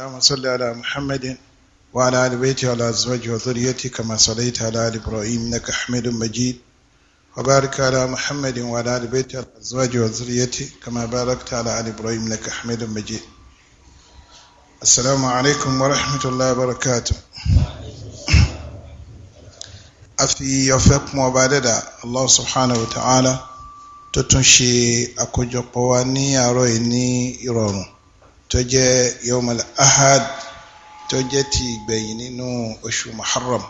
اللهم صل على محمد وعلى آل بيته وعلى أزواجه وذريته كما صليت على آل إبراهيم إنك حميد مجيد وبارك على محمد وعلى آل بيته وعلى أزواجه وذريته كما باركت على آل إبراهيم إنك حميد مجيد السلام عليكم ورحمة الله وبركاته afi ọfẹ kún ọba dẹdà allah subhanahu wa ta'ala tó tún ṣe àkójọpọ̀ wa ní àárọ̀ ní ìrọ̀rùn tó jẹ́ yọmọlẹ ahad tó jẹ́ ti ìgbẹ̀yìn nínú oṣù muharram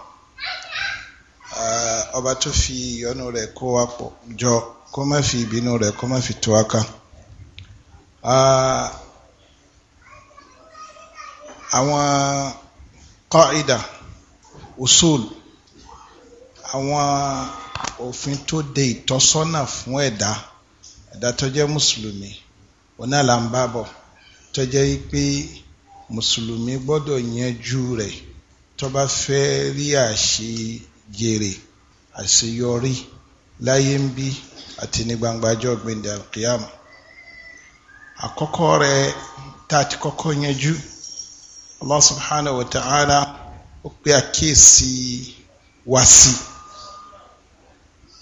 ọba tó fi ìyọ́nú rẹ̀ kó wa pọ̀ jọ kó má fi ìbínú rẹ̀ kó má fi tó wa ká àwọn qaida usul àwọn òfin tó de ìtọ́sọ́nà fún ẹ̀dá ẹ̀dá tó jẹ́ mùsùlùmí onáàlà ń bọ̀ tó jẹ́ pé mùsùlùmí gbọ́dọ̀ yanjú rẹ̀ tó bá fẹ́ rí àṣejèrè àṣeyọrí láyé ń bí àti ní gbangba ọjọ́ gbẹ̀ndẹ̀ alkiyama àkọ́kọ́ rẹ̀ tá a ti kọ́kọ́ yanjú Allah subhanahu wa ta'ala ó pe àkíyèsí wá sí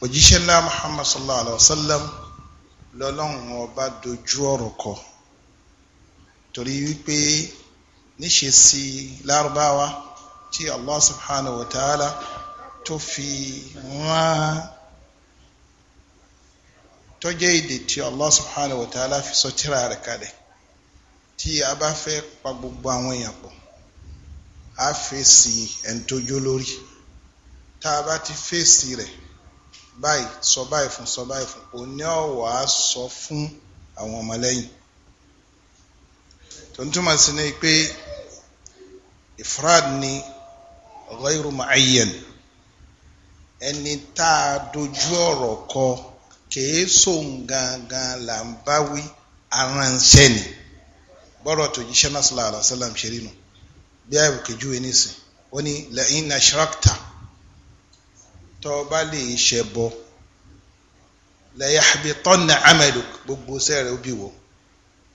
òjíṣẹ́ ńlá Muhammad sallallahu alaihi wa sallam lọ́lọ́run ọba dojú ọ̀rọ̀ kọ́ torí wípé níṣe sí lárúbáwá tí Allah subhanahu wa ta'ala tó fi wọ́n tó jẹ́ èdè tí Allah subhanahu wa ta'ala fi sọ tírà rẹ̀ kalẹ̀ tí a bá fẹ́ pa gbogbo àwọn èèyàn pọ̀ a fèsì ẹni lórí tá a bá ti fèsì rẹ̀ báyìí sọ báyìí fún sọ báyìí fún òní ọ̀wà sọ fún àwọn ọmọlẹ́yìn tó ń túmọ̀ sí ni pé ifrad ni ghayru muayyan ẹni tá a dojú ọ̀rọ̀ kọ kìí sóhun gangan là ń bá wí aránṣẹ́ ni bọ́rọ̀ tó jíṣẹ́ náà sallallahu alaihi ṣe rí nu bí ààbò kejì wí nísìn ó ní la'in ashrakta tó o bá lè ṣẹbọ la yahbitanna amaluk gbogbo sẹ́rẹ̀ ó bí wò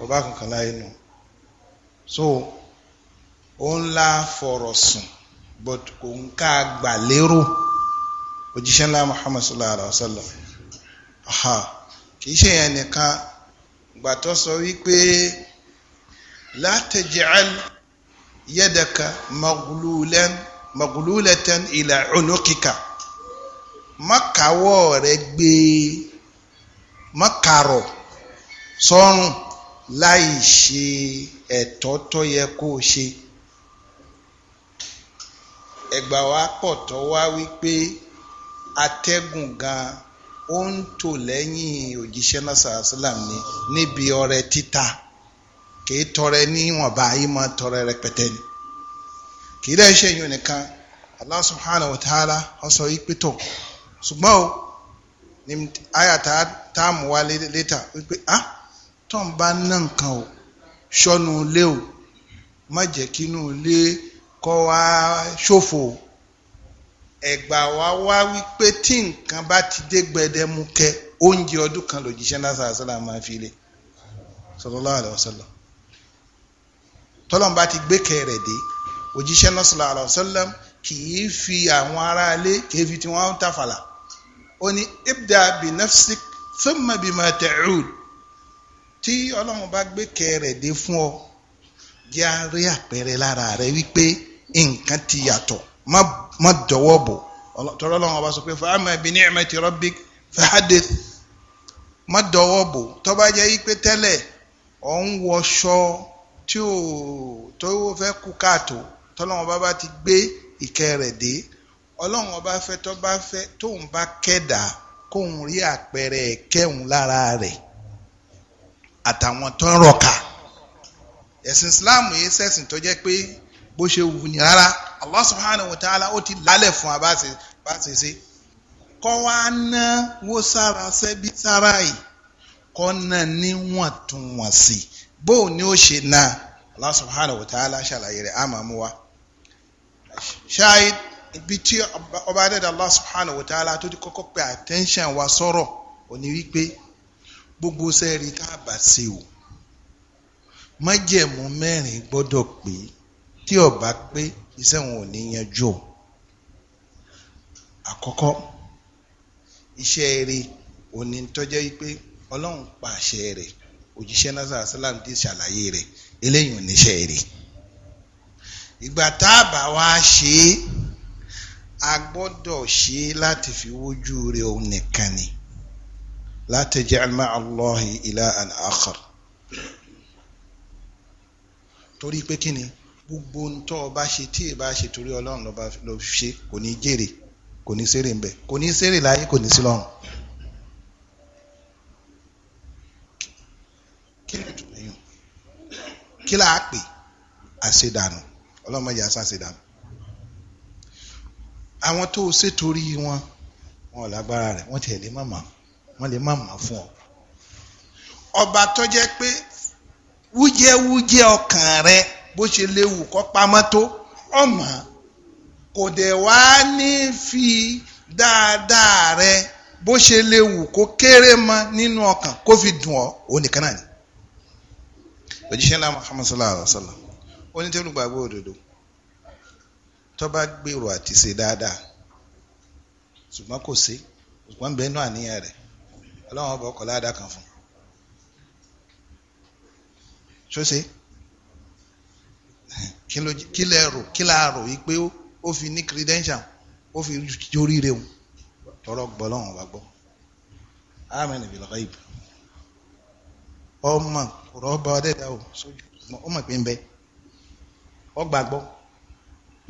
kò bá kankan láyé nù so ó ń la fọ̀rọ̀ sùn but kò ń ká gbà lérò òjíṣẹ́ ńlá Muhammad sallallahu alaihi wa sallam aha kì í ṣe yẹn nìkan gbàtọ́ sọ wípé la taj'al yadaka maghlulan maghlulatan ila unukika mọ́kàwọ́ rẹ gbé mọ́kàrọ̀ sọ́run. So, láì ṣe ẹ̀tọ́ tó yẹ o ṣe ẹgbawa wa pọ̀ tó wá wípé atẹ́gùn gan ó ń tò lẹ́yìn òjíṣẹ́ náà ni níbi ọrẹ títa kìí tọrẹ níwọ̀nba yìí tọrẹ rẹpẹtẹ ni kìí dẹ́ ṣe yun nìkan Allah subhanahu wa ta'ala sọ wípé tó ṣùgbọ́n o ní wa tó ń bá ná nǹkan o sọnù ilé o má jẹ́ kí inú ilé kọ́ wá ṣòfò ẹ̀gbà wá wá wípé tí nǹkan bá ti dé gbẹdẹmukẹ oúnjẹ ọdún kan lòjíṣẹ́ lásán àṣọlá máa fi lé sallallahu alaihi wasallam tọ́lọ́n bá ti gbé kẹrẹ̀ dé òjíṣẹ́ náà sallallahu alaihi wasallam kì í fi àwọn aráalé kì í fi tiwọn tàfàlà ó ní ibda bi nafsik thumma bima ta'ud tí ọlọ́run bá gbé kẹrẹ̀ dé fún ọ jẹ́ á rí àpẹẹrẹ lára rẹ wípé nǹkan ti yàtọ̀ má dọwọ́ bò tọ́lọ́ ọlọ́run ọba sọ pé fàámà bi ni'mati rabbik fahadith má dọwọ́ bò tó bá jẹ́ wípé tẹ́lẹ̀ ọ̀ ń wọṣọ tí ò tó fẹ́ kú káàtó tọ́lọ́run ọba bá ti gbé ìkẹ́ rẹ̀ dé ọlọ́run ọba fẹ́ tó fẹ́ tóun bá kẹ́dà kóun rí àpẹẹrẹ ẹ̀kẹ́hùn lára rẹ̀ àtàwọn tó ń rọ̀ka ẹ̀sìn islam yìí sẹ́sìn tó jẹ́ pé bó ṣe wù ní rárá allah subhanahu wa ta'ala ó ti lálẹ̀ fún wa bá ṣe ṣe kọ́ wa ná wó sára sẹ́bí sára yìí kọ́ náà níwọ̀ntúnwọ̀nsì bó o ní ó ṣe náà allah subhanahu wa ta'ala ṣàlàyé rẹ̀ àmà mú wa ṣáàyí ibi tí ọba adẹ́dàá allah subhanahu wa ta'ala tó ti kọ́kọ́ pe attention wa sọ̀rọ̀ òní wípé gbogbo sẹ́ẹ̀rì tá a bá ṣe o májẹ̀mú mẹ́rin gbọ́dọ̀ pé tí ó bá pé iṣẹ́ wọn ò ní yanjú o àkọ́kọ́ iṣẹ́ eré òní tọ́jẹ́ pé ọlọ́run pa àṣẹ rẹ̀ òjíṣẹ́ nasara salam ti ṣàlàyé rẹ̀ eléyìí ò níṣẹ́ eré ìgbà tá a ṣe é a gbọ́dọ̀ ṣe é láti fi wójú rẹ̀ òun nìkan ni. لا تجعل مع الله ilahan آخر. torí pé kí ni gbogbo ń tọ́ ọ bá ṣe tí ì bá ṣe torí ọlọ́run lọ́ba lọ ṣe kò ní jèrè kò ní sèrè ńbẹ kò ní sèrè láyé kò ní sí lọ́run. kí là pè àṣedànù ọlọ́mọdé àṣà àṣedànù àwọn tó o ṣètòrí wọn wọn ò lágbára rẹ̀ wọ́n tiẹ̀ lè má màá wọ́n lè má mà fún ọ. ọba tó jẹ́ pé wújẹ́wújẹ́ ọkàn rẹ bó ṣe léwu kọ́ pamọ́ tó ọmọ kò dẹ̀ wá ní fi dáadáa rẹ bó ṣe léwu kó kéré mọ́ nínú ọkàn kó fi dùn ọ́ òun nìkan náà ni. òjíṣẹ́ náà Muhammad sallallahu alaihi wa sallam onítẹ̀lùgbàgbọ́ òdodo tó gbèrò àti ṣe dáadáa ṣùgbọ́n kò ṣe ṣùgbọ́n bẹ́ẹ̀ náà níyà rẹ̀ ọlọ́run ọba ọkọ̀ ládàá kan fún ṣóṣe kí lẹ rò kí la rò yìí pé ó fi ní credential ó fi jórí rẹ̀ o tọrọ gbọ́ lọ́run ọba gbọ́ amen bil ghaib ọmọ rọba ọdẹdà o sójú ọmọ pé ń bẹ ọgbàgbọ́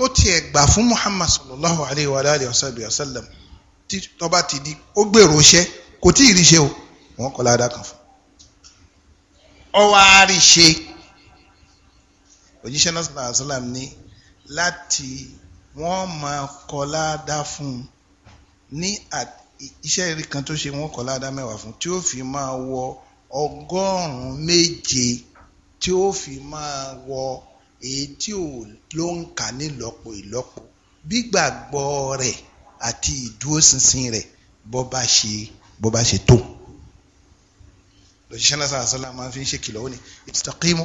ó tiẹ̀ gbà fún Muhammad sallallahu alayhi wa alihi wa sallam tọ́ba ti di ó gbèrò iṣẹ́ kò tí ì rí ṣe o wọ́n kọ́ ládàá kan fún ọwọ́ àárí ṣe òjíṣẹ́ náà sọ̀rọ̀ àṣọlám ní láti wọ́n máa kọ́ ládàá fún un ní iṣẹ́ eré kan tó ṣe wọ́n kọ́ ládàá mẹ́wàá fún tí ó fi máa wọ ọgọ́rùn méje tí ó fi máa wọ èyí tí ò ló ń kà nílọ́pọ̀ ìlọ́pọ̀ gbígbàgbọ́ rẹ̀ àti ìdúróṣinṣin rẹ̀ bọ́ bá ṣe bó bá ṣe tó lọ́sísẹ́ náà sàásọ́lá máa fi ń ṣe kìlọ̀ ó ní istaqimu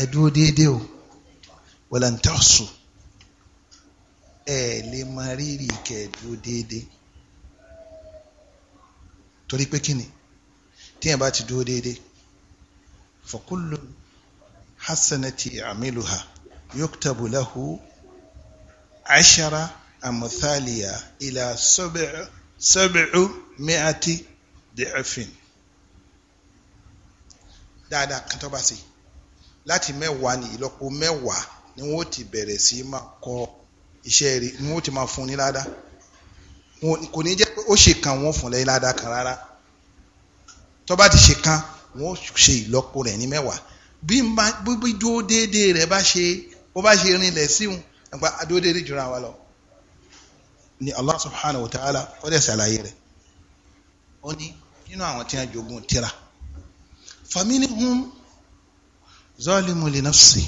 ẹ dúró déédéé o wala ntahsu ẹ lè máa rírì kẹ́ ẹ dúró déédéé torí pé kí ni téèyàn bá ti dúró déédéé fa hasanati amiluha yuktabu lahu ashara amthaliha ila sab'a sẹ́bìrú mẹ́àtì dẹ́ẹ̀fìn dáadáa kan tó bá ṣe láti mẹ́wàá ní ìlọ́po mẹ́wàá ni wọ́n ti bẹ̀rẹ̀ sí máa kọ iṣẹ́ rẹ̀ ni wọ́n ti máa fún ní ládàá kò ní jẹ́ pé ó ṣe kan wọ́n fún lẹ́yìn ládàá kan rárá tó bá ti ṣe kan wọ́n ṣe ìlọ́po rẹ̀ ní mẹ́wàá bí bí dúró déédéé rẹ̀ bá ṣe bó bá ṣe rinlẹ̀ síhun àgbà dúró déédéé jura wa lọ ni Allah subhanahu wa ta'ala ó dẹ̀ ṣàlàyé rẹ̀ ó ní nínú àwọn tí wọ́n jogún tírà faminihum zalimun li nafsi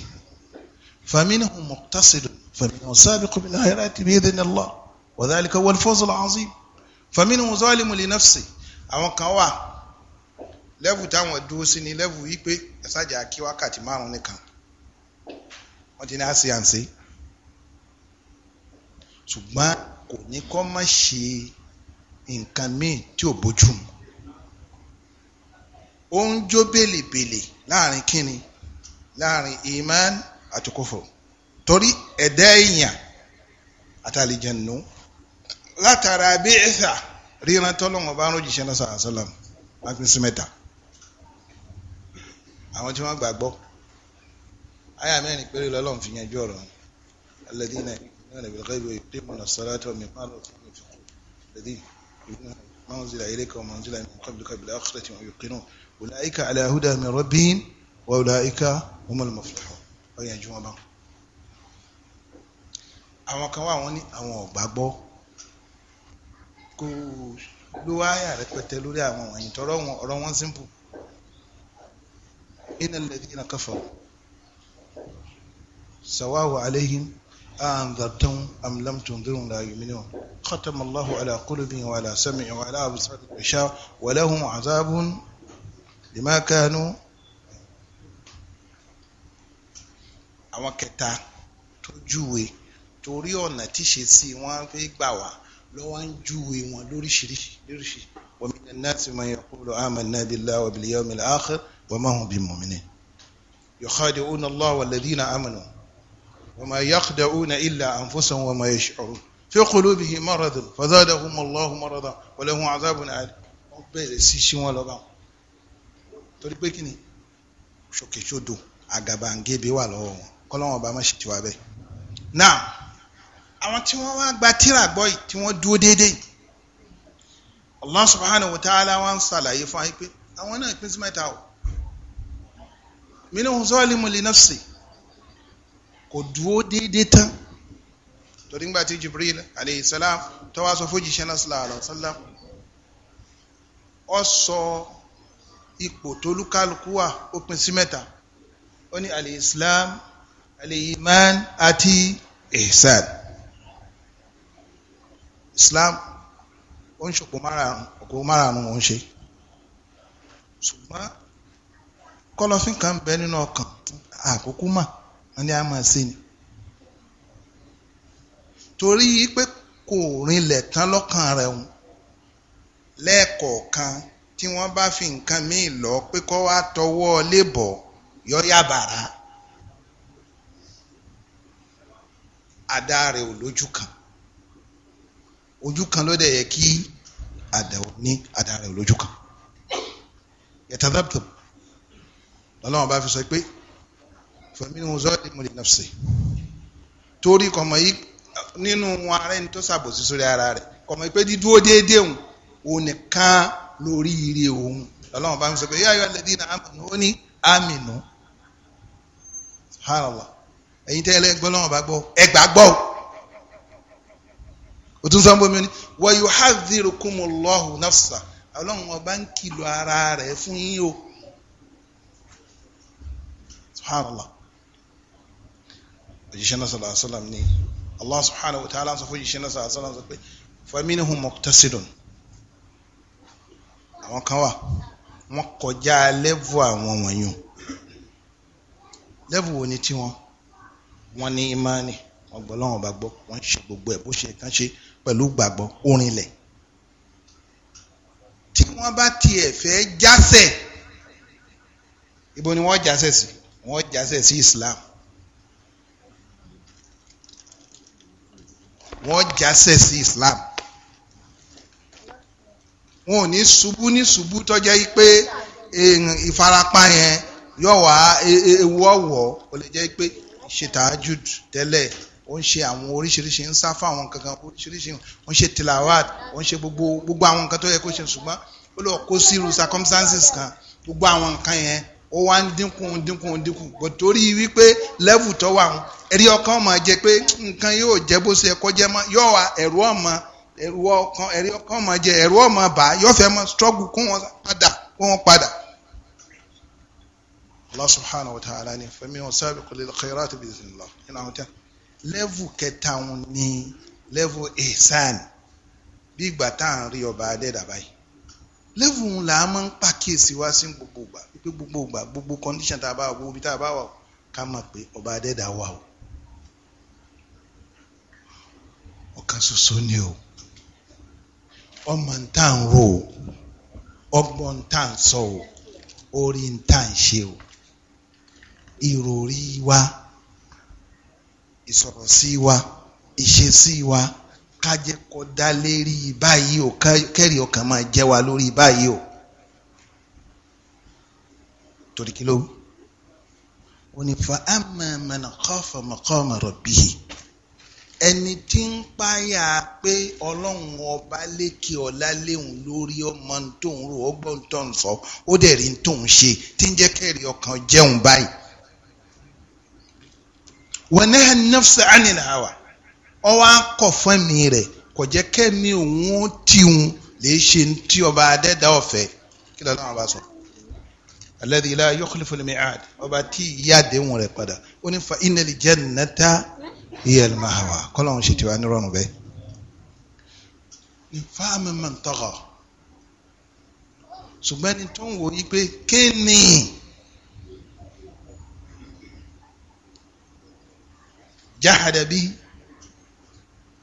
faminihum muqtasidun faminihum sabiqun bil khayrati bi idhnillah wa dhalika huwal fawzul azim faminihum zalimun li nafsi àwọn kan wà lẹ́bù táwọn dúró sí ni lẹ́bù yìí ẹ̀sájà kí wákàtí márùn-ún nìkan wọ́n ti ní àṣìyànṣe ṣùgbọ́n kò ní kọ́ má ṣe nǹkan míì tí ò bójú mu ó ń jó bèlèbèlè láàrin kíni láàrin iman àti kufru torí ẹ̀dá èèyàn àtàlìjẹ̀nù látara bí ẹ̀sà ríran tọ́lọ́mọ bá ń rojíṣẹ́ náà sàrà sọ́làm láti sí mẹ́ta àwọn tí wọ́n gbàgbọ́ àyà mẹ́rin péré lọ́lọ́run fi yanjú ọ̀rọ̀ alladina يؤمنون بالغيب ويقيمون الصلاة ومما رزقهم ينفقون الذين يؤمنون ما أنزل إليك وما أنزل من قبلك بالآخرة ويوقنون أولئك على هدى من ربهم وأولئك هم المفلحون ọyàn ju wọn lọ àwọn kan wà wọn ní àwọn ọgbàgbọ́ kò ló wáyà rẹpẹtẹ lórí àwọn wọ̀nyí tọrọ wọn ọ̀rọ̀ wọn simple innal ladhina kafaru sawahu أأنذرتهم أم لم تنذرهم لا يؤمنون ختم الله على قلوبهم وعلى سمعهم وعلى أبصارهم غشاوة ولهم عذاب بما كانوا àwọn kẹta tó júwe torí ọ̀nà tíṣe sí wọn fi gbà wá lọ́wọ́ ń júwe wọn lóríṣiríṣi lóríṣiríṣi wa mina nnasi man yaqulu amanna billahi wa bil yawmil akhir wa ma hum bi mu'minin yukhadi'una Allah walladhina amanu وما يخدعون إلا أنفسهم وما يشعرون في قلوبه مرض فزادهم الله مرضا ولهم عذاب أليم bẹ̀rẹ̀ sí sí wọn lọ́ba torí pé kí ni ṣòkèṣodò àgàbàǹgebè wà lọ́wọ́ wọn kọ́lọ́wọ́n ọba má ṣe tiwa bẹ́ẹ̀. now àwọn tí wọ́n wá gba tíra gbọ́ yìí tí wọ́n dúró déédéé Allah subhanahu wa ta'ala wa ń ṣàlàyé fún wa pé àwọn náà pín sí mẹ́ta o minhum zalimun li nafsihi kò dúró déédéé tán torí ńgbà tí Jibril alayhi salam tó wá sọ fún jíṣẹ́ náà sallallahu alayhi wa sallam ó sọ ipò tólúkálukú wà ó pín sí mẹ́ta ó ní al-Islam iman àti Ihsan Islam ó ń ṣòpò márààrún òpò márààrún ó ń ṣe ṣùgbọ́n kọ́lọ́fín kan bẹ nínú ọkàn àkókò máa wọ́n ní a máa ṣe ni torí pé kò rinlẹ̀ tán lọ́kàn rẹ̀ hùn lẹ́ẹ̀kọ̀ọ̀kan tí wọ́n bá fi nǹkan míì lọ pé kó wá tọwọ́ lébọ̀ yọ yàbàrá àdá ò lójú kan ojú kan ló dẹ̀ yẹ kí àdá ní àdá ò lójú kan yẹtàdàbùtò lọ́lọ́wọ́n bá fi sọ pé faminhum zalimun li nafsi torí kọmọ yìí nínú wọn ara ẹni tó ṣàbòsí sórí ara rẹ̀ kọmọ yìí pé dídúró déédéé òun òun nìkan lórí ire òun lọ́lọ́run bá ń sọ pé yá ayọ́ lẹ́dí náà àmínú ó ní àmínú subhanallah ẹ̀yin tẹ́ ẹlẹ́gbẹ́ lọ́wọ́ bá gbọ́ ẹgbàá gbọ́ o tún sọ bomi ni wa yuhadhdhirukumullahu nafsa ọlọ́run ọba ń kìlọ̀ ara rẹ̀ fún yín o subhanallah òjíṣẹ́ náà sallallahu alaihi wasallam ní allah subhanahu wa ta'ala sọ fún òjíṣẹ́ náà sallallahu alaihi wasallam sọ pé faminhum muqtasidun àwọn kan wà wọ́n kọjá lẹ́vù àwọn wọ̀nyún lẹ́vù wo ni tiwọn wọ́n ní imáni wọ́n gbọ́ lọ́wọ́ bá gbọ́ wọ́n ṣe gbogbo ẹ̀ bó ṣe kàn ṣe pẹ̀lú gbàgbọ́ orin lẹ̀ tí wọ́n bá tiẹ̀ fẹ́ jásẹ̀ ibo ni wọ́n jásẹ̀ sí wọ́n jásẹ̀ sí islam wọ́n jásẹ̀ sí Islam wọn ò ní ṣubú ní ṣubú tó jẹ́ pé ìfarapa yẹn yóò wá e, e, ewu ọ̀wọ́ ó lè jẹ́ pé ṣètàájú tẹ́lẹ̀ ó ń ṣe àwọn oríṣiríṣi ń sá àwọn kankan oríṣiríṣi ó ń ṣe tilawat ó ń ṣe gbogbo gbogbo àwọn nǹkan tó yẹ kó ṣe ṣùgbọ́n ó lọ kó sí irú circumstances kan gbogbo àwọn nǹkan yẹn ó wá ń dínkù dínkù dínkù bò torí wípé level tó wà ẹ̀rí ọkàn máa jẹ́ pé nǹkan yóò jẹ́ bó ṣe ẹ̀kọ́ jẹ́ mọ́ yóò wá ẹ̀rú ọmọ ẹ̀rú ọkàn ẹ̀rí ọkàn máa jẹ́ ẹ̀rú ọmọ bá yóò fẹ́ mọ́ struggle kó wọn padà kó wọn padà. Allah subhanahu wa ta'ala ni fami wọn sábẹ kò lè lọ àti bìsìn lọ nínú àwọn tí wọn. level kẹta wọn ni level ihsan bí ìgbà tá à ń rí ọba adẹ́dà báyìí level wọn là á máa ń pàkíyèsí wá sí condition tá a bá wà gbogbo ibi tá pé ọba adẹ́dà wà o ọ̀kan ṣoṣo ni o ọmọ ń tà ro o ọgbọ́n ń tà sọ o orí ń tà ṣe o ìròrí wa ìsọ̀rọ̀ sí wa ìṣesí wa ká jẹ́ kó lérí báyìí o kẹ́rì ọkàn máa jẹ́ wa lórí báyìí o torí kí ló wí. ó ní fa amma man khafa maqama rabbihi ẹni tí ń páyà pé ọlọ́run ọba lékè ọ̀la léhùn lórí ọmọ tóun rò ọgbọ́n tóun sọ ó dẹ̀ rí tóun ṣe tí ń jẹ́ kẹ́rì ọkàn jẹun báyìí. wa naha an-nafsa 'anil hawa fún mi rẹ̀ kò jẹ́ kẹ́mi òun ó tiun lè ṣe tí ọba adẹ́dá ọ̀fẹ́ kí lọ́dọ̀ wọn bá sọ. alladhi la yukhlifu al-mi'ad ọba tí ìyá àdéhùn rẹ̀ padà ó ní fa innal jannata hiyal mahawa kọ́lọ́hún ṣe tiwa nírọ̀rùn bẹ́ẹ̀. ní fáàmì mọ̀ ń tọkọ̀ ṣùgbọ́n ẹni tó ń wò yí pé kéènì jahada bi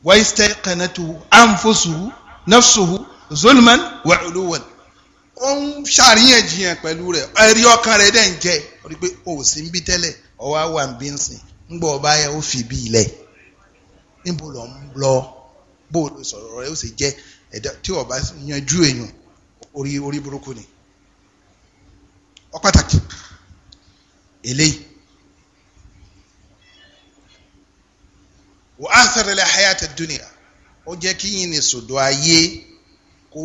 waistẹ kanatu anfusu nafsuhu zulman wa uluwan ń ṣàríyànjiyàn pẹ̀lú rẹ̀ ẹ̀rí ọkàn rẹ̀ dẹ̀ ń jẹ́ ọ rí i o ò sí ń bí wà ń bí ń sìn ńgbọ́ ọba yẹn ó fi bí ilẹ̀ níbo lọ ń lọ bó o lọ sọ̀rọ̀ rẹ ó sì jẹ́ ẹ̀dá tí ọba yanjú èèyàn orí orí burúkú ni ọ pàtàkì eléyìí wọ́n á sọ̀rọ̀ lẹ́ hayat dunia ó jẹ́ kí yín ní sòdò ayé kó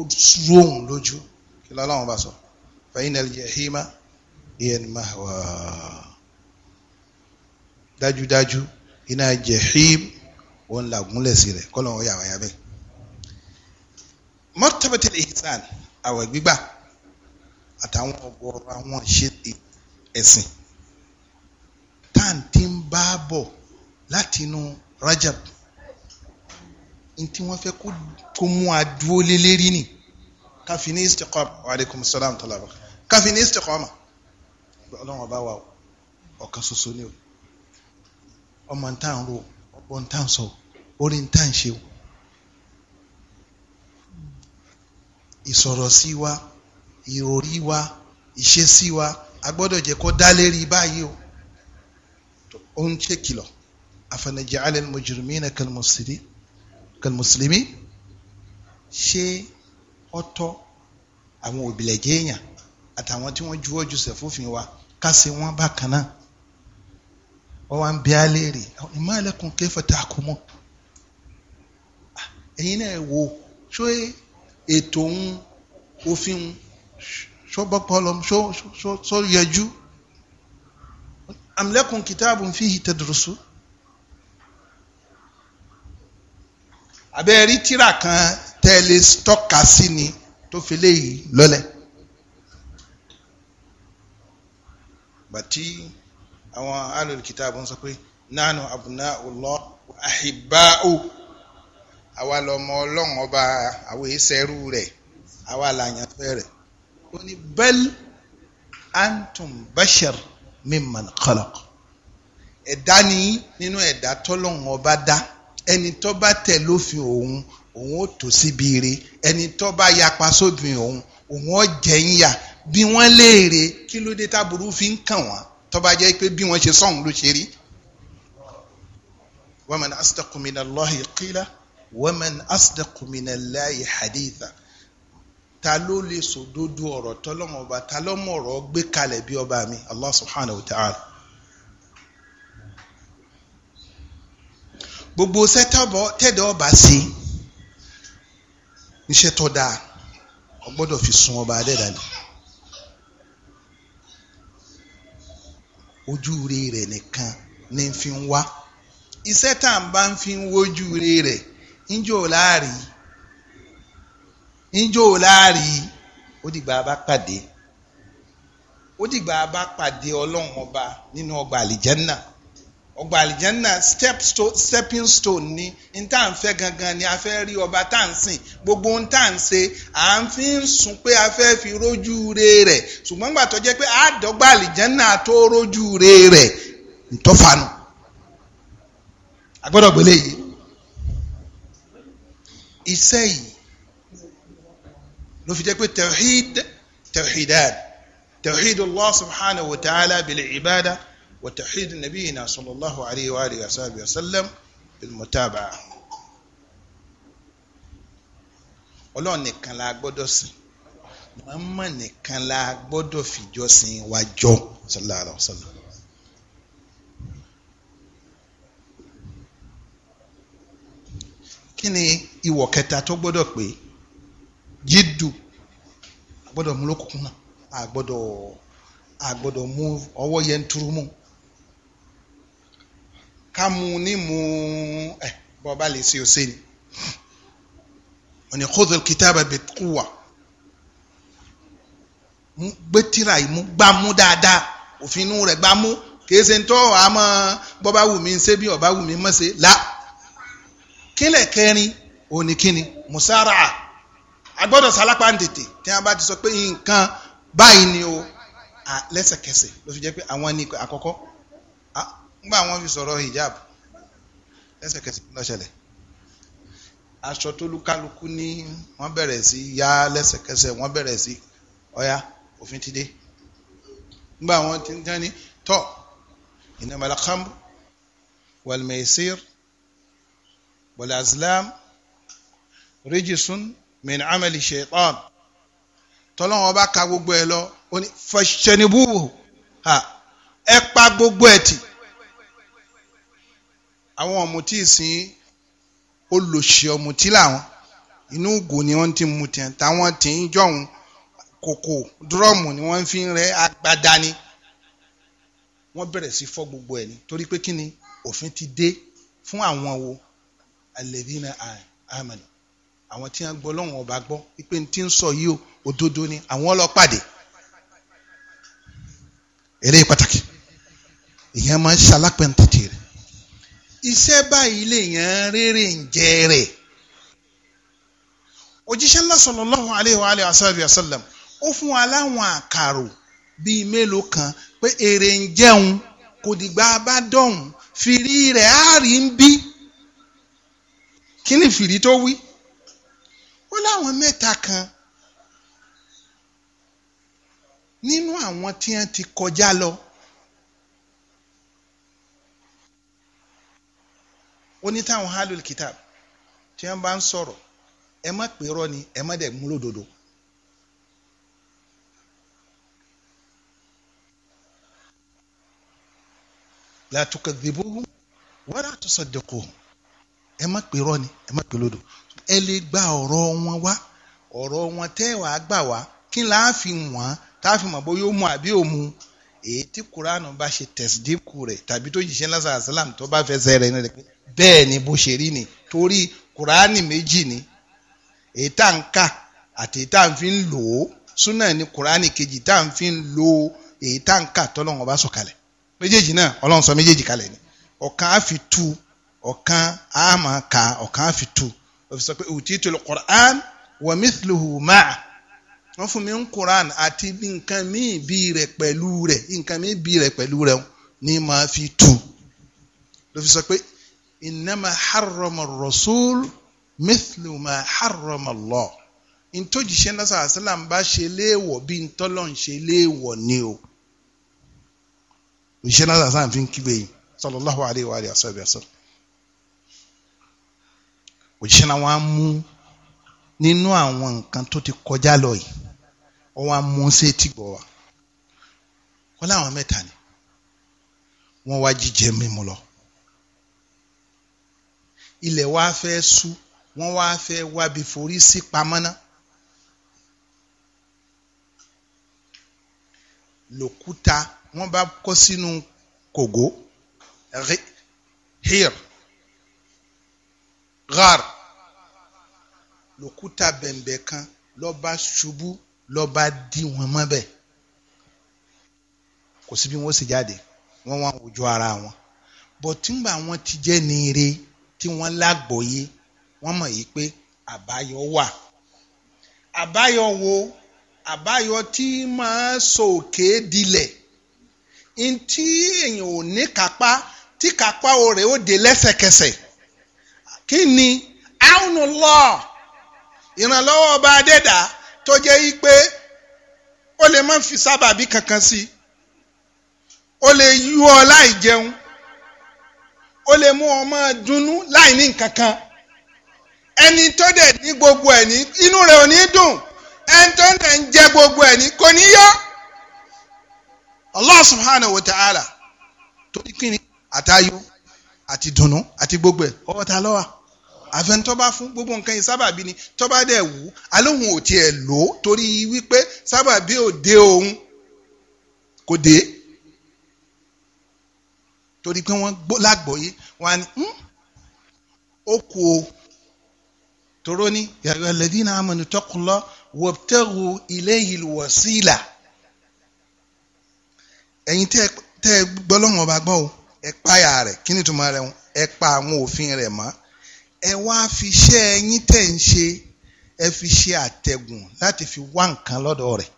róhùn lójú kí lọ́lọ́run bá sọ fẹ́yìn náà jẹ́ hímà ìyẹn máa dájúdájú iná jahim òun làgúnlẹ̀ sí rẹ̀ kọ́lọ̀ ọ̀yà wáyà bẹ́ẹ̀. martabatul ihsan àwẹ̀ gbígbà àtàwọn ọgọ́rọ̀ àwọn ṣe ẹ̀sìn táǹtí ń bá bọ̀ látinú rajab ntí wọ́n fẹ́ kó mú adúró lé lérí ni káfí ní istiqama salaam tọ́lá káfí ní istiqama ọba wa ọ̀kan ṣoṣo ni o ọmọ ń tàn ro ọgbọ́n ń tàn sọ orí ń tàn ṣe o ìsọ̀rọ̀ sí wa ìròrí wa ìṣesí wa a gbọ́dọ̀ jẹ́ kó dá lérí báyìí o ó ń ṣe kìlọ̀ afanaj'ala al-mujrimina kal-muslimin ṣé ọ̀tọ̀ àwọn òbílẹ̀jẹ́ èèyàn àtàwọn tí wọ́n juwọ́ jùsẹ̀ fófin wa ká ṣe wọ́n bákan náà wọ́n wá ń bí á léèrè ìmọ̀ ẹlẹ́kùn kéfọ̀tà kò mọ̀ ah, ẹ̀yin náà wò ṣó ètò òun òfin ṣó bọ́pọ̀ lọ ṣó yẹjú amlẹ́kùn kìtàbù ń fi hìtẹ́ dùrùsù abẹ́rẹ́ tíra kan tẹ́lẹ̀ tọ́ka sí ni tó fi léyìí lọ́lẹ̀ bàtí àwọn alul kitab ń sọ pé nánú abna'ullah ahibba'u àwa lọmọ ọlọ́run ọba àwọn ìṣẹ́rú rẹ̀ àwa làyànfẹ́ rẹ̀ ó ní bal antum bashar mimman khalaq ẹ̀dá ni nínú ẹ̀dá tọ́lọ́run ọba dá ẹni tó bá tẹ̀ lófin òun òun ó tò síbi ire ẹni tó bá yapa sóbin òun òun ó jẹ̀yìn yà bí wọ́n léèrè kí ló dé táburú fi ń kàn wọ́n tó bá jẹ́ pé bí wọ́n ṣe sọ̀hún ló ṣe rí. wa man asdaqu minallahi qila wa man asdaqu minallahi haditha ta ló lè sòdodo ọ̀rọ̀ tọ́lọ́mọ ọba ta lọ́mọ ọ̀rọ̀ gbé kalẹ̀ bí ọba mi Allah subhanahu wa ta'ala. gbogbo sẹ́tọ̀bọ̀ tẹ̀dọ̀ ọba sí iṣẹ́ tó dáa ó fi sun ọba adẹ́dàá ojú re rẹ̀ nìkan ní fi ń wá iṣẹ́ tá à ń bá fi ń wojú re rẹ̀ ńjò láàrí ńjò láàrí ó dìgbà bá pàdé ó dìgbà bá pàdé ọlọ́run ọba nínú ọgbà àlìjẹ́nnà ọgbà àlìjẹ́nà stepping stone ni n tá à ń fẹ́ gangan ni a fẹ́ rí ọba tá à ń sìn gbogbo n tá à ń ṣe à ń fi ń sùn pé a fẹ́ fi rójú re rẹ̀ ṣùgbọ́n gbà tó jẹ́ pé àádọ́gba àlìjẹ́nà tó rójú re rẹ̀ ntọ́fanu agbọ́dọ̀ gbélé yìí iṣẹ́ yìí ló fi jẹ́ pé tawhid tawhidan tawhid Allah subhanahu wa ta'ala bil ibada. وتوحيد نبينا صلى الله عليه وآله وصحبه وسلم بالمتابعة ọlọ́run nìkan la gbọ́dọ̀ sìn mọ́mọ́ nìkan la gbọ́dọ̀ fìjọsìn wa jọ sallallahu alaihi wa sallam. kí ni ìwọ̀ kẹta tó gbọ́dọ̀ pé jídù a gbọ́dọ̀ mú lókùnkùn náà a gbọ́dọ̀ mú ọwọ́ yẹn túrú mú ká mu ní mu ẹ bọ́ bá lè ṣe òṣè ni wọ́n ní khudh al-kitaba bi quwwa gbé tírà yìí mú gbámú dáadáa òfin inú rẹ̀ gbámú kìí ṣe ń tọ́ àmọ́ bọ́ bá wù mí ń ṣe bí ọ̀bá wù mí mọ́ ṣe là kílẹ̀ kẹrin òní kíni musara agbọ́dọ̀ sálápá ń tètè tí wọ́n bá ti sọ pé nǹkan báyìí ni o lẹ́sẹ̀kẹsẹ̀ ló fi jẹ́ pé àwọn ní àkọ́kọ́ ńgbà wọn fi sọ̀rọ̀ hijab lẹ́sẹ̀kẹsẹ̀ ló ṣẹlẹ̀ aṣọ tó lukaluku ní wọ́n bẹ̀rẹ̀ sí yá lẹ́sẹ̀kẹsẹ̀ wọ́n bẹ̀rẹ̀ sí ọ̀yá òfin ti dé ńgbà wọn ti ń tán ní tọ́ innamal khamr wal maisir wal azlam rijisun min amali shaitan tọ́lọ́wọ́n bá ka gbogbo ẹ lọ ó ní fashanibuhu ẹ pa gbogbo ẹ tì àwọn ọ̀mùtí ìsìn olòṣì ọ̀mùtí làwọn inú ògò ni wọ́n ti mutí ẹ̀ táwọn ti ń jọ̀hún kòkò dúrọ́ọ̀mù ni wọ́n fi ń rẹ́ agbada ni wọ́n bẹ̀rẹ̀ sí fọ́ gbogbo ẹ̀ ni torí pé kí ni òfin ti dé fún àwọn wo alẹ́dínà àmàlà àwọn tí wọ́n gbọ́ lọ́wọ́n ọba gbọ́ pé ti ń sọ yìí òdodo ni àwọn ọlọ́pàdé eré pàtàkì ìyẹn máa ń ṣalápẹ̀ntẹ̀tẹ̀ rẹ̀ iṣẹ́ báyìí lè yàn rere ń jẹ rẹ̀ òjíṣẹ́ ńlá sallallahu alaihi wa alihi wa sallam ó fún wa láwọn àkàrò bíi mélòó kan pé èrè ń jẹun kò dìgbà bá dọ̀hún fìrí rẹ̀ á rí ń bí kí ni fìrí tó wí ó láwọn mẹ́ta kan nínú àwọn tí wọ́n ti kọjá lọ. onítàwọn halul kitab tí wọ́n bá ń sọ̀rọ̀ ẹ má pèrọ ni ẹ má dẹ̀ múlò dodo. la tukadhibuhum wala tusaddiquhum ẹ má pèrọ ni ẹ má pèlódò ẹ lè gba ọ̀rọ̀ wọn wá ọ̀rọ̀ wọn tẹ́ wàá gbà wá kí n láà fi wọ́n táà fi mọ̀ bóyá ó mu àbí ó mu èyí tí kuranu bá ṣe tẹ̀sídìkù rẹ̀ tàbí tó yìí lásán àsálàm tó bá fẹsẹ̀ rẹ̀ nílẹ̀ pé bẹ́ẹ̀ ni bó ṣe rí ni torí kùránì méjì ni èyí tá à ń kà àti èyí tá à ń fi ń lò ó súnà ni kùránì kejì tá à ń fi ń lo èyí tá à ń kà tọ́lọ́run ọba sọ kalẹ̀ méjèèjì náà ọlọ́run sọ méjèèjì kalẹ̀ ni ọ̀kan á fi tu ọ̀kan á máa ka ọ̀kan á fi tu òfin sọ pé òtítù kùránì wa mithluhu máa wọ́n fún mi ń quran àti nǹkan míì bí rẹ̀ pẹ̀lú rẹ̀ nǹkan míì bí rẹ̀ pẹ̀lú rẹ̀ ni màá fi tu ló pé innama harrama rasul mithlu ma harrama Allah ntòjìṣẹ́ náà sàásìlà ń bá ṣe léèwọ̀ bí ntọ́lọ́ ń ṣe léèwọ̀ ni o òjìṣẹ́ náà sàásìlà ń fi kígbe yìí sallallahu alayhi wa alihi wa sallam òjìṣẹ́ náà wọ́n á mú nínú àwọn nǹkan tó ti kọjá lọ yìí wọ́n wá mú sétí gbọ́ wa wọ́n láwọn mẹ́ta ni wọ́n wá jíjẹ mímu lọ ilẹ̀ wa fẹ́ ṣú wọ́n wá fẹ́ wábi forí sí pamọ́ ná. lòkúta wọ́n bá kó sínú kògó hir ghar lòkúta bẹ̀m̀bẹ̀ kan lọ́ba ṣubú lọ́ba dí wọn mọ́bẹ̀ kò sí bí wọ́n sì jáde wọ́n wá ojú ara wọn bọ̀tíngbà wọn ti jẹ́ ní tí wọ́n lágbòye wọ́n mọ̀ yìí pé àbáyọ wà àbáyọ wo àbáyọ tí máa so òkè dilẹ̀ n tí èèyàn ò ní kápá tí kápá rẹ̀ ó dé lẹ́sẹ̀kẹsẹ̀ kí ni àánú lọ ìrànlọ́wọ́ ọba adẹ́dà tó jẹ́ yí pé ó lè má fi sábàbí kankan sí i ó lè yú ọ láì jẹun ó lè mú ọmọ dunnú láì ní nǹkan kan ẹni tó dẹ̀ ní gbogbo ẹ̀ ní inú rẹ̀ ò ní dùn ẹni tó dẹ̀ ń jẹ gbogbo ẹ̀ ní kò ní yọ. Allah subhanahu wa ta'ala tó ní kíni àtayọ àti dùnnú àti gbogbo ẹ̀ ọwọ́ ta lọ́wọ́ àfẹnutọ́ba fún gbogbo nǹkan yìí sábàbí ni tọ́ba dẹ̀ wù ú alóhùn ò tiẹ̀ lò ó torí wípé sábàbí ò dé òun kò dé torí pé wọ́n lágbọ̀ọ́yé wọ́n á ní hmm? ó kú o tóró ní yàrá alladhina amanu taqullah wabtaghu ilayhi alwasila ẹ̀yin tẹ́ ẹ gbọ́ lọ́wọ́n ọba gbọ́ o ẹ páyà rẹ̀ kí ni ìtumọ̀ rẹ̀ ẹ pa àwọn òfin rẹ̀ mọ́ ẹ wá fi ṣẹ́ ẹyin tẹ̀ ń ṣe ẹ fi ṣe àtẹ̀gùn láti fi wá nǹkan lọ́dọ̀ rẹ̀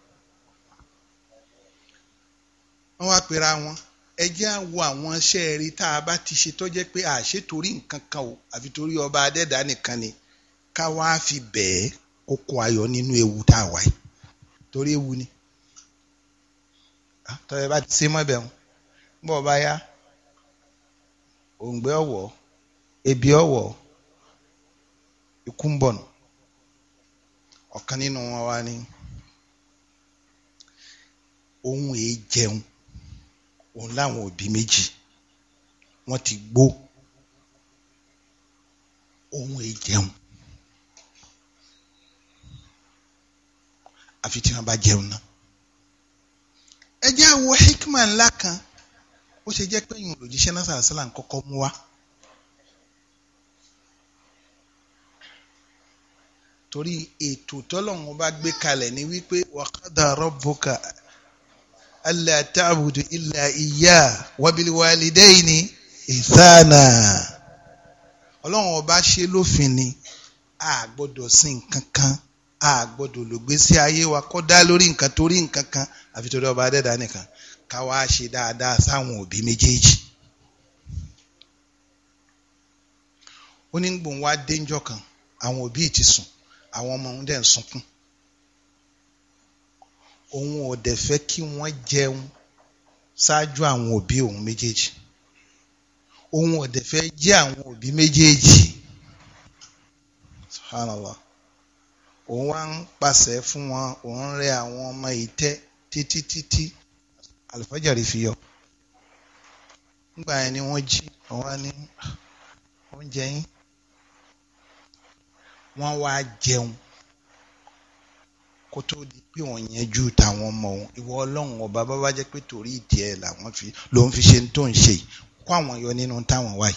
wọ́n wá pera wọn ẹ jẹ́ á wo àwọn iṣẹ́ rí tá a bá ti ṣe tó jẹ́ pé a ṣe torí nǹkan kan o àfi torí ọba adẹ́dá nìkan ni ká wá fi bẹ̀ẹ́ kó ayọ̀ nínú ewu tá a wà yìí torí ewu ni ah, tọ́jà bá ti ṣe mọ́ bẹ̀rù bọ́ọ̀ bá yá òǹgbẹ ọ̀wọ́ ebi ọ̀wọ́ ikú ọ̀kan nínú wọn wá ní ohun èé jẹun òun láwọn òbí méjì wọ́n ti gbó ohun èjẹun àfi tí wọ́n bá jẹun náà ẹ jẹ́ àwọ hikma ńlá kan ó ṣe jẹ́ pé ìyún òjíṣẹ́ náà sàrásílà ń kọ́kọ́ mú wá. torí ètò tọ́lọ́run bá gbé kalẹ̀ ní wípé wàkàdà rọ́bùkà alla ta'budu illa iya wa bil walidayni ihsana ọlọ́run ọba ṣe lófin ni a gbọ́dọ̀ sí nǹkan kan a gbọ́dọ̀ lògbésí ayé wa kọ́ dá lórí nǹkan torí nǹkan kan àfi torí ọba adẹ́dá nìkan ká wá ṣe dáadáa sáwọn òbí méjèèjì. ó ní gbòǹwá déńjọ́ kan àwọn òbí ti sùn àwọn ọmọ òun dẹ̀ ń sunkún òun ò dẹ̀ fẹ́ kí wọ́n jẹun ṣáájú àwọn òbí òun méjèèjì òun ò dẹ̀ fẹ́ jẹ́ àwọn òbí méjèèjì subhanallah òun wá ń pàṣẹ fún wọn òun rẹ àwọn ọmọ ìtẹ́ títí títí àlùfájàrí fi yọ nígbà yẹn ni wọ́n jí wọ́n ní oúnjẹ yín wọ́n wá jẹun kó tó di pé òun yanjú tàwọn ọmọ òun ìwọ ọlọ́run ọba bá wá jẹ́ pé torí ìdí ẹ̀ làwọn fi ló ń fi ṣe tó ń ṣe kó àwọn yọ nínú táwọn wáyé.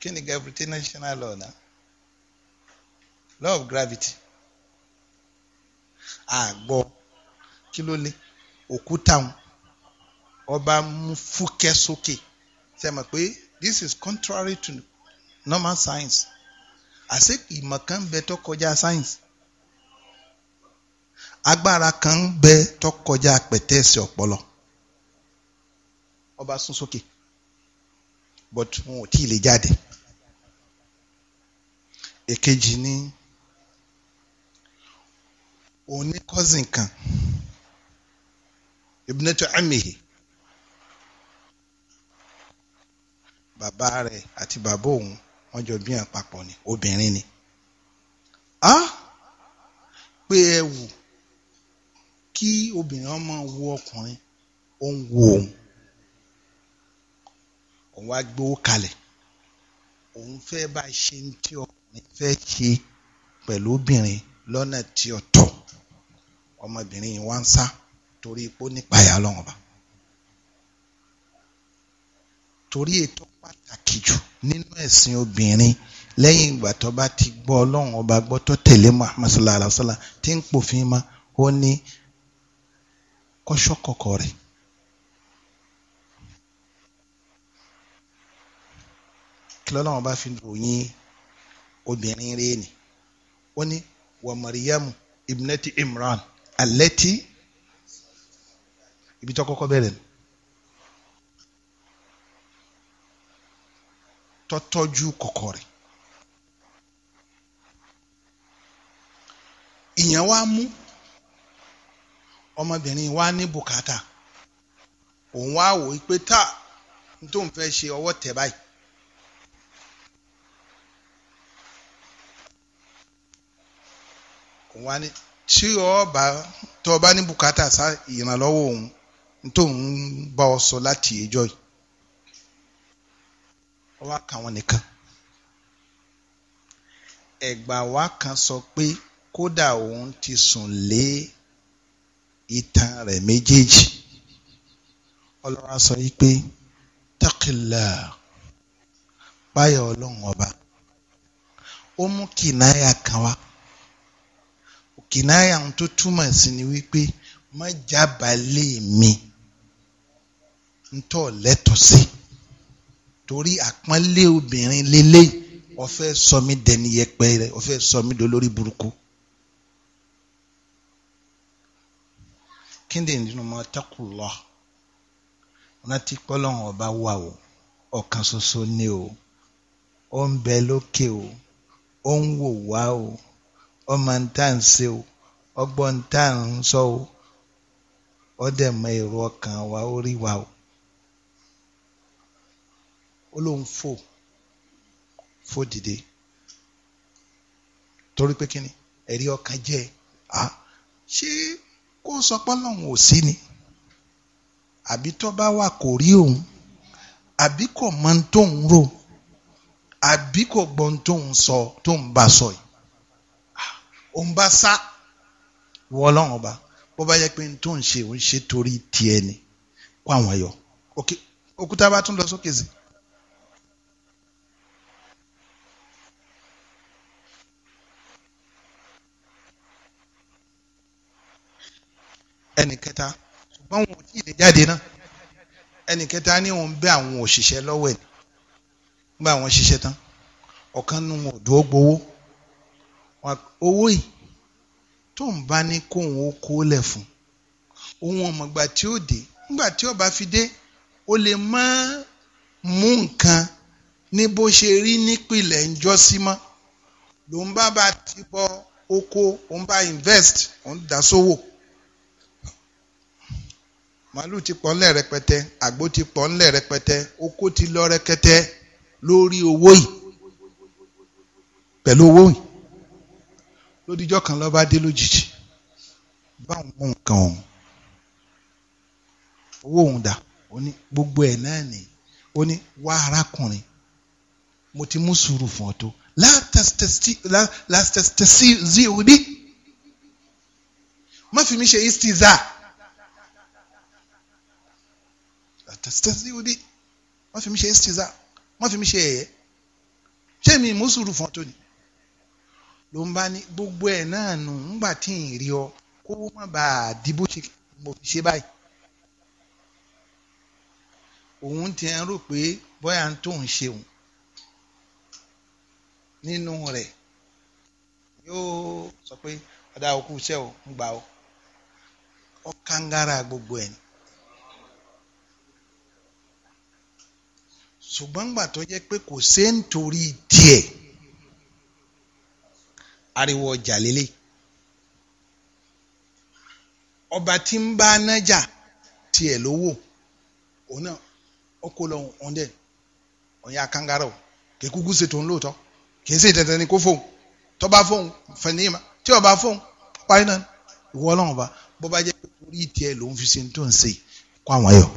kí ni gravitational law náà law of gravity àgbọ̀ kí ló lé òkúta wọn ọba mú fúkẹ́ sókè ṣe mọ̀ pé this is contrary to normal science àṣé ìmọ̀ kan bẹ tó kọjá science agbára kan ń bẹ tó kọjá pẹ̀tẹ́ẹ̀sì ọpọlọ ọba sún sókè but wọn ò tí ì lè jáde èkejì ni òun ní cousin kan ibnatu amihi bàbá rẹ̀ àti bàbá òun wọ́n jọ bí àpapọ̀ ni obìnrin ni a ah! pé ẹ wù kí obìnrin máa wo ọkùnrin ó ń wo òun òun wá gbowó kalẹ̀ òun fẹ́ bá ṣe ní tí ọkùnrin fẹ́ ṣe pẹ̀lú obìnrin lọ́nà tí ó tọ́ ọmọbìnrin yìí wá ń sá torí ipò nípayà ọlọ́run ọba torí ètò pàtàkì jù nínú ẹ̀sìn obìnrin lẹ́yìn ìgbà tó bá ti gbọ́ ọlọ́run ọba gbọ́ tó tẹ̀lé Muhammad sallallahu alaihi tí ń pòfin ma ó ní kọ́ṣọ́ kọ̀kọ̀ rẹ̀. kí lọ́lọ́wọ́n bá fi ròyìn obìnrin rẹ̀ ni ó ní wa mariamu ibnati imran alẹ́tí ibi tó kọ́kọ́ bẹ̀rẹ̀ ni. tọ́tọ́jú kọ̀kọ̀ rẹ̀. ìyẹn wá mú ọmọbìnrin wa ní bùkátà òun wá wò pé tá tó ń fẹ́ ṣe ọwọ́ tẹ̀ báyìí. òun wá ní tí ọba tó ọba ní bùkátà sá ìrànlọ́wọ́ òun tó ń bá ọ sọ láti ẹjọ́ yìí ọwọ́ àkàwọn nìkan ẹ̀gbà wa kan sọ pé kódà òun ti sùn lé ìtàn rẹ̀ méjèèjì ọlọ́wà sọ yìí pé takilá báyọ̀ ọlọ́run ọba ó mú kìnnáyà kan wá kìnnáyà tó túmọ̀ sí ni wípé má jábàálẹ̀ mi ntọ́ lẹ́tọ̀ọ́ sí torí àpọ́nlé obìnrin lélẹ́yìí ó sọ mí dẹni yẹpẹrẹ ó fẹ́ sọ mí dolórí burúkú. kíndì nínú mọ tẹkùlọ rántí pọlọ́run ọba wà o ọ̀kan ṣoṣo ni o ó ń bẹ lókè o ó ń wò wá o ọmọ ń tà ń ṣe o ọgbọ́n tà ń sọ o ó dẹ̀ mọ èrò ọkàn wa ó rí wa o ó lóun fò fò dìde torí pé kíni ẹ̀rí ọkàn jẹ́ ah, ṣé kó sọ pé ọlọ́run ò sí ni àbí tó bá wà kò rí òun àbí kò mọ tóun rò àbí kò gbọ́ tóun sọ tóun bá sọ yìí òun bá sá wọ ọlọ́run ọba bó bá yẹ pé tóun ṣe òun ṣe torí tiẹ̀ ni kó àwọn yọ òkúta bá tún lọ sókè sí i. ẹnì kẹta ṣùgbọ́n wọn ò tí ì lè jáde náà ẹnì kẹta ní òun bẹ àwọn òṣìṣẹ́ lọ́wọ́ ẹ̀ nígbà wọn ṣiṣẹ́ tán ọ̀kan nu wọn ò dúró gbowó owó yìí tó ń bá ní kóun ó kó lẹ̀ fún òun ọmọgbà tí ó dé nígbà tí ó fi dé ó lè má mú nǹkan ní bó ṣe rí nípìnlẹ̀ ń jọ́ sí mọ́ ló ń bá bá ti bọ oko òun bá invest òun dá sówò. So màálù ti pọ̀ ńlẹ̀ rẹpẹtẹ àgbo ti pọ̀ ńlẹ̀ rẹpẹtẹ oko ti lọ rẹkẹtẹ lórí owó yìí pẹ̀lú owó yìí lódìjọ́ kan lọ́ba dé lójijì báwọn mú nǹkan ọ̀hún owó òun dà ó gbogbo ẹ̀ náà ni ó ní wá arákùnrin mo ti mú sùúrù fún ọ tó látẹ̀sítẹ̀sí rí má fi mi ṣe istiza. tẹ̀sítẹ́sí wíbí wọ́n fi mi ṣe stiza wọ́n fi mi ṣe ẹ̀yẹ ṣé mi mú sùúrù fún ọ tó ni ló ń bá ní gbogbo ẹ̀ náà nù ńgbà tí ì rí ọ kówó má bàa di bó ṣe mo fi ṣe báyìí òun ti ń rò pé bóyá ń tóun ṣeun nínú rẹ̀ yóò sọ pé ọ̀dà òkú iṣẹ́ ò ń gbà ó ọ̀kangara gbogbo ẹ̀ ni. ṣùgbọ́n gbà tó jẹ́ pé kò sé nítorí tiẹ̀ ariwo ọjà lélẹ̀ ọba tí ń bá nájà tiẹ̀ lówó òun náà ó kó lọ́hùn òun dẹ̀ òun kangara o kékuku ṣètò òun lóòótọ́ kìí ṣe dandan ni kó fóun tọ́ba fóun fẹ̀nìyìmá tí ọba fóun parí náà ìwọ ọlọ́run ọba bó bá jẹ́ pé orí tiẹ̀ lòun fi ṣe tó ń ṣe kó àwọn ayọ̀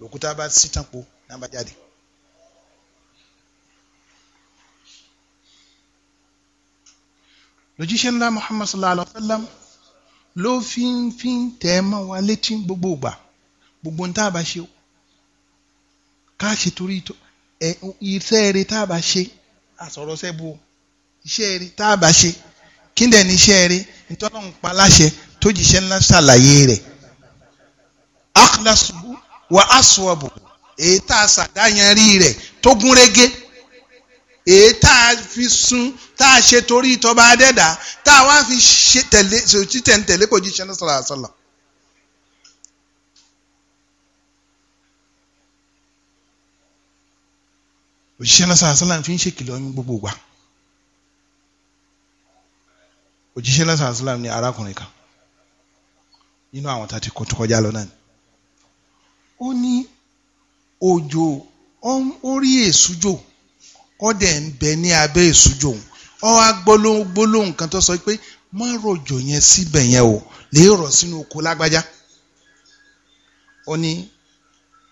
lòkúta bá sí tán po náà bá jáde. lójíṣẹ́ ńlá muhammad sallallahu alaihi wa sallam ló fi ń fi ń tẹ̀ mọ́ wa létí gbogbo ìgbà gbogbo ń tá a bá ṣe ká ṣe torí iṣẹ́ eré tá a bá ṣe àsọ̀rọ̀ sẹ́bu iṣẹ́ eré tá a ṣe kí n ní iṣẹ́ eré ìtọ́lọ́hún pa láṣẹ tó jíṣẹ́ ńlá ṣàlàyé rẹ̀ akhlasubu wa aswabu èyí tá a ṣàdáyanrí rẹ̀ tó gúnrégé èyí tá a fi sun tá a ṣe torí ìtọ́ba adẹ́dà tá a wá fi ṣe tẹ̀lé ṣòtí tẹ̀ ń tẹ̀lé kò jí ṣẹ́ni sọ̀rọ̀ àṣọlọ̀. òjíṣẹ́ náà sàásánlá fi ń ṣèkìlọ̀ ní gbogbo ìgbà òjíṣẹ́ náà sàásánlá ní arákùnrin kan nínú àwọn tá a ti kó tó kọjá lọ náà ni ó ní òjò ó rí èsújò ọ̀dẹ̀ ń bẹ ní abẹ́ ìsújò òun ọ wá gbólóhùn kan tó sọ pé má rọ̀jò yẹn síbẹ̀ yẹn o lè rọ̀ sínú oko lágbájá ó ní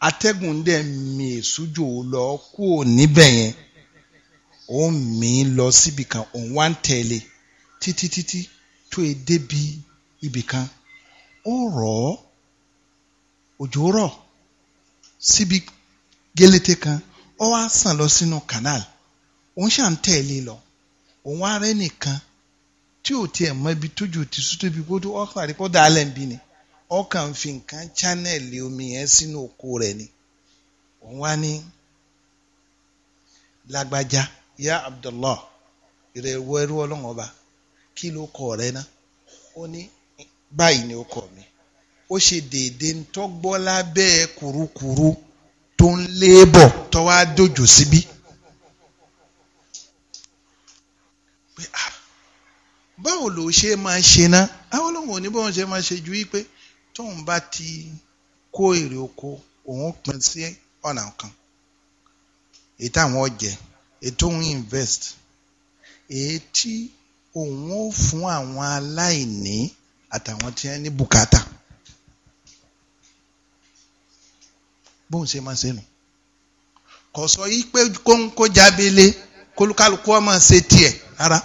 atẹ́gùn dẹ̀ mi ìsújò lọ kúò níbẹ̀ yẹn ó mì í lọ síbi kan òun wá ń tẹ̀lé títí títí tó e débi ibì kan ó rọ̀ ọ́ òjò rọ̀ síbi gélété kan ó wá sàn lọ sínú canal òun ṣà ń tẹ̀lé e lọ òun wá rẹ́ nìkan tí ò tiẹ̀ mọ ibi tójú ti sùn ibi kó tó ọkàn àdìpọ̀ dàálẹ̀ ń bí ni ọkàn fi nǹkan chánẹ́ẹ̀lì omi yẹn sínú oko rẹ̀ ni òun wá ní lágbájá ya Abdullah ìrẹ̀wọ ẹrú ọlọ́run ọba kí ló kọ rẹ ná ó ní báyìí ni kọ mi ó ṣe déédé ń lábẹ́ tó ń lé bọ̀ tọ́wá Ah, báwo ló ṣe máa ṣe ná àwọn olóhùn òní báwọn ṣe máa ṣe ju wípé tóun bá ti kó èrè oko òun pín sí ọ̀nà kan èyí táwọn ọ̀jẹ̀ èyí tóun invest èyí tí òun ó fún àwọn aláìní àtàwọn tí wọ́n ní bùkátà bóun ṣe máa ṣe nù kò sọ yí pé kó jábélé kólúkálukú ọmọ ṣe tiẹ̀ rárá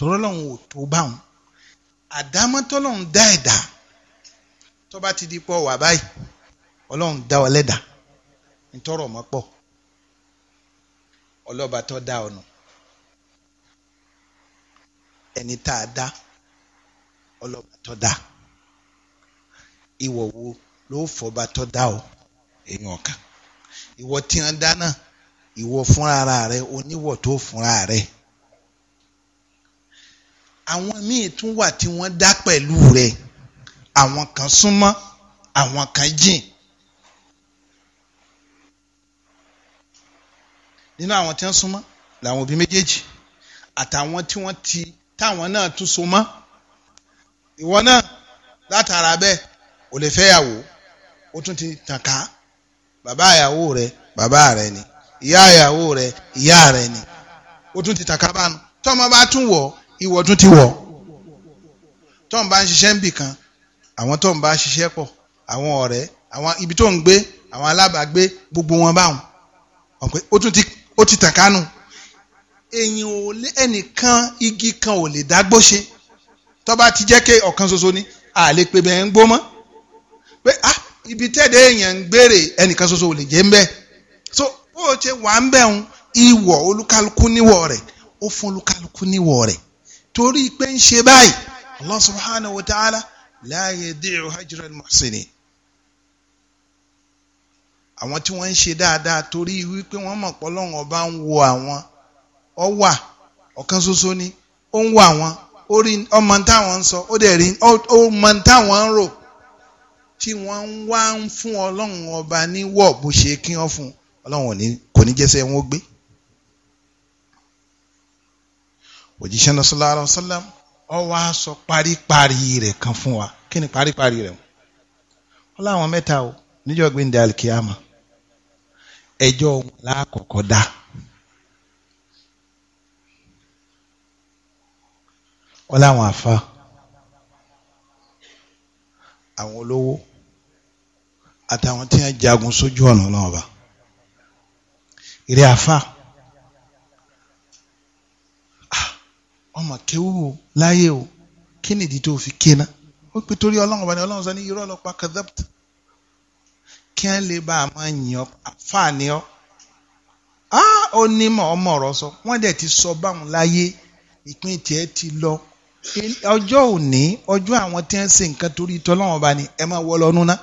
tọ́lọ́hún ò tó báwọn àdámọ́ tọ́lọ́hún dá ẹ̀dá tó bá ti di pọ̀ wà báyìí ọlọ́hun dá ọ lẹ́dà ntọ́rọ̀ mọ́ pọ̀ ọlọ́ba tó dá ọ̀nà ẹni tá a dá ọlọ́ba tó dá ìwọ wo ló fọba tó dá ọ èèyàn kan ìwọ tí wọn dá náà ìwọ fúnra rẹ oníwọ tó fúnra rẹ àwọn míì tún wà tí wọ́n dá pẹ̀lú rẹ̀ àwọn kan súnmọ́ àwọn kan jìn. nínú àwọn tí wọ́n súnmọ́ làwọn òbí méjèèjì àtàwọn tí wọ́n ti táwọn náà tún so mọ́ ìwọ náà látara bẹ́ẹ̀ ò lè fẹ́ yàwó ó tún ti tàn ká bàbá ìyàwó rẹ bàbá rẹ ni ìyá ìyàwó rẹ ìyá rẹ ni ó tún ti tàn ká bánu tọ́mọ bá tún wọ̀ ọ́ ìwọ tún ti wọ̀ tó ń bá ń ṣiṣẹ́ níbì kan àwọn tó ń bá ṣiṣẹ́ pọ̀ àwọn ọ̀rẹ́ àwọn ibi tó ń gbé àwọn alábàágbé gbogbo wọn báwọn ọ̀pẹ ó ti tàn kánú èyàn ò lé ẹnìkan igi kan ò lè dágbó ṣe tó bá ti jẹ́ pé ọ̀kan ṣoṣo ni àlè pé bẹ́ẹ̀ ń gbó mọ́ pé ah ibi tẹ́ẹ̀dẹ̀ èèyàn ń gbére ẹnìkan ṣoṣo ò lè jẹ́ ń bẹ́ẹ̀ so bó o ṣe wà ń bẹ̀ ń ìwọ̀ olúkálukú níwọ̀ rẹ̀ ó fún olúkálukú níwọ̀ rẹ̀ torí pé ń ṣe báyìí Allah subhanahu wa ta'ala la yadi'u hajra al-muhsinin àwọn tí wọ́n ń ṣe dáadáa torí wípé wọ́n mọ̀ pọ́lọ́run ọba ń wo àwọn ọ wà ọ̀kan ṣoṣo ni ó ń wo àwọn ó rí ọmọ táwọn ń sọ ó dẹ̀ rí ọmọ táwọn ń rò tí wọ́n ń wá ń fún ọlọ́run ọba ní wọ̀ bó ṣe kí wọ́n fún ọlọ́run kò ní jẹ́sẹ̀ wọn gbé. òjíṣẹ́ náà sallallahu alaihi wasallam ó wá sọ paríparí rẹ̀ kan fún wa kí ni paríparí rẹ̀ wọn láwọn mẹ́ta o níjọ́ gbẹ̀ndẹ̀ alikiyama ẹjọ́ wọn lákọ̀ọ́kọ́ dá. wọn láwọn àfa àwọn olówó àtàwọn tí wọn jagun sójú ọ̀nà náà ọba ìrẹ́ àfa. ọmọ kéwù o láyé o kí nìdí tó fi ké náà ó pe torí ọlọ́run ọba ni ọlọ́run sọ ní irọ́ lọ pa kí wọ́n lè bá a máa yìn ọ́ àfààní ọ́ á onímọ̀ ọmọ ọ̀rọ̀ sọ wọ́n dẹ̀ ti sọ báwọn láyé ìpín tiẹ̀ ti lọ ọjọ́ òní ọjọ́ àwọn tí wọ́n ń ṣe nǹkan torí tọ́lọ́run ọba ni ẹ máa wọ lọ́nu náà.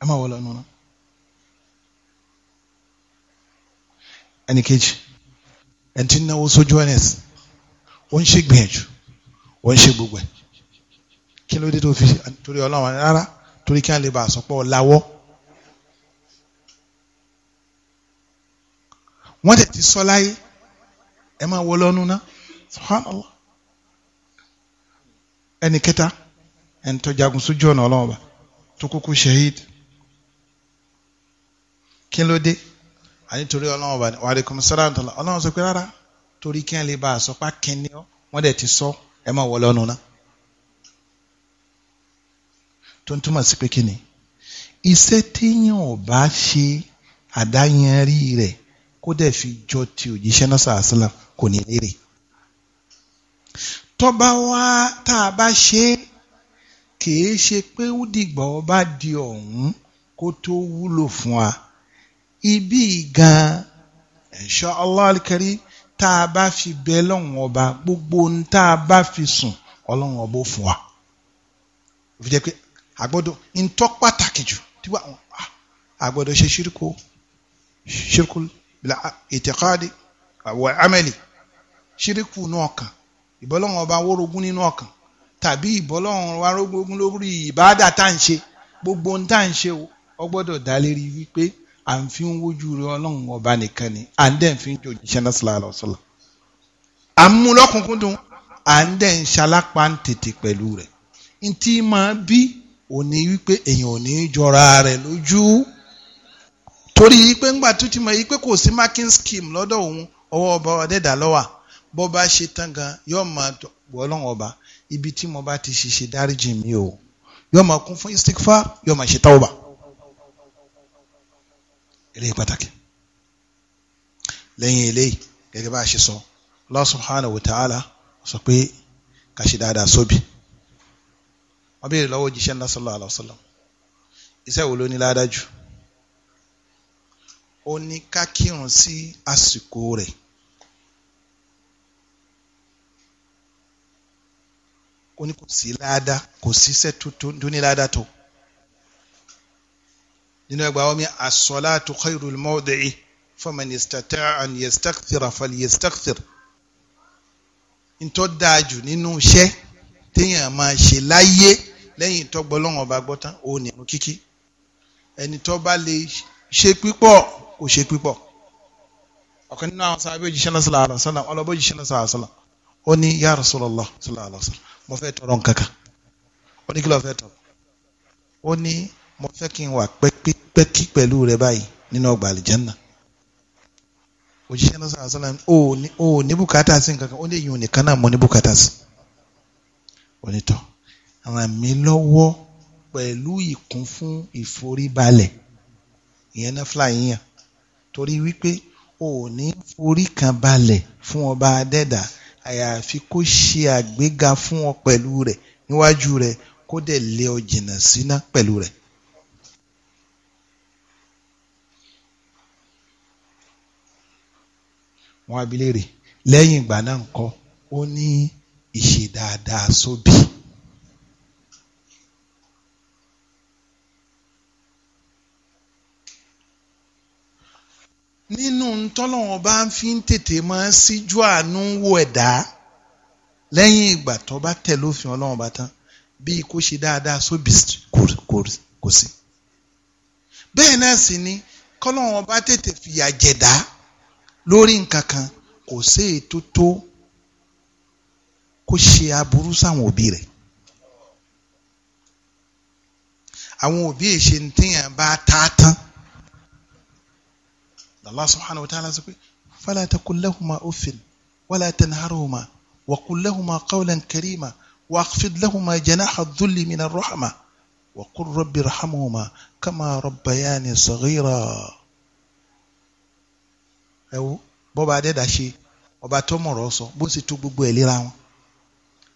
ẹ má wọlé ọ̀nà náà. ẹnì kejì ẹni tí ń náwó sójú ẹni ẹ̀sìn wọ́n ń ṣe gbìyànjú wọ́n ń ṣe gbogbo ẹ̀ kí ló dé tó fi torí ọlọ́run rárá torí kí wọ́n lè bá a ọ̀làwọ́. wọ́n tẹ̀ ti sọ láyé ẹ máa wọ lọ́nu ná subhanallah ẹnì kẹta ẹni tó jagun sójú ọ̀nà ọlọ́run ọba tó kúkú shahid kí ló dé àní torí ọlọ́run ọba wa alaikum salaam tọ́lá ọlọ́run sọ pé rárá torí kí ẹ lè bá a sọ pé kíni ọ wọ́n dẹ̀ ti sọ ẹ má wọ lọ́nu ná tó ń túmọ̀ sí pé kíni iṣẹ́ téèyàn ò bá ṣe àdáyanrí rẹ̀ kó dẹ̀ fi jọ ti òjíṣẹ́ náà sàásìlà kò ní lérè tọ́ba wá tá a bá ṣe é kìí ṣe pé ó dìgbà ọba di ọ̀hún kó tó wúlò fún wa ibi gan-an insha Allah al-Karim tá a bá fi bẹ lọ́wọ́n ọba gbogbo ohun tá a bá fi sùn ọlọ́wọ́n ọba ó fún wa fi jẹ́ pé àgbọ́dọ̀ ntọ́ pàtàkì jù tí wà àgbọ́dọ̀ ṣe ṣírkù ṣírkù ìtẹ̀kọ́dì àwọ̀ amẹ́lì ṣírkù náà kàn ìbọ́lọ́wọ́n ọba wórogún nínú ọkàn tàbí ìbọ́lọ́wọ́n wórogún lórí ìbáàdà tá à ń ṣe gbogbo ohun tá à ń ṣe ọgbọ́dọ̀ dá lérí wípé à ń fi ń wojú rẹ ọlọ́run ọba nìkan ni à ń dẹ̀ ń fi ń jò jíṣẹ́ náà sílá lọ sọ́la à ń mú lọ́kùnkún dùn à ń dẹ̀ ń ṣalápá ń tètè pẹ̀lú rẹ̀ n tí máa bí òní wípé èèyàn ò ní jọra rẹ̀ lójú torí pé ńgbà tó ti mọ̀ yí pé kò sí marking scheme lọ́dọ̀ òun ọwọ́ ọba ọ̀dẹ́dà lọ́wà bó bá ṣe tán gan yóò máa wọ́ ọlọ́run ọba ibi tí mo bá ti ṣiṣẹ́ dáríjì mi o yóò máa kún fún istikfa yóò máa ṣe tawba eléyìí pàtàkì lẹ́yìn eléyìí gẹ́gẹ́ bá a ṣe sọ Allah subhanahu wa ta'ala sọ pé ká ṣe dáadáa sóbì wọ́n béèrè lọ́wọ́ òjíṣẹ́ ńlá sallallahu alaihi wasallam iṣẹ́ wo ló ní ládájú ó ní ká kírun sí àsìkò rẹ̀ ó ní kò sí ládá kò sí iṣẹ́ tó ní ládá tó nínú ẹgbàá wọn mi as-salatu khayrul mawdi'i faman istata'a an yastakthira falyastakthir ntọ́ dáàjù nínú iṣẹ́ téèyàn máa ṣe láyé lẹ́yìn tọ́gbọ́ lọ́wọ́n ọba gbọ́ tán òun nìyẹn kíkí ẹni tó bá lè ṣe pípọ̀ kò ṣe pípọ̀ ọ̀kan nínú àwọn sábẹ́ òjíṣẹ́ náà sallallahu alaihi wasallam ọlọ́bọ̀ òjíṣẹ́ náà sallallahu alaihi ó ní ya Rasulullah sallallahu alaihi wasallam mo fẹ́ tọrọ nǹkan kan ó ní kí ló fẹ́ tọrọ ó ní mo fẹ́ kí n wà pẹ́kí pẹ̀lú rẹ báyìí nínú ọgbà àlìjẹ́nà òjíṣẹ́ náà sọ̀rọ̀ sọ́la ò ní bùkátà sí nǹkan kan ó lè yùn náà mo ní bùkátà sí onítọ̀ ràn mí lọ́wọ́ pẹ̀lú ìkún fún ìforíbalẹ̀ ìyẹn náà fúlà yíyàn torí wípé ò ní forí kan balẹ̀ fún ọba adẹ́dà àyàfi kó ṣe àgbéga fún ọ pẹ̀lú rẹ̀ níwájú rẹ̀ kó dẹ̀ lé ọ jìnnà síná pẹ̀lú rẹ̀. wọn abilé rè lẹ́yìn ìgbà náà ńkọ́ ó ní ìṣe dáadáa sóbì. nínú ntọ́lọ́wọ́n bá ń fi ń tètè máa ń síjú àánú wo ẹ̀dá lẹ́yìn ìgbà tó bá tẹ̀ lófin ọlọ́wọ́n bá tán bíi kó ṣe dáadáa sóbì kò sí. bẹ́ẹ̀ náà sì ni kọ́lọ́wọ́n bá tètè fìyà jẹ̀dá lórí nǹkan kan kò sí ètò tó kó ṣe aburú sáwọn òbí rẹ̀ àwọn òbí èṣe tíyàn bá ta tán Allah subhanahu wa ta'ala sọ pé fala taqul lahuma uffin wala tanharhuma wa qul lahuma qawlan karima واخفض لهما جناح الذل من الرحمة وقل رب ارحمهما كما ربياني صغيرا ẹ wo bọ́ba adẹ́dà ṣe ọba tó mọ̀rọ̀ sọ bó sì tó gbogbo ẹ̀ léra wọn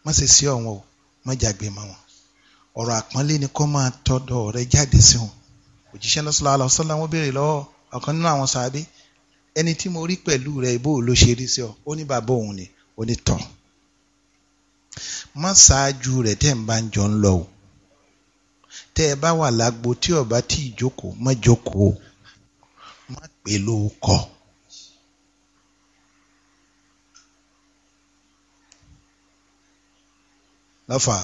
má ṣe sí ọ̀wọ́n o má jàgbé mọ́ wọn ọ̀rọ̀ àpọ́nlé ni kọ́ máa tọ̀dọ̀ rẹ jáde sí wọn òjíṣẹ́ lọ́sọ̀lá àlọ́sọ́lá wọn béèrè lọ́wọ́ ọ̀kan nínú àwọn sàábé ẹni tí mo rí pẹ̀lú rẹ bó ló ṣe rí sí ọ ó ní bàbá òun ni ó ní tọ̀ má ṣáájú rẹ̀ tẹ́ ń bá ń jọ ń lọ o tẹ́ ẹ bá wà lágbo tí ọba tí ìjókòó má jókòó má pè lóko lọ́fà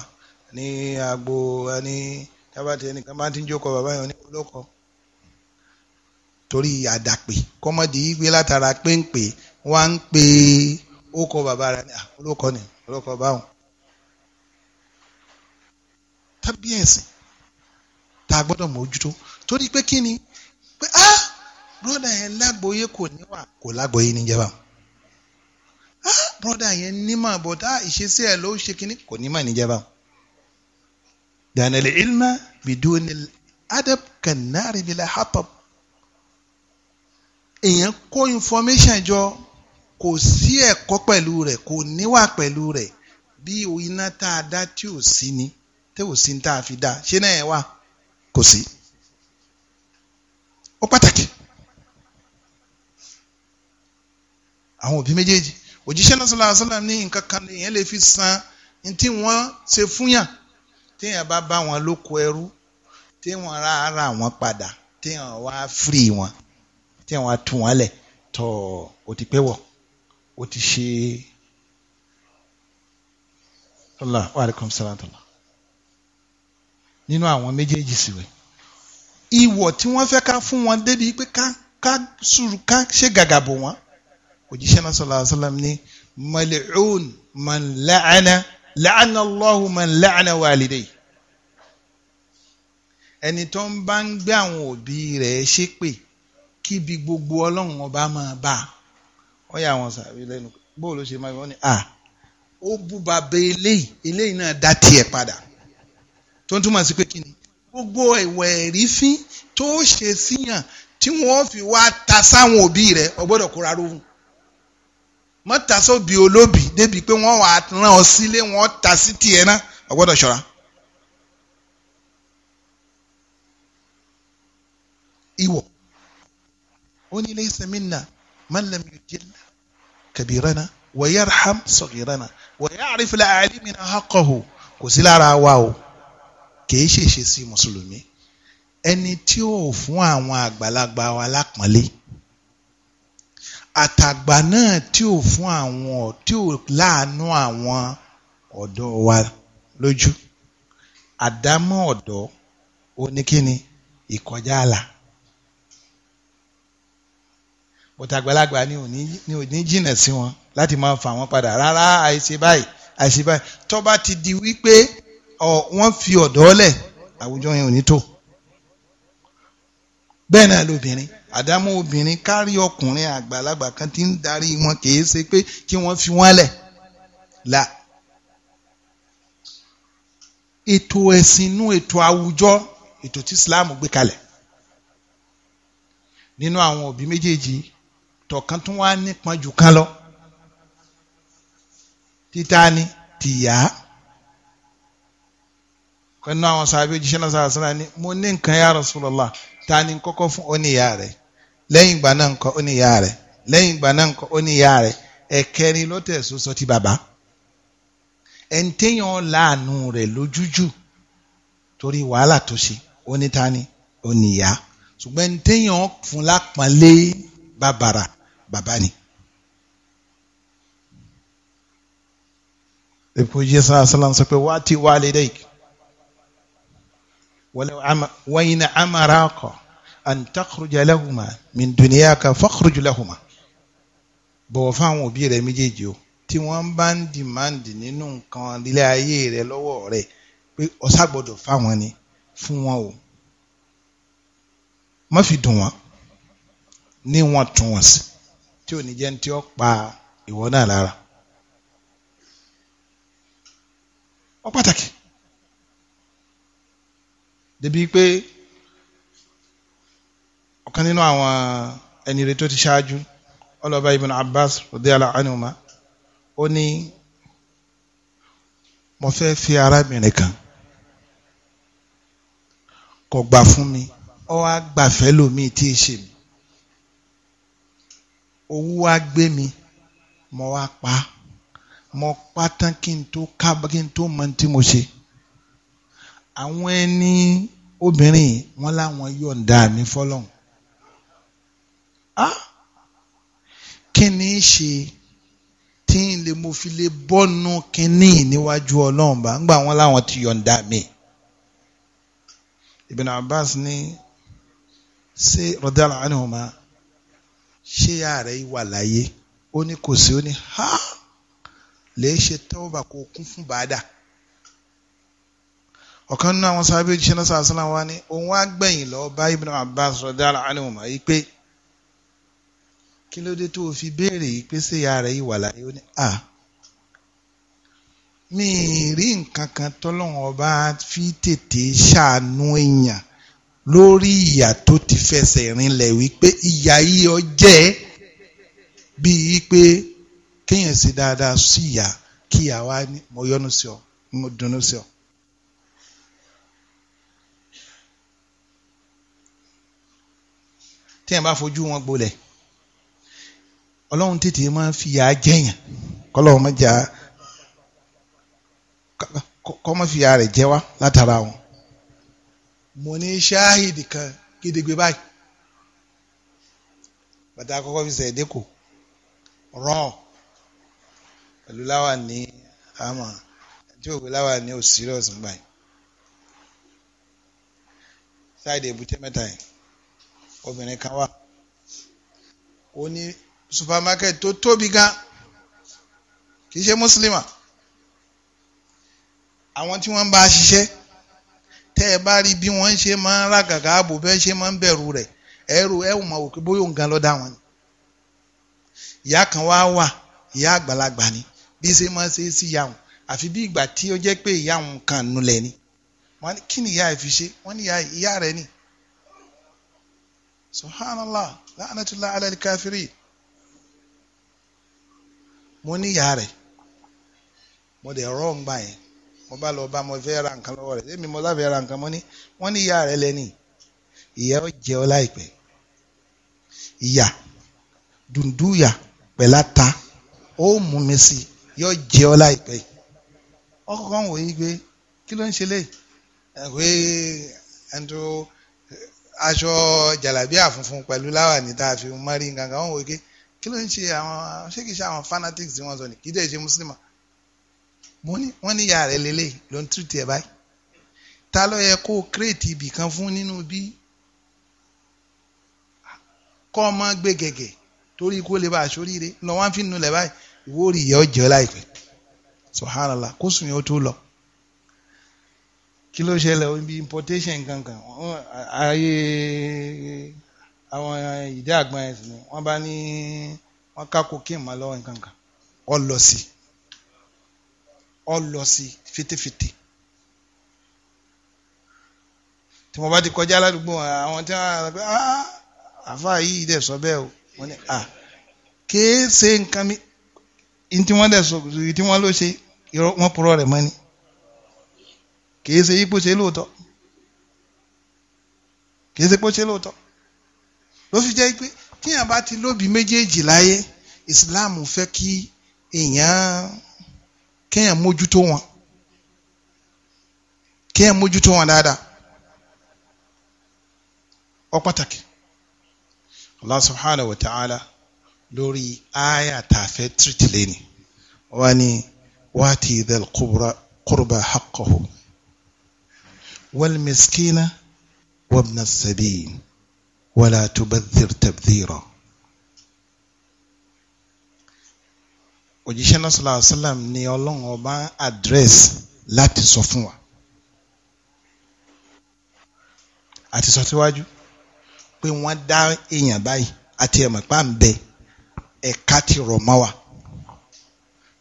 ní agbo ní tábàtì ẹnìkan bá ti ń jókòó bàbá yẹn oníkólókọ torí àdàpè kọ́mọ́dé yìí gbé látara péńpé wá ń pe ó kọ bàbá rẹ ní olókọ ni olókọ báwọn. tàbí ẹ̀sìn tá a gbọ́dọ̀ mójútó torí pé kí ni pé ah brọ́dà yẹn lágbóyè kò níwà kò lágbóyè níjẹba broda yẹn nímọ̀ bọ̀dá ah, ìṣesí ẹ̀ ló ṣe kínní kò nímọ̀ níjẹba. daniel ilma bidoni adab kanari bila hatab èèyàn kó information jọ kò sí ẹ̀kọ́ pẹ̀lú rẹ̀ kò níwà pẹ̀lú rẹ̀ bí iná tá a dá tí ò sí ni tí ò sí ní tá a fi dá ṣé náà ẹ̀ wà kò sí. ó pàtàkì àwọn òbí méjèèjì òjíṣẹ́ náà sọlá sọlá ní nǹkan kan èèyàn lè fi san ní tí wọ́n ṣe fúnyàn téèyàn bá bá wọn lóko ẹrú téèyàn ra ara wọn padà téèyàn wá firi wọn téèyàn wá tú wọn lẹ̀ tọ́ ọ ti pẹ́ wọ̀ ó ti ṣe aleykum salaam tọ́lá nínú àwọn méjèèjì sì wẹ̀ ìwọ̀ tí wọ́n fẹ́ ká fún wọn débi pé ká ṣe gàgàbò wọn òjíṣẹ́ náà sallallahu alaihi wasallam ní mal'un man la'ana la'ana Allahu man la'ana walidayhi ẹni tó ń bá ń gbé àwọn òbí rẹ̀ ṣépè kíbi gbogbo ọlọ́run ọba máa bá ọ yà wọn sàbí lẹ́nu bóò ló ṣe máa wọ́n ni à ó bú bàbá eléyìí eléyìí náà dá tiẹ̀ padà tó ń túmọ̀ sí pé kí ni gbogbo ìwà ẹ̀rí fín tó ṣe síyàn tí wọ́n fi wá ta sáwọn òbí rẹ̀ ọ kóra lóhùn mọ́tàsó bi olóbi débi pé wọ́n wà rán ọ sílé wọ́n ta sí tiẹ̀ náà o gbọ́dọ̀ ṣọ́ra. ìwọ ó ní laysa minna man lam yujilla kabirana wa yarham saghirana wa ya'rif la'alimina kò sí lára wa o kìí ṣèṣe sí mùsùlùmí ẹni tí ó fún àwọn àgbàlagbà wa lápọ́nlé. La àtàgbà náà tí ò fún àwọn tí ò láàánú àwọn ọ̀dọ́ wa lójú àdámọ́ ọ̀dọ́ oníkíni ìkọjá àlà bọ́tà àgbàlagbà ni ò ní jìnà sí wọn láti máa fà wọ́n padà rárá àìṣe báyìí àìṣe báyìí tó ti di wípé wọ́n fi ọ̀dọ́ lẹ̀ àwùjọ yẹn ò ní tò bẹ́ẹ̀ náà lóbìnrin àdámọ́ obìnrin kárí ọkùnrin àgbàlagbà kan tí ń darí wọn kìí ṣe pé kí wọ́n fi wọ́n lẹ̀ là ètò ẹ̀sìn inú ètò àwùjọ ètò tí Islam gbé kalẹ̀ nínú àwọn òbí méjèèjì tọ̀kan tún wá nípọn jù kan lọ títa ni tìyá kan àwọn sàbẹ̀ òjíṣẹ́ náà sàbẹ̀ sọ́nà ni mo ní nǹkan ya Rasulullah ta ni kọ́kọ́ fún ọ ní ìyá rẹ̀ lẹ́yìn ìgbà náà nǹkan ó ní ìyá rẹ̀ lẹ́yìn ìgbà náà nǹkan ó ní ìyá rẹ̀ ẹ̀kẹrin ló tẹ̀só sọ ti bàbá ẹ̀ǹtẹ̀yàn láàánú rẹ̀ lójújù torí wàhálà tó ṣe ó ní ó ní ìyá ṣùgbọ́n ẹ̀ǹtẹ̀yàn fún lápọ̀nlé bàbàrà bàbá ni. èpo jésù asalaam sọ pé wá ti wá lédè wọ́n yìí ní amara kọ́ an takhruja lahuma min dunyaka fakhruj lahuma bọ̀wọ̀ fáwọn òbí rẹ méjèèjì o tí wọ́n bá ń dìmáàndì nínú nǹkan ilé ayé rẹ lọ́wọ́ rẹ pé ọ̀sá gbọ́dọ̀ fáwọn ni fún wọn o má fi dùn wọn ní wọn tún wọn sí tí ò ní jẹ́ tí ó pa ìwọ náà lára ó pàtàkì débi pé ọ̀kan nínú àwọn ẹni rẹ̀ tó ti ṣáájú ọlọ́ba ibn Abbas radiyallahu anhuma ó ní mo fẹ́ fi arábìnrin kan kò gbà fún mi ọ wá gbàfẹ́ lómi tí ì ṣe mi owó wá gbé mi mo wá pa mo pa tán kí n tó ká kí n tó mọ tí mo ṣe àwọn ẹni obìnrin wọn láwọn yọ̀ǹda mi fọlọ́n kí ni í ṣe tí n lè mo fi lè bọ́nu kínní níwájú ọlọ́run bá ń gbà wọ́n láwọn ti yọ̀ǹda mi. Ibn Abbas ní ṣé rọdàlá ànihùnmá ṣé ààrẹ wà láyé ó ní kò sí ó ní ha lè ṣe tọ́wọ́ bá kó kún fún bàdà ọ̀kan nínú àwọn sábẹ́ òjíṣẹ́ náà sàásìlá wa ní òun á gbẹ̀yìn lọ bá Ibn Abbas rọdàlá ànihùnmá yìí pé kí ló dé tó o fi béèrè yìí pé ṣé ìyá rẹ̀ yìí wà láyé ó ní à mi rí nǹkan kan tọ́lọ́run ọba fi tètè ṣàánú èèyàn lórí ìyà tó ti fẹsẹ̀ rinlẹ̀ wípé ìyà yìí ọ jẹ́ bíi pé kéèyàn ṣe dáadáa sí ìyà kí ìyà wa ní mo yọ́nú sí ọ mo dùnnú sí ọ. téèyàn bá fojú wọn gbolẹ̀ ọlọ́run tètè máa ń fìyà jẹ̀yàn kọ́lọ́run máa jà kọ́ máa fìyà rẹ̀ jẹ́ wá látara wọn. mo ní ṣáàhìdì kan gidigbe báyìí bàtà àkọ́kọ́ fi sẹ̀dẹ́ kò rán pẹ̀lú láwà ní àmọ́ tí òwe láwà ní ò serious báyìí ṣáàdì èbúté mẹ́ta yìí obìnrin kan wà ó ní supermarket tó tóbi gan kì í ṣe mùsùlùmá àwọn tí wọ́n ń bá a ṣiṣẹ́ tẹ́ ẹ bá rí bí wọ́n ṣe máa ń ràgàgà ààbò bẹ́ẹ̀ ṣe máa ń bẹ̀rù rẹ̀ ẹ̀rù ẹ̀wù máa wò pé bóyá òun gan ló wọn ni ìyá kan wá wà ìyá àgbàlagbà ni bí ṣe máa ṣe sí ìyá wọn àfi bí ìgbà tí ó jẹ́ pé ìyá wọn kan nulẹ̀ ni wọ́n kí ni ìyá ẹ̀ fi ṣe wọ́n ní ìyá rẹ̀ ni subhanallah la'anatullah ala al-kafirin mo ní ìyá rẹ̀ mo dẹ̀ rọ́ ǹgbà yẹn mo bá lọ bá mo fẹ́ ra nǹkan lọ́wọ́ rẹ̀ èmi mo láfẹ́ ra nǹkan mo ní wọ́n ní ìyá rẹ̀ lẹ́ni ìyá ó jẹ ọ láìpẹ́ ìyá dùndúyà pẹ̀láta ó mú mi sí yọ jẹ ọ láìpẹ́ ọkọ̀ kan wòye gbé kí ló ń ṣe léyìí ẹ̀wé ẹ̀ńtò aṣọ jàlábíà funfun pẹ̀lú láwà ní tá a fi mọ́rí nǹkan kan wọ́n wòye gbé kí ló ń ṣe àwọn ṣé kìí ṣe àwọn fanatics tí wọ́n sọ ni kìí dẹ̀ ṣe mùsùlùmá mo ní wọ́n ní ìyá rẹ̀ lélẹ̀ ló ń tìrìtì ẹ̀ báyìí ta ló yẹ kó kírètì ibì kan fún nínú bí kọ́ ọmọ gbé gẹ̀gẹ̀ torí kó lè bá aṣoríire lọ wọ́n fi nulẹ̀ báyìí ìwọ rí ìyá ọjọ́ láìpẹ́ subhanallah kó sùn yẹn ó tó lọ kí ló ṣẹlẹ̀ ibi importation kankan ayé àwọn eh, ìdí àgbọn ẹ̀sìn ni wọ́n bá ní wọ́n ká cocaine mọ́ lọ́wọ́ nǹkan kan ọ lọ sí ọ lọ sí fetefete tí mo bá ti kọjá aládùúgbò àwọn tí wọ́n á pé ah, ah, àáfàá yìí dẹ̀ sọ bẹ́ẹ̀ o wọ́n ní à ah, kèé ṣe nǹkan mi tí wọ́n dẹ̀ sọ tí wọ́n ló ṣe wọ́n purọ́ rẹ̀ mọ́ ni kèé ṣe yípo ṣe lóòótọ́ kèé ṣe pọ́ ṣe lóòótọ́ ló fi jẹ́ pé tíyàn bá ti lóbi méjèèjì láyé Islam fẹ́ kí èèyàn kéèyàn mójútó wọn kéèyàn mójútó wọn dáadáa ọ pàtàkì Allah subhanahu wa ta'ala lórí aya tàfẹ́ tìrìtì lẹ́ni wọ́n ní wati dhal qurba haqqahu wal miskina wabna sabiin. ولا تبذر تبذيرا òjíṣẹ́ náà sọ̀rọ̀ àṣàlám ni ọlọ́run ọba àdírẹ́sì láti sọ fún wa àti sọ síwájú pé wọ́n dá èèyàn báyìí àti ẹ̀mọ̀ pàǹbẹ ẹ̀ka ti rọ̀ mọ́ wa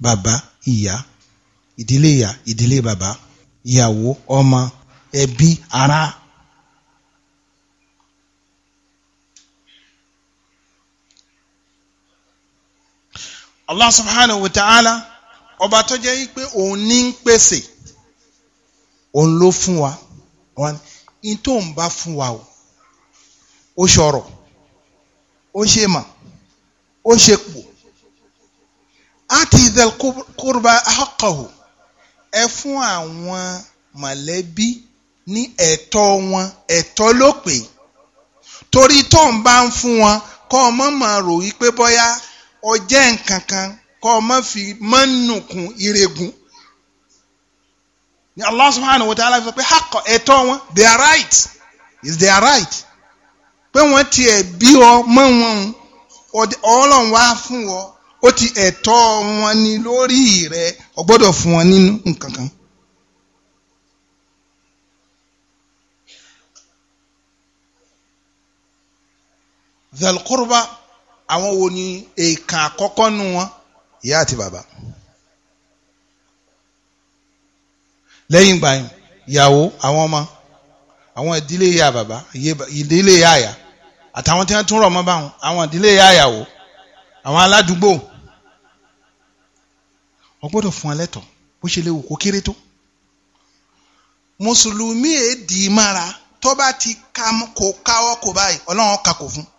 bàbá ìyá ìdílé ìyá ìdílé bàbá ìyàwó ọmọ ẹbí ará Allah subhanahu wa ta'ala ọba tó jẹ́ pé òun ní ń pèsè òun ló fún wa wọn ní tó ń bá fún wa o ó ṣọ̀rọ̀ ó ṣe mà ó ṣe pò àti dhal qurba haqqahu ẹ fún àwọn mọ̀lẹ́bí ní ẹ̀tọ́ wọn ẹ̀tọ́ ló pè torí tó ń bá ń fún wọn kọ́ ọ mọ̀ wípé bóyá ọjẹ́ nǹkan kan kọ́ ọ má fi má nùkún ìrègùn ni Allah subhanahu wa ta'ala sọ pé hakọ ẹ̀tọ́ wọn they are right is they are right pé wọ́n tiẹ̀ bí ọ mọ́ wọn ọlọ́run wá fún ọ ó ti ẹ̀tọ́ wọn ni lórí rẹ ọ gbọ́dọ̀ fún wọn nínú nǹkan kan. zal àwọn wo ni èèkàn àkọ́kọ́ nu wọn ìyá àti bàbá lẹ́yìn ìgbà yìí ìyàwó àwọn ọmọ àwọn ìdílé ìyá bàbá ìdílé ìyá àyà àtàwọn tí wọ́n tún rọ̀ mọ́ báwọn àwọn ìdílé ìyá àyàwó àwọn aládùúgbò wọ́n gbọ́dọ̀ fún ẹlẹ́tọ̀ bó ṣe léwu kó kéré tó mùsùlùmí èdè mára tó bá ti kó káwọ́ kó báyìí ọlọ́run kà kó fún un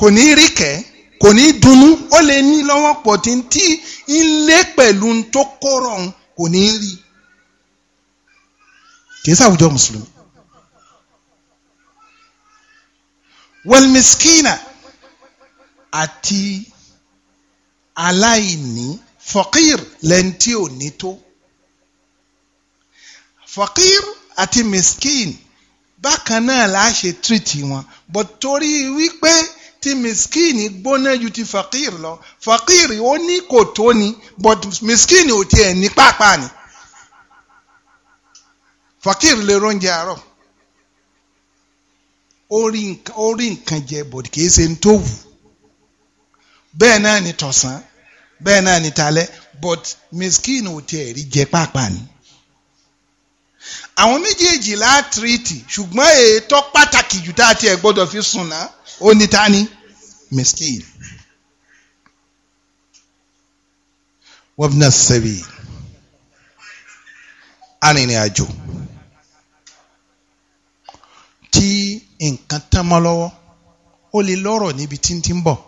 kò ní rí kẹ́ kò ní dunnú ó lè ní lọ́wọ́ pọ̀ tí ń tí ń lé pẹ̀lú ń tó kóró ń kò ní rí kìí sáwùjọ mùsùlùmí. wẹ́lmískínà àti aláìní fọ̀kìr lẹ́ni tí ò ní tó fọ̀kìr àti miskin bákan náà la ṣe wọn bọ̀ torí wípé tí miskini gbóná ju ti fakir lọ fakir ó ní kò tó ni but miskini ò tiẹ̀ ní pápá ni fakir lè róúnjẹ àárọ̀ ó rí nǹkan jẹ bòdì kìí ṣe ń tó wù bẹ́ẹ̀ náà ni tọ̀sán bẹ́ẹ̀ náà ni talẹ́ but miskini ò tiẹ̀ rí jẹ pàápàá ni. àwọn méjèèjì láà tírìtì ṣùgbọ́n ètò pàtàkì jù tá a tiẹ̀ gbọ́dọ̀ fi sùn náà ó ní tání miskin wabna sabil arìnrìn àjò tí nǹkan tán mọ́ lọ́wọ́ ó lè lọ́rọ̀ níbi tí ń ti ń bọ̀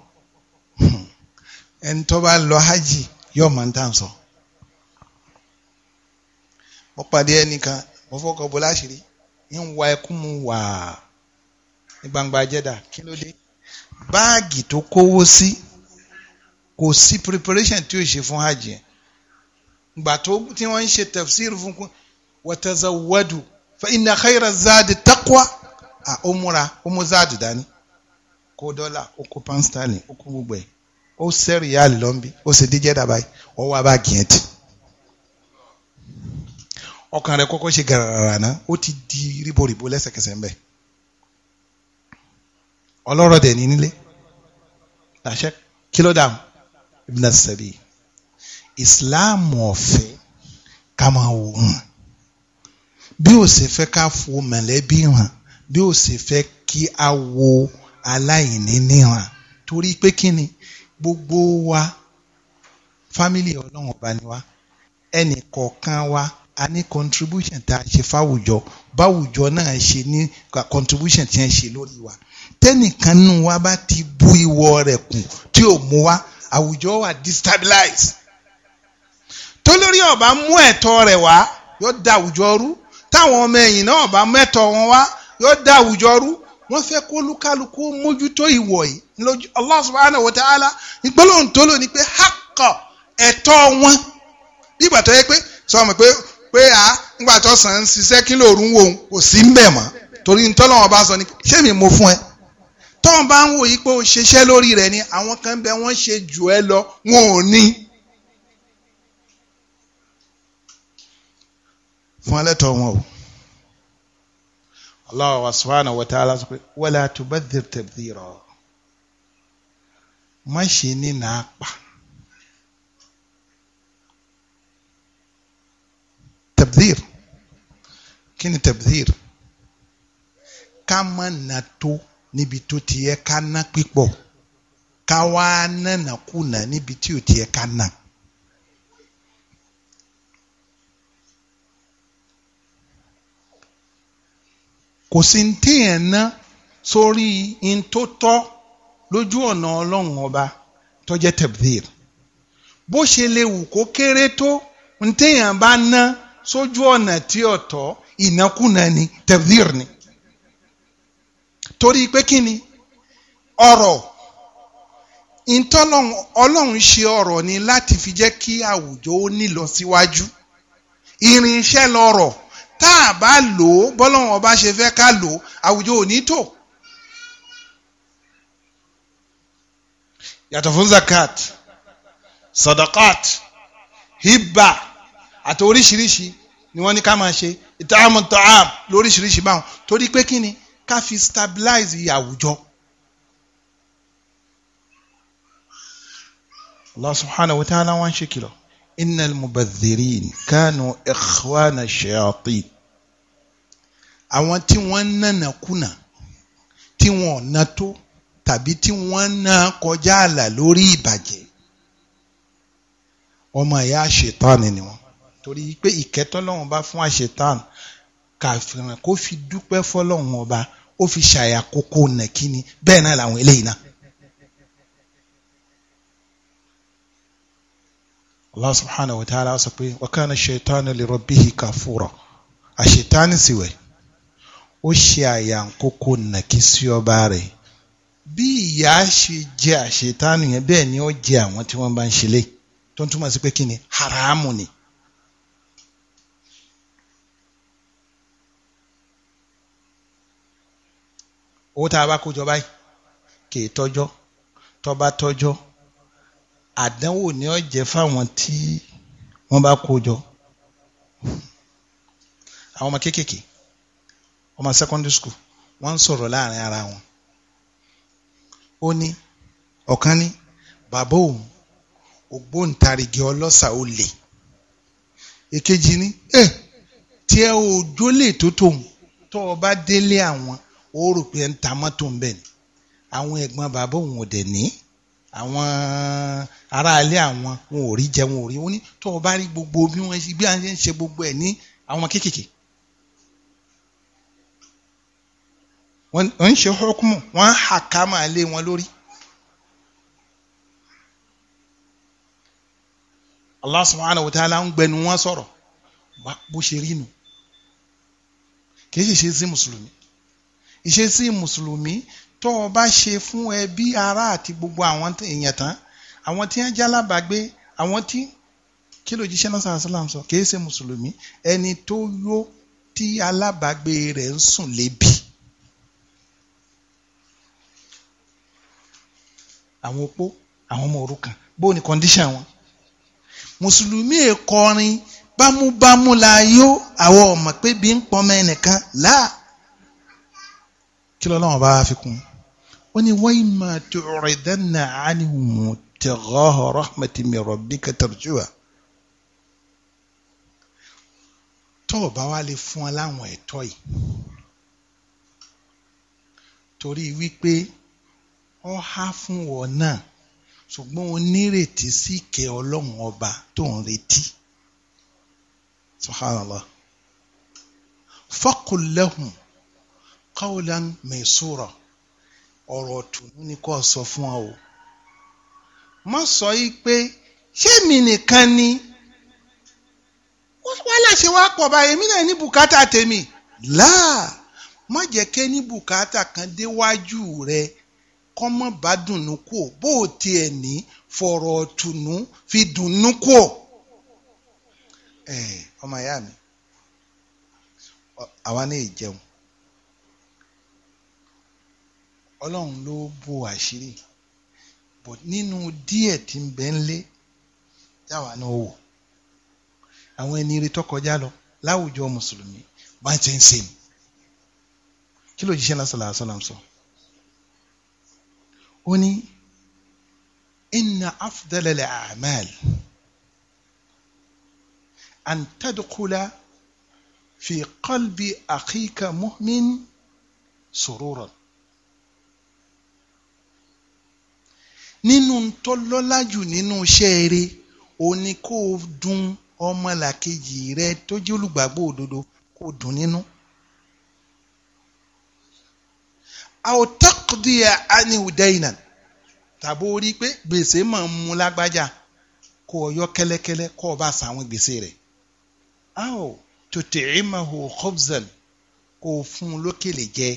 ẹni tó bá lọ hajj yóò máa ń tàn sọ. mo pàdé ẹnìkan mo fọkọ bó láṣìírí ń wa ẹkún mu wàá ní gbangba jẹ́dà kí ló dé báàgì tó kówó sí kò sí preparation tí ó ṣe fún hajj yẹn gbà tó tí wọ́n ń ṣe tafsir fún kún watazawadu fa inna khayra zaadi taqwa à ó múra ó mú zaadi dání kó dọ́là ó kó pound sterling ó kó gbogbo ẹ̀ ó sẹ́rì yá lọ́nbí ó sì díjẹ́ dàbáyé ó wá báàgì yẹn tì ọkàn rẹ̀ kọ́kọ́ ṣe gàràrà náà ó ti di ríboríbo lẹ́sẹ̀kẹsẹ̀ ń bẹ̀ ọlọ́rọ̀ dẹ̀ ní nílé làṣẹ kí ló dàmú ibn as-sabi ìsìláàmù ọ̀fẹ́ ká máa wò hàn bí ó ṣe fẹ́ ká fo mọ̀lẹ́bí hàn bí ó ṣe fẹ́ kí a wo aláìní níhàn torí pé kí ni gbogbo wa fámìlì ọlọ́run ọba ni wa ẹnì kọ̀ọ̀kan wa a ní contribution tá a ṣe fáwùjọ báwùjọ náà ṣe ní contribution tí wọ́n ṣe lórí wa tẹ́nìkan nù wa bá ti bú ìwọ rẹ̀ kù tí ò mú wa àwùjọ wa destabilize tólórí ọba mú ẹ̀tọ́ rẹ̀ wá yóò da àwùjọ rú táwọn ọmọ ẹ̀yìn náà ọba mẹ́tọ́ wọn wá yóò da àwùjọ rú wọ́n fẹ́ kó lukaluku mójútó ìwọ yìí lójú Allah subhanahu wa ta'ala ìgbọ́lóhùn tó lò ní pé hakọ̀ ẹ̀tọ́ wọn nígbà tó yẹ pé sọ ma pé pé a nígbà tó sàn ń ṣiṣẹ́ kí lóòrùn wò ó kò sí ń bẹ̀ mọ́ torí ntọ́lọ́wọ́n bá sọ ni ṣé mi mo fún ẹ tó ń bá ń wò yí pé o ṣiṣẹ́ lórí rẹ̀ ni àwọn kan bẹ wọ́n ṣe jù ẹ lọ wọn ò ní. fún ẹlẹ́tọ̀ wọn o Allah wa subhanahu wa ta'ala sọ pé wala tubadhir tabdhira má ṣe ní nàá pa. tabdhir kí ni tabdhir ká má nà tó níbi tó ti yẹ ká ná pípọ̀ ká wá nànà kùnà níbi tí ò ti yẹ ká nà. kò sí ní téèyàn ná sórí in tó tọ́ lójú ọ̀nà ọlọ́run ọba tó jẹ́ bó ṣe lè wù kó kéré tó ní téèyàn bá ná sójú ọ̀nà tí ọ̀tọ̀ ìnákùnà ni tẹ̀bdìr ni torí pé kí ni ọ̀rọ̀ ìtọ́lọ́hún ọlọ́run ṣe ọ̀rọ̀ ni láti fi jẹ́ kí àwùjọ ó nílọ síwájú irinṣẹ́ lọ́rọ̀ tá a bá lò ó bọ́lọ́run ọba ṣe fẹ́ ká lò ó àwùjọ ò ní tò. yàtọ̀ fún zakat sadakat hibba àti oríṣiríṣi ni wọ́n ní ká máa ṣe ìtààmù tààmù lóríṣiríṣi báwọn torí pé kí ni ká fi stabilize àwùjọ. Allah subhanahu wa ta'ala wá ń ṣe kìlọ̀ innal mubadhirin kanu ikhwana shayatin àwọn tí wọ́n ń nànà kùnà tí wọ́n ná tó tàbí tí wọ́n ná kọjá àlà lórí ìbàjẹ́ ọmọ ẹ̀yà àṣetánì ni wọ́n torí pé ìkẹ́tọ́lọ́hún bá fún àṣetánì kàfìràn kó fi dúpẹ́ fọlọ́hún ọba ó fi ṣàyà kókó nàkíní bẹ́ẹ̀ náà làwọn eléyìí náà. Allah subhanahu wa ta'ala sọ pé wa kana ash-shaytanu li rabbihi kafura àṣetáni sì wẹ̀ ó ṣe àyànkókò nàkí sí ọba rẹ̀ bí ìyá ṣe jẹ àṣetáni yẹn bẹ́ẹ̀ ni ó jẹ àwọn tí wọ́n bá ń ṣe lé tó ń túmọ̀ sí pé kí ni haramu ni. owó tá a bá kó jọ báyìí kì í tọ́jọ́ tó bá tọ́jọ́ àdánwò ni ó jẹ́ fáwọn tí wọ́n bá kó jọ àwọn ọmọ kéékèèké ọmọ secondary school wọ́n ń sọ̀rọ̀ láàrin ara wọn ó ní ọ̀kan ní bàbá òun ògbóǹtarìgì ọlọ́ṣà ó èkejì ní ẹ tí ẹ ò jólè tó tóun tó o bá délé àwọn ó rò pé ẹ ń ta mọ́tò ń bẹ̀ ni àwọn ẹ̀gbọ́n bàbá òun ò dẹ̀ ní àwọn aráalé àwọn wọn ò rí jẹ wọn ò rí wọn ní tó o bá rí gbogbo bí wọn bí wọn ṣe ń ṣe gbogbo ẹ ní àwọn kéékèèké wọn ń ṣe hókùmù wọn hà ká máa lé wọn lórí. Allah subhanahu wa ta'ala ń gbẹnu wọn sọ̀rọ̀ bó ṣe rí nu kì í sì ṣe sí mùsùlùmí ìṣesí mùsùlùmí tó o bá ṣe fún ẹbí ará àti gbogbo àwọn èèyàn tán àwọn tí wọ́n jálábàgbé àwọn tí kí ló jíṣẹ́ náà sàrà sàlám sọ kì í ṣe mùsùlùmí ẹni tó yó tí alábàgbé rẹ̀ ń sùn lébi. àwọn opó àwọn ọmọ òrukàn bó ni condition wọn mùsùlùmí èkọrin bámúbámú la yó àwọn ọmọ pé bí ń pọnmọ ẹnìkan láà kí lọ́lọ́wọ́n bá fi kún ó ní wọ́n ìmọ̀ tó rẹ̀ dáná ánìmù tẹ̀gọ́ rahmati min rabbika tarjuwa tó o bá wá lè fún ọ láwọn ẹ̀tọ́ yìí torí wípé ọ há fún ọ náà ṣùgbọ́n o nírètí sí ìkẹ́ ọlọ́run ọba tó ń retí subhanallah faqul lahum qawlan maysura ọ̀rọ̀ tùnú ni kò sọ fún wa o má sọ yìí pé ṣé mi nìkan ni wàhálà ṣe wá pọ̀ báyìí èmi náà ní bùkátà tèmi láà má jẹ́ kẹ́ ní bùkátà kan déwájú rẹ kọ́ mọ́ bá dùnú kù bó o tiẹ̀ ní fọ̀rọ̀ tùnú fi dùnú kù ọmọ ìyá mi àwa náà jẹun ọlọ́run ló bo àṣírí but nínú díẹ̀ tí ń bẹ ńlé táwa náà wò àwọn ẹni rí tó kọjá lọ láwùjọ mùsùlùmí bá ń ṣe ń ṣe ni kí ló jíṣẹ́ lásán làásán làm sọ ó ní inna afdalal a'mal an tadukula fi qalbi akhika mu'min sururan. nínú tó lọ́lá jù nínú iṣẹ́ rẹ òun ni kó o dun ọmọlàkejì rẹ tó jẹ́ olùgbàgbọ́ òdodo kó o dùn nínú. àwòtọ́kùdíyà ánìwùdẹ́yìnà tàbí o rí i pé gbèsè máa ń mú lágbájá kó o yọ kẹ́lẹ́kẹ́lẹ́ kó o bá san àwọn gbèsè rẹ̀. a ò ìmọ̀ hù khubzan kó o fún un lókèlè jẹ́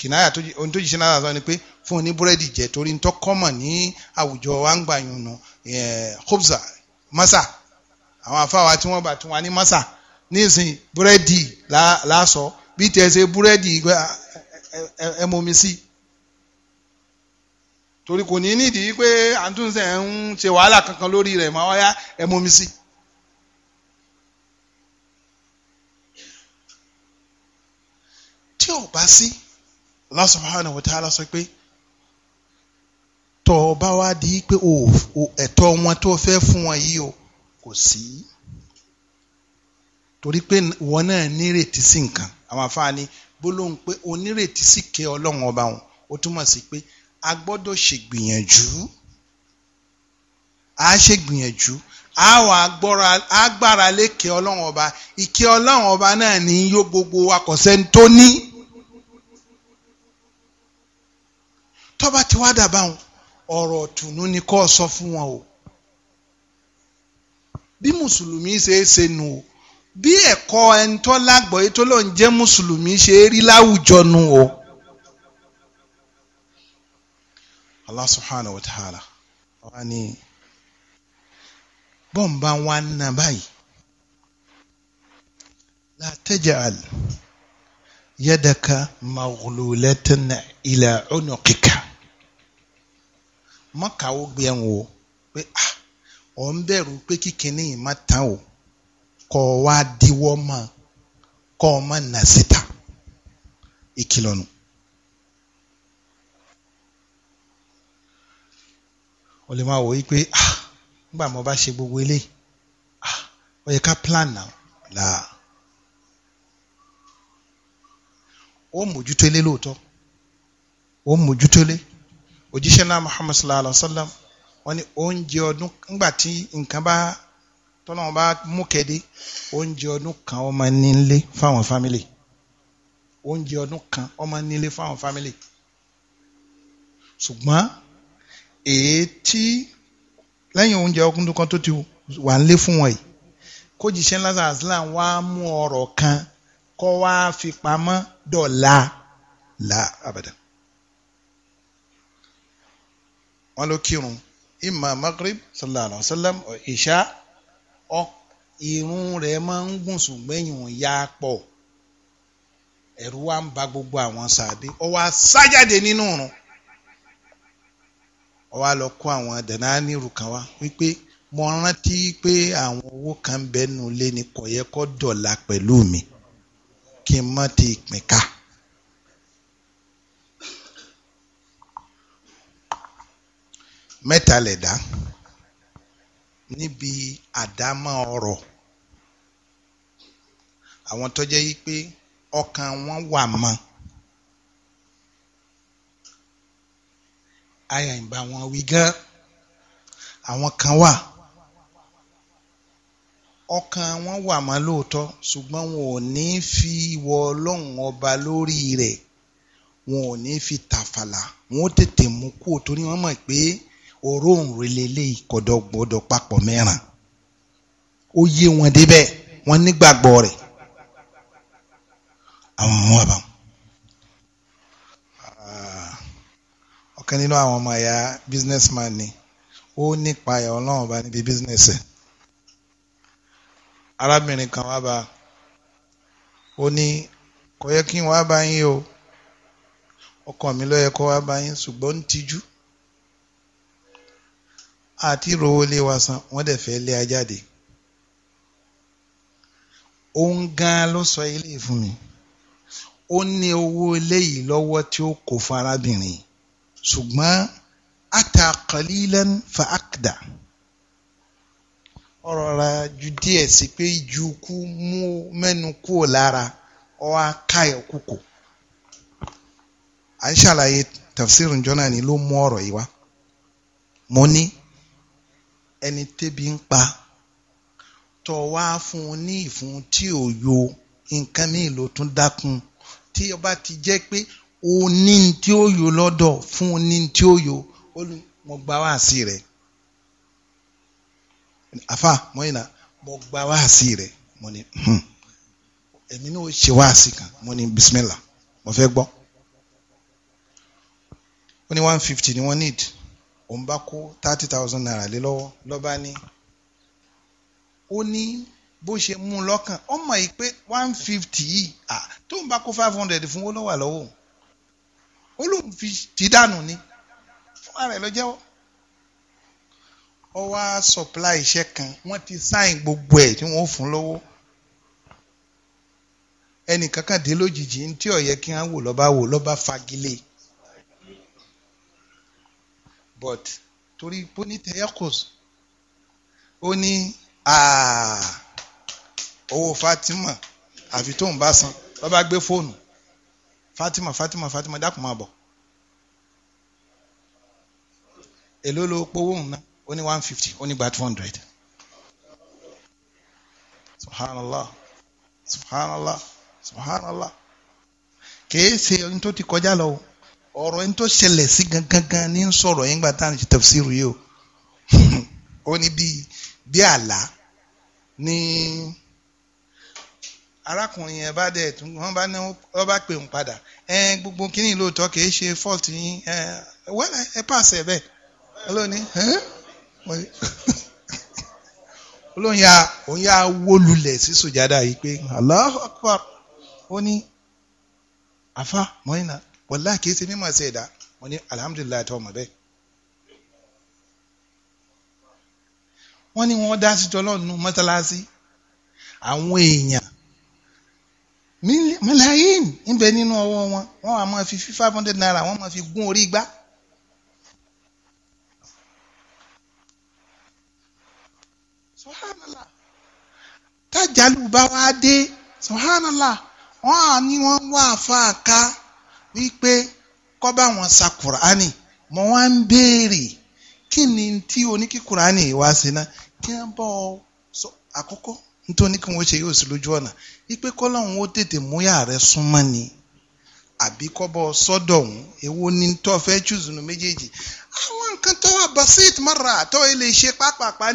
kìnnáyà ohun tó jíṣẹ́ náà sọ ni pé fún un ní búrẹ́dì jẹ torí tó kọ́mọ̀ ní àwùjọ wa ń masa àwọn afáwa tí wọ́n bá tún wa ní masa nísìnyí búrẹ́dì lásọ bí tẹ̀sẹ̀ búrẹ́dì ẹ mọ̀mí sí torí kò ní nídìí pé àtúnṣe ń ṣe wàhálà kankan lórí rẹ̀ máa wáyá ẹ mọ̀mí sí. tí ò bá sí Allah subhanahu wa ta'ala sọ pé tọ́ ọ bá wá di pé ẹ̀tọ́ wọn tó fẹ́ fún wọn yìí o kò sí torí pé wọn náà nírètí sí nǹkan àwọn afáàní gbólóhùn pé onírètí sì ké ọlọ́run ọba wọn ó túmọ̀ sí pé a gbọ́dọ̀ ṣègbìyànjú a ṣègbìyànjú a wà agbára lékè ọlọ́run ọba ìké ọlọ́run ọba náà ní yó gbogbo wa kò sẹ́ni tọ́ba ti wá dàbà wọn ọ̀rọ̀ ọ̀tùnú ni kó sọ fún wọn o bí mùsùlùmí ṣe é ṣe nù o bí ẹ̀kọ́ ẹ̀ńtọ́ lágbọ̀ọ́yé tó lóun jẹ́ mùsùlùmí ṣe é rí láwùjọ nù o. Allah subhanahu wa ta'ala wọ́n wa ń na báyìí la taj'al yadaka maghlulatan ila unuqika. maka gbé ẹ̀ wò pé ah, ọ̀ ń bẹ̀rù pé kíkiní yìí má tán o kọ́ ọ wá díwọ́ mọ́ kọ́ ọ má nà síta ìkìlọ̀ nù. o lè máa wò yí pé ah, nígbà mo bá ṣe gbogbo eléyìí ah, ó yẹ ká plan now láà ó mójútó ilé lóòótọ́ ó mójútó ilé. òjíṣẹ́ náà Muhammad sallallahu alaihi wa sallam wọ́n ní oúnjẹ ọdún ńgbà tí nǹkan bá tọ́lọ́wọ́n bá mú kéde oúnjẹ ọdún kan ọmọ nílé fáwọn fámìlì oúnjẹ ọdún kan ọmọ nílé fáwọn fámìlì ṣùgbọ́n èyí tí lẹ́yìn oúnjẹ ọkùnrin kan tó ti wà ń lé fún wọn yìí kó lásán aslan wá mú ọ̀rọ̀ kan kó wá fi pamọ́ dọ̀la la abada. wọn ló kírun imma maghrib sallallahu alaihi wa sallam ìṣá irun rẹ̀ máa ń gùn ṣùgbọ́n ìwọ̀n ya pọ̀ ẹ̀rù wa ń ba gbogbo àwọn sàbí ó wá sájáde nínú òrùn ó wá lọ kó àwọn dànánírù kan wá wípé mo rántí pé àwọn owó kan ń bẹ́nu lé ní kò dọ̀la pẹ̀lú mi kí n má ti pín ká. mẹ́ta lẹ̀dá níbi àdámọ́ ọ̀rọ̀ àwọn tó jẹ́ yí pé ọkàn wọn wà mọ́ àyà ń bá wọn wí gán àwọn kan wà ọkàn wọn wà mọ́ lóòótọ́ ṣùgbọ́n wọn ò ní fi wọ ọlọ́run ọba lórí rẹ̀ wọn ò ní fi tàfàlà wọn ó tètè mú kúrò torí wọ́n mọ̀ pé òróǹro lélẹ́yìí kọ̀dọ̀ gbọ́dọ̀ papọ̀ mẹ́ràn ó yé wọn débẹ̀ wọn nígbàgbọ́ rẹ̀ àwọn ọmọ wa bá wọn. Ah, ọ̀kan nínú àwọn ọmọ ẹ̀yà businessman ni ó nípa ẹ̀ ọlọ́run bá níbi business ẹ̀ arábìnrin kan wá bá ó ní kò yẹ kí n wá bá yín o ọkọ mi ló yẹ kó wá bá yín ṣùgbọ́n ń tijú àti rówó lé wa san wọ́n dẹ̀ fẹ́ lé ajáde òun gan ló sọ ilé fún mi ó ní owó eléyìí lọ́wọ́ tí ó kó fún arábìnrin ṣùgbọ́n ata qalilan fa akda ọ̀rọ̀ ra ju díẹ̀ sí pé ju kú mú mẹ́nu kúò lára ọ̀há káyọ̀ kúkò à ń ṣàlàyé tafsir njọ́nà ni ló mú ọ̀rọ̀ yìí wá mo ní ẹni tẹ́bi ń pa tọ́ wá fún un ní ìfún tí ò yo nǹkan míì ló tún dákun tí ó bá ti jẹ́ pé o ní tí ó yo lọ́dọ̀ fún un ní tí ó yo ó ní mo gba wá sí rẹ̀ àfa mọ́yìnà mo gba wá sí rẹ̀ mo ní hmm. èmi náà ṣe wá sí kan mo ní bisimilà mo fẹ́ gbọ́ ó ní one fifty ni wọ́n need òun bá kó thirty thousand naira lé lọ́wọ́ lọ́ba ní ó ní bó ṣe mú un lọ́kàn ó yìí pé one fifty yìí tóun bá kó five hundred fún ó lọ́wọ́ lọ́wọ́ ó lóun fi ti dànù ni fún ara ẹ̀ lọ jẹ́wọ́ ó supply iṣẹ́ kan wọ́n ti sign gbogbo ẹ̀ tí wọ́n fún lọ́wọ́ ẹnìkan kan dé lójijì ní tí ó kí wọ́n wò lọ́ba wò lọ́ba fagilé but torí pé ní teyakos ó ní owó Fatima àfi tóun bá san ló bá gbé fóònù Fatima Fatima Fatima dákun máa bọ̀ èló ló pówó òun náà ó ní one fifty ó ní gba two hundred subhanallah subhanallah subhanallah kèé ṣe ohun tó ti kọjá lọ o ọ̀rọ̀ yẹn tó ṣẹlẹ̀ sí gangan ní sọ̀rọ̀ yẹn gbà tá à ń ṣe tafsiru yìí o ó ní bí bí àlá ní arákùnrin yẹn bá dẹ̀ tún wọ́n bá ní wọ́n bá pè ń padà gbogbo kínní lóòótọ́ kì í ṣe fault yín well ẹ pàṣẹ bẹ́ẹ̀ olóòní olóòní òun yà wó lulẹ̀ sí sùjádà yìí pé Allahu Akbar ó ní àfa mọ́yìnà wàláhì kìí ṣe mímọ̀ ṣe ẹ̀dá mo ní alihamudulilayi tó ọmọ bẹ́ẹ̀. wọ́n ní wọ́n dá síjọ́ lọ́nu mọ́tàlásí àwọn èèyàn mílíọ̀n níbẹ̀ nínú ọwọ́ wọn wọ́n á máa fi five hundred naira wọ́n máa fi gún orí igbá. tájàlú bá wá dé subhanallah wọ́n á wọ́n wá àfa àká. wípé kọ́ wọn sa kùránì mo wá ń béèrè kí ni tí oníkí kùránì wá sí ná kí wọ́n bọ́ sọ àkọ́kọ́ nítorí kí wọ́n ṣe yóò sí lójú ọ̀nà wípé kọ́ tètè rẹ súnmọ́ ni àbí sọ́dọ̀ ọ̀hún èwo ni tó fẹ́ jùzùnú méjèèjì àwọn nǹkan tó wà mara tó yẹ lè ṣe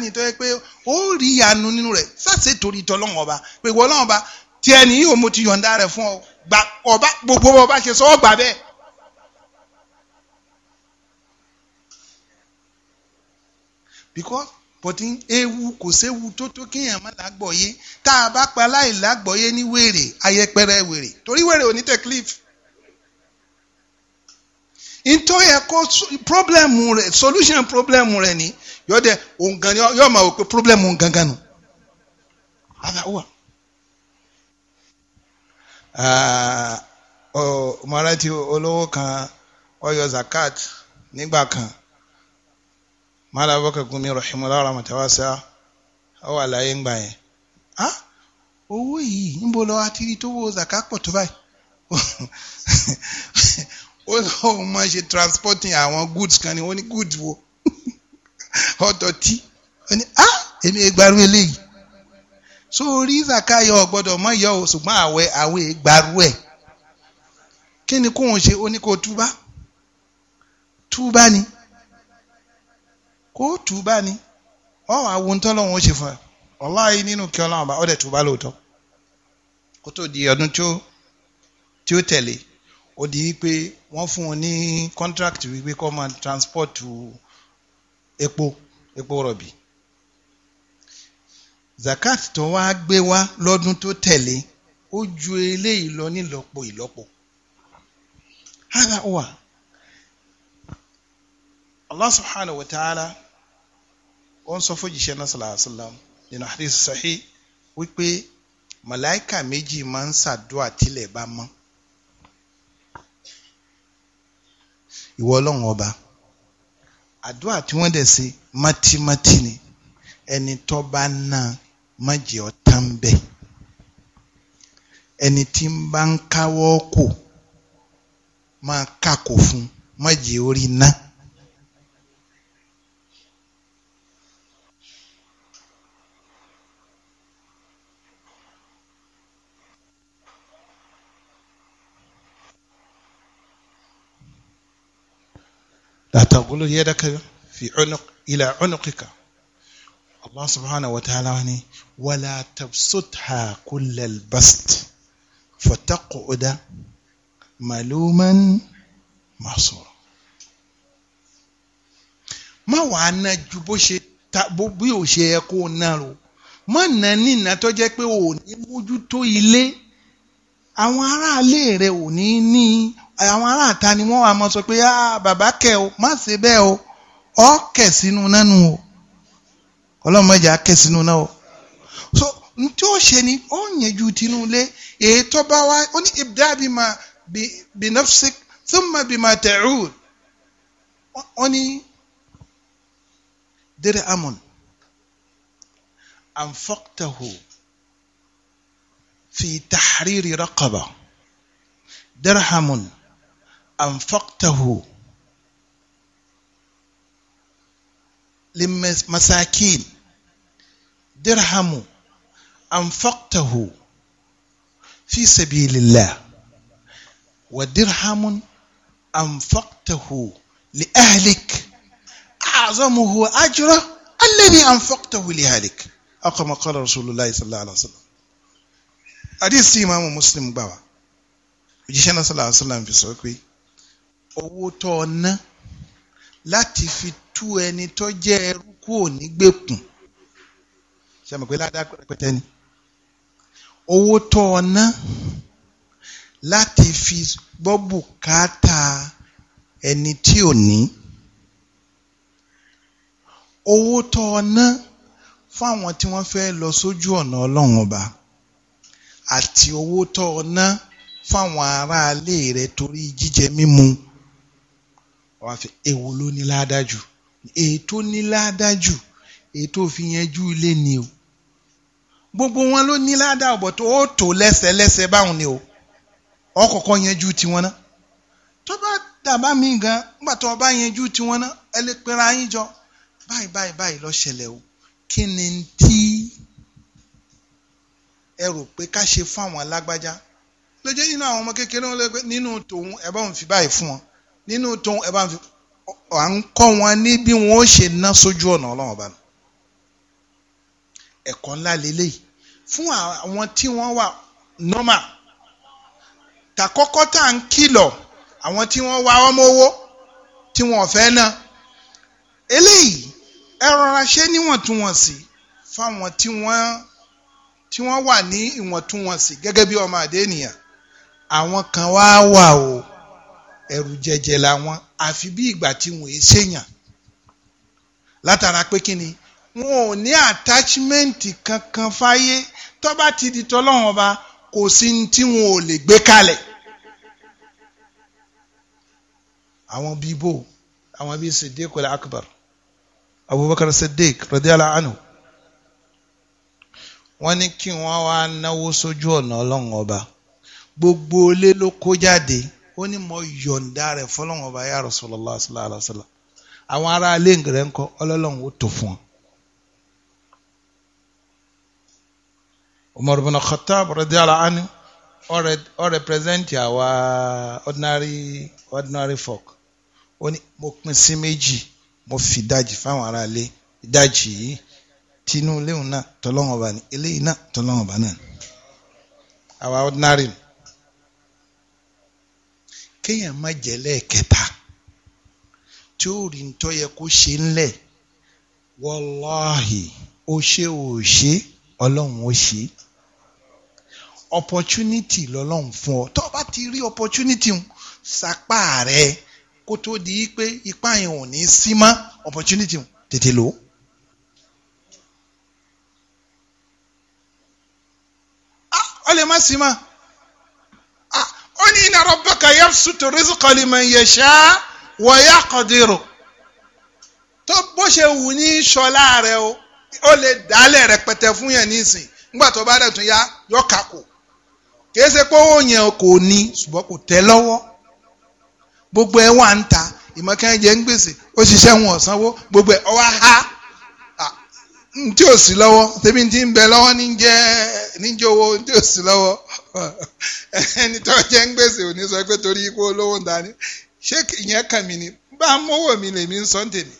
ni tó yẹ pé nínú rẹ̀ gbà ọba gbogbo ọba ṣe sọ ọgbà bẹ́ẹ̀. because bọ̀dín ewu kò séwu tó tó kéèyàn má lágbọ̀ọ́yé tá a bá pa láì lágbọ̀ọ́yé ní wèrè ayẹpẹrẹ wèrè torí wèrè ò ní tẹ̀klif. nítorí ẹ̀kọ́ problem rẹ̀ solution problem rẹ̀ ni yọ̀ọ́dẹ̀ òun gan ni yọ̀ọ́ máa wò pé problem òun gangan nù. Ah, mo rántí olówó kan ọyọ zakat nígbà kan mara abubakar gumi rahimahullah rahmatawasa ó wà láyé yẹn ah, owó yìí lọ tó wo zakat pọ̀ tó báyìí ó ṣe transporting àwọn goods kan wo ọ̀tọ̀ tí ó ní ah so orí zakayọ ọgbọ́dọ̀ mọ yọ o ṣùgbọ́n àwẹ àwẹ gbarú ẹ kí ni kóun ṣe ó ní kó túbá túbá ni kó túbá ni ọ àwọn ohun tọ́lọ́wọ́n ó ṣe fún ẹ ọláyé nínú kí ọlọ́run bá ọ túbá lóòótọ́ kó tó di ọdún tí ó tẹ̀lé ó di wípé wọ́n fún un ní contract wípé kó máa transport epo epo rọ̀bì zakat tó wá gbé wá lọ́dún tó tẹ̀lé ó ju eléyìí lọ nílọ́po ìlọ́po hada wà Allah subhanahu wa ta'ala wọ́n sọ fún náà sallallahu alaihi wa sallam nínú hadith sahih wípé màláìkà méjì máa ń ṣàdúrà tilẹ̀ bá mọ́ ìwọ ọlọ́run ọba àdúrà tí wọ́n dẹ̀ ṣe mátímátí ni ẹni tó bá náà maji otambe ẹni tí ń bá ń káwọ́ kò máa májì orí iná. láti agolo yẹ dákẹ́ fi ilà ọ̀nà allah subhanahu wa ta'ala ni ولا تبسطها كل البسط فتقعد ملوما محصورا má wàá ná ju bó ṣe ta bí ò ṣe yẹ kó ná o má ná nínà tó jẹ́ pé ò ní mójútó ilé àwọn aráalé rẹ ò ní ní àwọn aráàta ni wọ́n wà mọ́ sọ pé bàbá kẹ o má ṣe bẹ́ẹ̀ o ọ́ kẹ̀ sínú nánú o ọlọ́mọ ẹ̀jẹ̀ á kẹ̀ sínú náà o ntí ó ṣe ni ó ń yẹjú tinú lé ètò bá wá ó ní ibda bima bi nafsik thumma bima ta'ud ó ní dèrè amọ̀n anfaqtahu fi tahriri raqaba dirhamun anfaqtahu limasakin dirhamu أنفقته في سبيل الله ودرهم أنفقته لأهلك أعظمه أجره الذي أنفقته لأهلك أو كما قال رسول الله صلى الله عليه وسلم حديث tí ìmáàmù Muslim gbà wá òjíṣẹ́ náà sallallahu alaihi wasallam fi sọ pé owó tó ná láti fi tú ẹni tó jẹ́ ẹrú kúò nígbèkùn ṣe mọ̀ pé ládàá pẹ́tẹ́ ni owó tó ọ ná láti fi gbọ́ bùkátà ẹni tí ò ní owó tó ọ ná fáwọn tí wọ́n fẹ́ lọ sójú ọ̀nà ọlọ́run ọba àti owó tó ọ ná fáwọn aráalé rẹ torí jíjẹ mímu wà fi èwo ló ní ládájú èyí tó ní ládájú èyí tó fi yanjú ilé ni o gbogbo wọn ló ní ládàá ọ̀bọ̀ tó ó tò lẹ́sẹ̀lẹ́sẹ̀ báwọn ni o ọkọ̀ọ̀kọ̀ yẹnjú tiwọn ná tó bá dàbá mi gan nígbà tó bá yẹnjú tiwọn ná ẹ lè pera yín jọ báyìí báyìí báyìí lọ ṣẹlẹ̀ o kí ni tí ẹ rò pé ká ṣe fún wọn nínú tòun ẹ bá wọn fi báyìí fún wọn ẹ̀kọ́ ńlá lélẹ́yìí fún àwọn tí wọ́n wà normal tàkọ́kọ́ tá à ń kìlọ̀ àwọn tí wọ́n wá ọmọ owó tí wọ́n fẹ́ ná eléyìí ẹ rọra ṣe níwọ̀ntúnwọ̀nsì fáwọn tí wọ́n tí wọ́n wà ní ìwọ̀ntúnwọ̀nsì gẹ́gẹ́ bí ọmọ àdénìyàn àwọn kan wá wà o ẹ̀rù jẹjẹ làwọn àfi bí ìgbà tí wọ́n ṣèyàn látara pé kí ni wọn ò ní attachment kankan fáyé tó bá ti di tọ́lọ́run ọba kò sí ní tí wọn ò lè gbé kalẹ̀. àwọn bíi bò àwọn bíi Siddiq wal Akbar Abubakar Siddiq radiyallahu anhu wọ́n ní kí wọ́n wá náwó sójú ọ̀nà ọlọ́run ọba gbogbo ilé ló kó jáde ó ní mo yọ̀ǹda rẹ̀ fọlọ́run ọba ya Rasulullah sallallahu alaihi wasallam àwọn ará ilé ìgbẹ̀rẹ̀ ńkọ ọlọ́run ó tó fún wọn. Umar bin Khattab radiyallahu anhu ọ represent àwa ordinary ordinary folk ó ní mo pín sí méjì mo fi ìdajì fáwọn aráalé ìdajì yìí tinú léhùn náà tọ́lọ́wọ́n bá ní eléyìí náà tọ́lọ́wọ́n bá náà àwa ordinary kéèyàn má jẹ́ lẹ́ẹ̀kẹta tí ó rí ntọ́ yẹ kó ṣe ńlẹ̀ wọ́láhì ó ṣe ò ṣe ọlọ́run ó ṣe opportunity lọ́lọ́run fún ọ tó o bá ti rí opportunity ń sapá rẹ kó tó di pé ipá yẹn ò ní sí mọ́ opportunity ń tètè lò ó. ọ ah, lè má sí mọ́ ah, ó ní inna rabbaka yabsutu rizqa liman yasha wa yaqdiru tó bó ṣe wù ní sọlá rẹ o ó lè dálẹ̀ rẹpẹtẹ fún yẹn nísìn nígbà tó bá rẹ̀ tún yá yọ kàkó kìí ṣe pé owó yẹn kò ní ṣùgbọ́n kò tẹ́ lọ́wọ́ gbogbo ẹ̀ wà ń ta ìmọ̀kànjẹ́ ń gbèsè ó ṣiṣẹ́ wọn ọ̀sánwó gbogbo ẹ̀ ọwọ́ ha ntí ò sí lọ́wọ́ tẹ́bí ntí ń bẹ lọ́wọ́ ní jẹ́ níjẹ́ owó ntí ò sí lọ́wọ́ ẹni tó jẹ́ ń gbèsè ò ní sọ pé torí ikú olówó ń dání ṣé ìyẹn kàn mí ni bá a mówó mi lèmi ń sọ tèmi.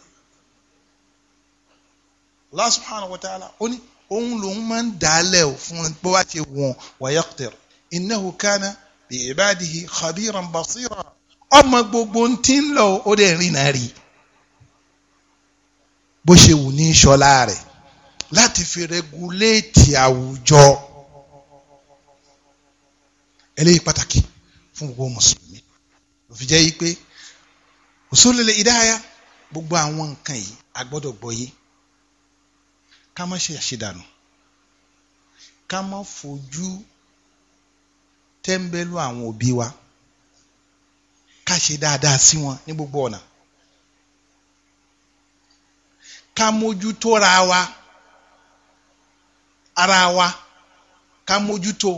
Allah subhanahu wa ta'ala ó ní òun lòun máa ń dàálẹ̀ fún bó bá ti wọ̀n wáyé tẹ̀rọ innahu kana bi ibadihi khabiran basira ọmọ gbogbo ń tí ń lọ ó dẹ̀ rìn náà rí bó ṣe wù ní ṣọlá rẹ̀ láti fi rẹguléètì àwùjọ eléyìí pàtàkì fún gbogbo mùsùlùmí ló fi jẹ́ yí pé usulul hidaya gbogbo àwọn nǹkan yìí a gbọ́dọ̀ gbọ́yé ká má ṣe àṣedànù ká má fojú tẹ́ńbẹ́lú àwọn òbí wa ká ṣe dáadáa sí wọn ní gbogbo ọ̀nà ká mójútó ra wa ara wa ká mójútó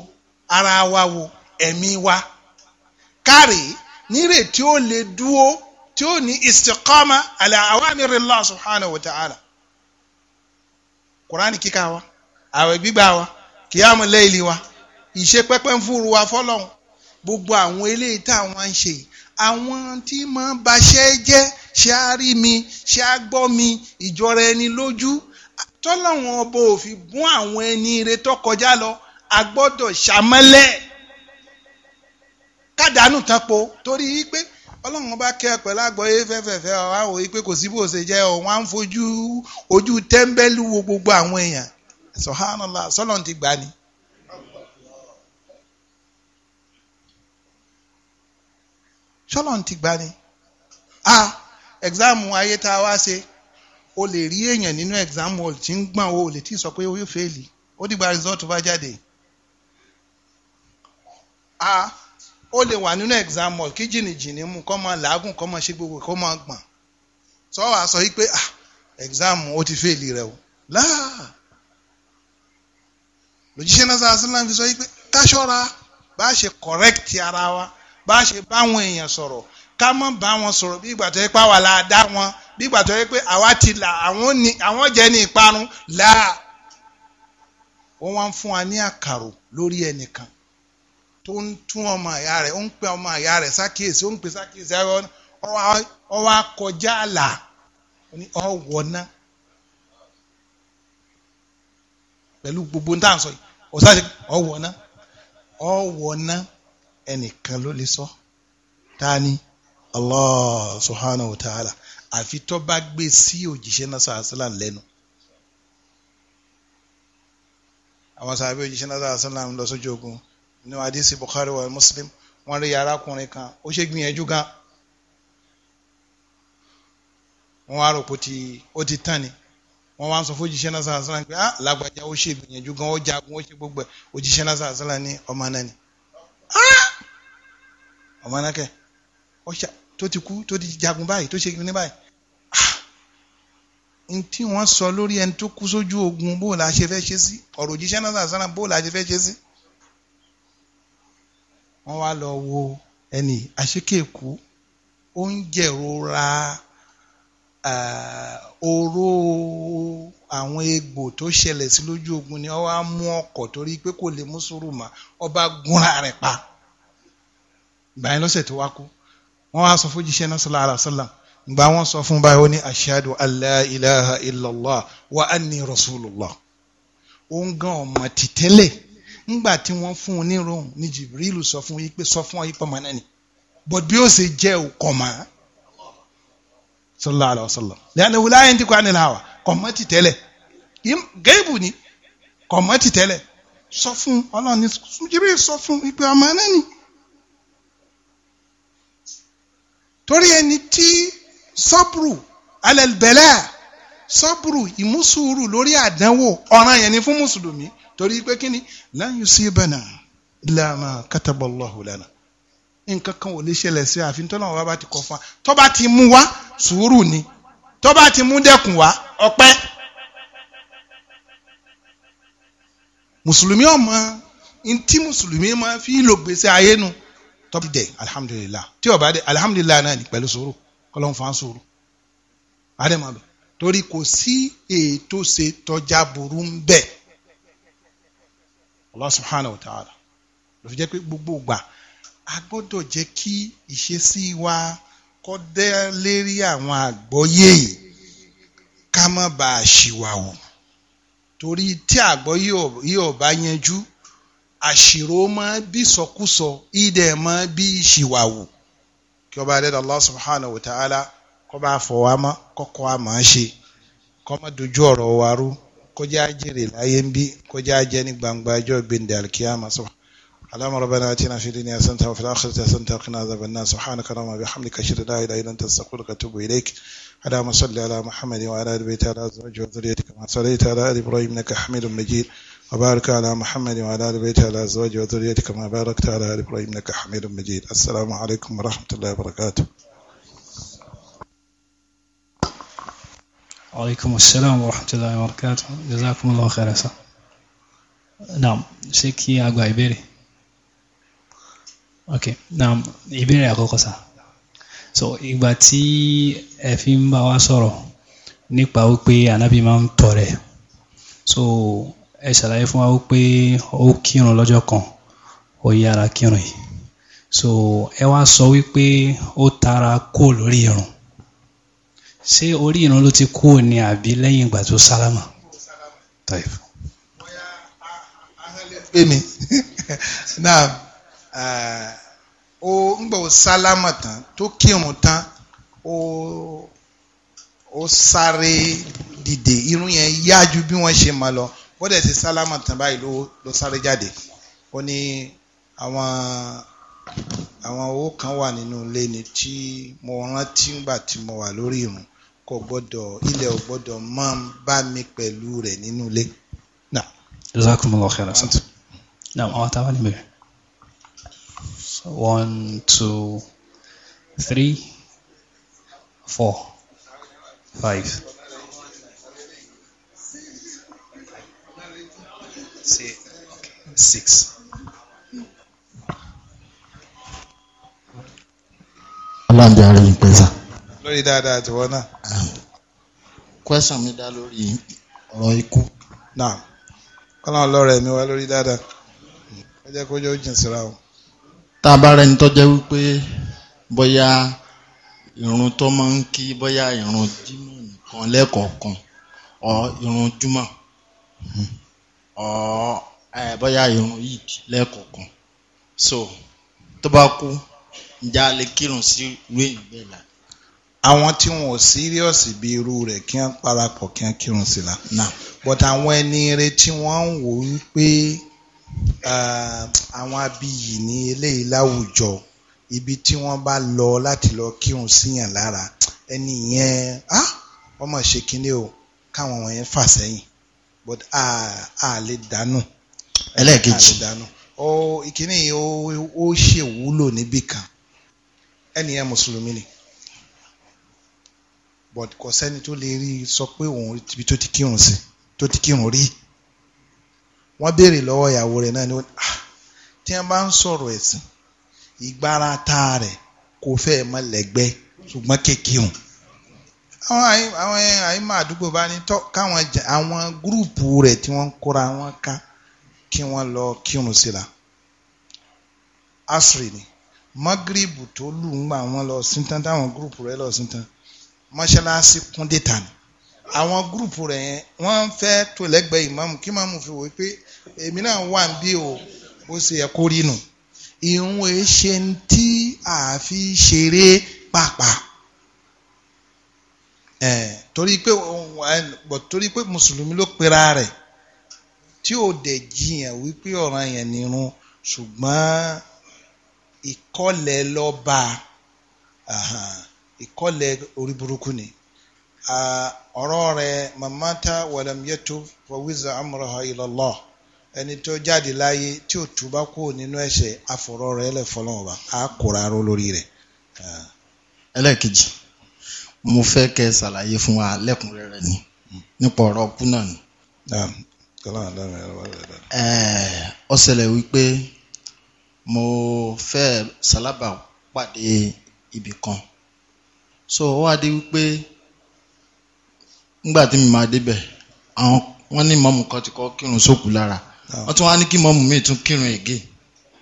ara wa wo ẹ̀mí wa káre nírè tí ó lè dúó tí ó ní istiqama ala awamirillah subhanahu wa ta'ala kùránì kíkà wa àwẹ̀ gbígbà wa kìyàmù láìlì wa ìṣe pẹ́pẹ́ ń fúru wa fọ́lọ́hún gbogbo àwọn eléyìí táwọn ń ṣe àwọn tí máa ń baṣẹ́ jẹ́ á rí mi ṣé á gbọ́ mi ìjọra ẹni lójú tọ́lọ́hún ọba ò fi bún àwọn ẹni ire tó kọjá lọ a gbọ́dọ̀ ṣàmọ́lẹ̀ kádàánù po torí pé ọlọ́run bá kẹ́ pẹ̀lú àgbọ̀yé fẹ́fẹ̀fẹ́ ọ̀hán òye pé kò sí bó ṣe jẹ́ ọ̀hún à ń fojú ojú tẹ́ḿbẹ́lú wo gbogbo àwọn èèyàn sọ̀hánàlá sọ́lọ́n ti gbà ní ṣọ́lọ́n ti gbà ni a exam ayé tá a wá ṣe o lè rí èèyàn nínú exam hall tí ń gbọ̀n o lè ti sọ pé o yóò fèèlì ó dìgbà result bá jáde a o lè wà nínú exam hall kí jìnnìjìnnì mu kó máa làágùn kó máa ṣe gbogbo kó máa gbọ̀n sọ wàá sọ yìí pé ah exam o ti fèèlì rẹ o láà lójíṣẹ́ náà sáà sílẹ̀ fi sọ yìí pé ká bá ṣe correct ara wa bá a ṣe báwọn èèyàn sọ̀rọ̀ ká mọ̀ bá wọn sọ̀rọ̀ bí ìgbà tó yẹ pé àwa la dá wọn bí ìgbà tó yẹ pé àwa ti là àwọn jẹ́ ní ìparun láà wọ́n wá ń fún wa ní àkàrò lórí ẹnìkan tó ń tún ọmọ àyà rẹ̀ ó ń pe ọmọ àyà rẹ̀ sákìyèsí ó ń pe sákìyèsí ọwọ́ akọjá àlà ọwọ́ náà pẹ̀lú gbogbo ní tàǹsọ̀ yìí ọ̀sán ọwọ́ náà ọwọ́ náà ẹnìkan ló lè sọ ta ni Allah subhanahu wa ta'ala àfi tó bá gbé sí òjíṣẹ́ náà sàásìlà lẹ́nu àwọn sàbẹ̀ òjíṣẹ́ náà sàásìlà ń lọ sójú ogun nínú hadisi Bukhari wa Muslim wọ́n rí arákùnrin kan ó ṣe gbìyànjú gan wọ́n wá rò pé ó ti tán ni wọ́n wá sọ fún òjíṣẹ́ náà sàásìlà pé ah lágbájá ó ṣe gbìyànjú gan ó jagun ó ṣe gbogbo òjíṣẹ́ náà sàásìlà ní ọmọ náà ni. Ah! ọmọ nákẹ́ ọṣà tó ti kú tó ti jagun báyìí tó ṣe ní báyìí ah! n tí wọ́n sọ lórí ẹni tó kú sójú ogun bó la ṣe fẹ́ ṣe sí ọ̀rọ̀ òjíṣẹ́ náà sára bó la ṣe fẹ́ ṣe sí. wọ́n wá lọ wo ẹni àṣekèkú ó ń jẹ̀rora Eh, oró àwọn egbò tó ṣẹlẹ̀ sí lójú ogun ni ó wá mú ọkọ̀ torí pé kò lè mú sùúrù mọ́ ọba gúnra rẹ̀ pa ìgbà yẹn lọ́sẹ̀ tó wá kú wọ́n wá sọ fójíṣẹ́ náà sallallahu alaihi wasallam ìgbà wọn sọ fún báyìí ó ní ashhadu an la ilaha illallah wa anni rasulullah òun gan ọmọ tìtẹ́lẹ̀ ńgbà tí wọ́n fún un ní ròhùn ní Jibrilu sọ fún yí pé sọ fún ọ yí pọ̀ mọ́ náà ni but bí ó ṣe jẹ́ òkọ̀ mọ́ sallallahu alaihi wasallam lẹ́nu wula yẹn ti kọ́ ànilá wa kọ̀mọ́ ti tẹ́lẹ̀ géèbù ni kọ̀mọ́ ti tẹ́lẹ̀ sọ fún ọlọ́run ní jírí sọ fún ìpè ọmọ náà ni. torí ẹni tí sọ́bùrù alẹ́lbẹ̀lẹ́ sọ́bùrù ìmúsùúrù lórí àdánwò ọ̀ràn yẹn ni fún mùsùlùmí torí pé kí ni lan yusibana illa ma kataballahu lana nǹkan kan ò lè ṣẹlẹ̀ sí àfi tọ́lọ́run wa bá ti kọ fún wa tó bá ti mú wá sùúrù ni tó bá ti mú dẹ́kun wá ọpẹ́. mùsùlùmí ọmọ ntí mùsùlùmí máa fi lò gbèsè ayé nu tó bá dé alihamudulilayi tí ó bá dé alihamudulilayi náà ní pẹ̀lú sùúrù kọ́lọ́n fa sùúrù àdèmàbẹ̀ torí kò sí ètò ṣe tọ́já burú ń bẹ̀ Allah subhanahu wa ta'ala lọ́fi jẹ́ pé gbogbo ìgbà a gbọ́dọ̀ jẹ́ kí ìṣesí wa kó dẹ́ lérí àwọn àgbọ́yé ká má bàa ṣìwàwù torí tí àgbọ́yé yìí bá yanjú àṣìrò máa bí sọkúsọ ìdẹ̀ máa bí ṣìwàwù kí ọba adẹ́dàá Allah subhanahu wa ta'ala kọ́ bá fọ̀ wá mọ́ kọ́kọ́ wa máa ṣe kọ́ má dojú ọ̀rọ̀ wa rú kọjá jèrè láyé ń bí kọjá jẹ́ ní gbangba ọjọ́ gbẹ̀ndẹ̀ alikiyama sọ̀rọ̀. اللهم ربنا اتنا في الدنيا حسنه وفي الاخره حسنه وقنا عذاب النار سبحانك اللهم وبحمدك اشهد ان لا اله الا انت استغفرك واتوب اليك اللهم صل على محمد وعلى ال بيت وعلى ازواجه وذريته كما صليت على ال ابراهيم انك حميد مجيد وبارك على محمد وعلى ال بيت وعلى ازواجه وذريته كما باركت على ال ابراهيم انك حميد مجيد السلام عليكم ورحمه الله وبركاته وعليكم السلام ورحمة الله وبركاته جزاكم الله خيرا نعم شيك يا أبو عبيري ok now ìbéèrè àkọ́kọ́ sá so ìgbà tí ẹ fi ń wa soro nípa wípé ànábì máa ń tọrẹ so ẹ ṣàlàyé fún wa wípé ó kírun lọ́jọ́ kan ó yára kírun yìí so ẹ wá sọ wípé ó tara kó lórí irun ṣé orí irun ló ti kú ni àbí lẹ́yìn ìgbà tó sálámà taif. bóyá ahọ́n lè pè mí o ń gbọ́ sálámà tán tó kírun tán ó ó sáré dìde irun yẹn yájú bí wọ́n ṣe máa lọ bọ́dẹ̀ ti sálámà tán báyìí ló ló sáré jáde ó ní àwọn àwọn owó kan wà nínú ilé ni tí mo rántí ńgbà tí mo wà lórí irun kò gbọ́dọ̀ ilẹ̀ ò gbọ́dọ̀ máa bá mi pẹ̀lú rẹ̀ nínú ilé. jazakumullahu khairan. naam àwọn táwọn ní bẹ̀rẹ̀ one, two, three, four, five, six. Ọlọ́run àrẹ yìí pẹ̀sà. Lórí dáadáa tiwọn náà. Kwẹ́sàn mi dá lórí ọ̀rọ̀ ikú. Náà, kọ́lá ọlọ́rẹ̀ mi wá lórí dáadáa. Ẹ jẹ́ kó jẹ́ ó jìn síra o. ta bá rẹni tó jẹ́ wípé bóyá irun tó máa ń kí bóyá irun jímọ̀ nìkan lẹ́kọ̀ọ̀kan ọ irun júmọ̀ ọ bóyá irun yìí lẹ́kọ̀ọ̀kan so tó bá kú ǹjẹ́ a lè kírun sí wíìnì bẹ́ẹ̀ la. àwọn tí wọn ò síríọ̀sì bí irú rẹ̀ kí wọ́n parapọ̀ kí wọ́n kírun sí la. but àwọn ẹni rẹ tí wọ́n ń wò ó pé. àwọn abiyì ní eléyìí láwùjọ ibi tí wọ́n bá lọ láti lọ kírun síyàn lára ẹni yẹn á wọ́n mọ̀ o káwọn wọ̀nyẹn fà sẹ́yìn but a a lè dànù. ẹlẹ́ẹ̀kejì a lè dànù ó ìkíní ó ó ṣèwúlò níbì kan ẹni yẹn mùsùlùmí ni but kò sẹ́ni tó lè rí sọ pé òun ibi tó ti kírun sí tó ti kírun rí wọ́n béèrè lọ́wọ́ ìyàwó rẹ̀ náà ni ó ah tí wọ́n bá ń sọ̀rọ̀ ẹ̀sìn ìgbára ta rẹ̀ kò fẹ́ mọ́ lẹ́gbẹ́ ṣùgbọ́n kékeré àwọn àwọn àyímọ̀ àdúgbò bá ní tọ́ káwọn àwọn gúrùpù rẹ̀ tí wọ́n ń kóra wọn ká kí wọ́n lọ kírun síra asiri ni magribu tó lù ń gbà wọ́n lọ sí tán táwọn gúrùpù rẹ̀ lọ sí tán mọ́ṣáláṣí kún déta ni àwọn gúrùpù rẹ̀ yẹn wọ́n fẹ́ tó lẹ́gbẹ̀ẹ́ ìmáàmù kí ìmáàmù fi wò pé èmi náà wà ń bí o ó ṣe yẹ kó rí nù ìhun èṣe tí a fi ṣeré pàápàá ẹ torí pé torí pé mùsùlùmí ló pera rẹ̀ tí ò dẹ̀ jiyàn wípé ọ̀ràn yẹn nírun ṣùgbọ́n ìkọlẹ̀ lọ́ba ìkọlẹ̀ orí burúkú ni ọ̀rọ̀ rẹ̀ mamata walam yatub wa wiza amraha ẹni tó jáde láyé tí ò túbá kúrò nínú ẹ̀ṣẹ̀ àfọ̀rọ̀ rẹ̀ ẹlẹ́fọ̀lọ́wọ̀n ọba á kóra ró lórí rẹ̀. ẹlẹ́ẹ̀kejì mo fẹ́ kẹ́ ṣàlàyé fún wa lẹ́kùnrẹ́rẹ́ ni nípa ọ̀rọ̀ ọkú náà ni. ọ ṣẹlẹ̀ wípé mo fẹ́ sálábà pàdé ibì kan so ó wá dé wípé nígbà tí mi máa débẹ̀ àwọn wọ́n ní mọ́mù kan ti kọ́ kírun sókù lára Ah. wọ́n tún wá ní kí mọ́mù míì tún kírun ègé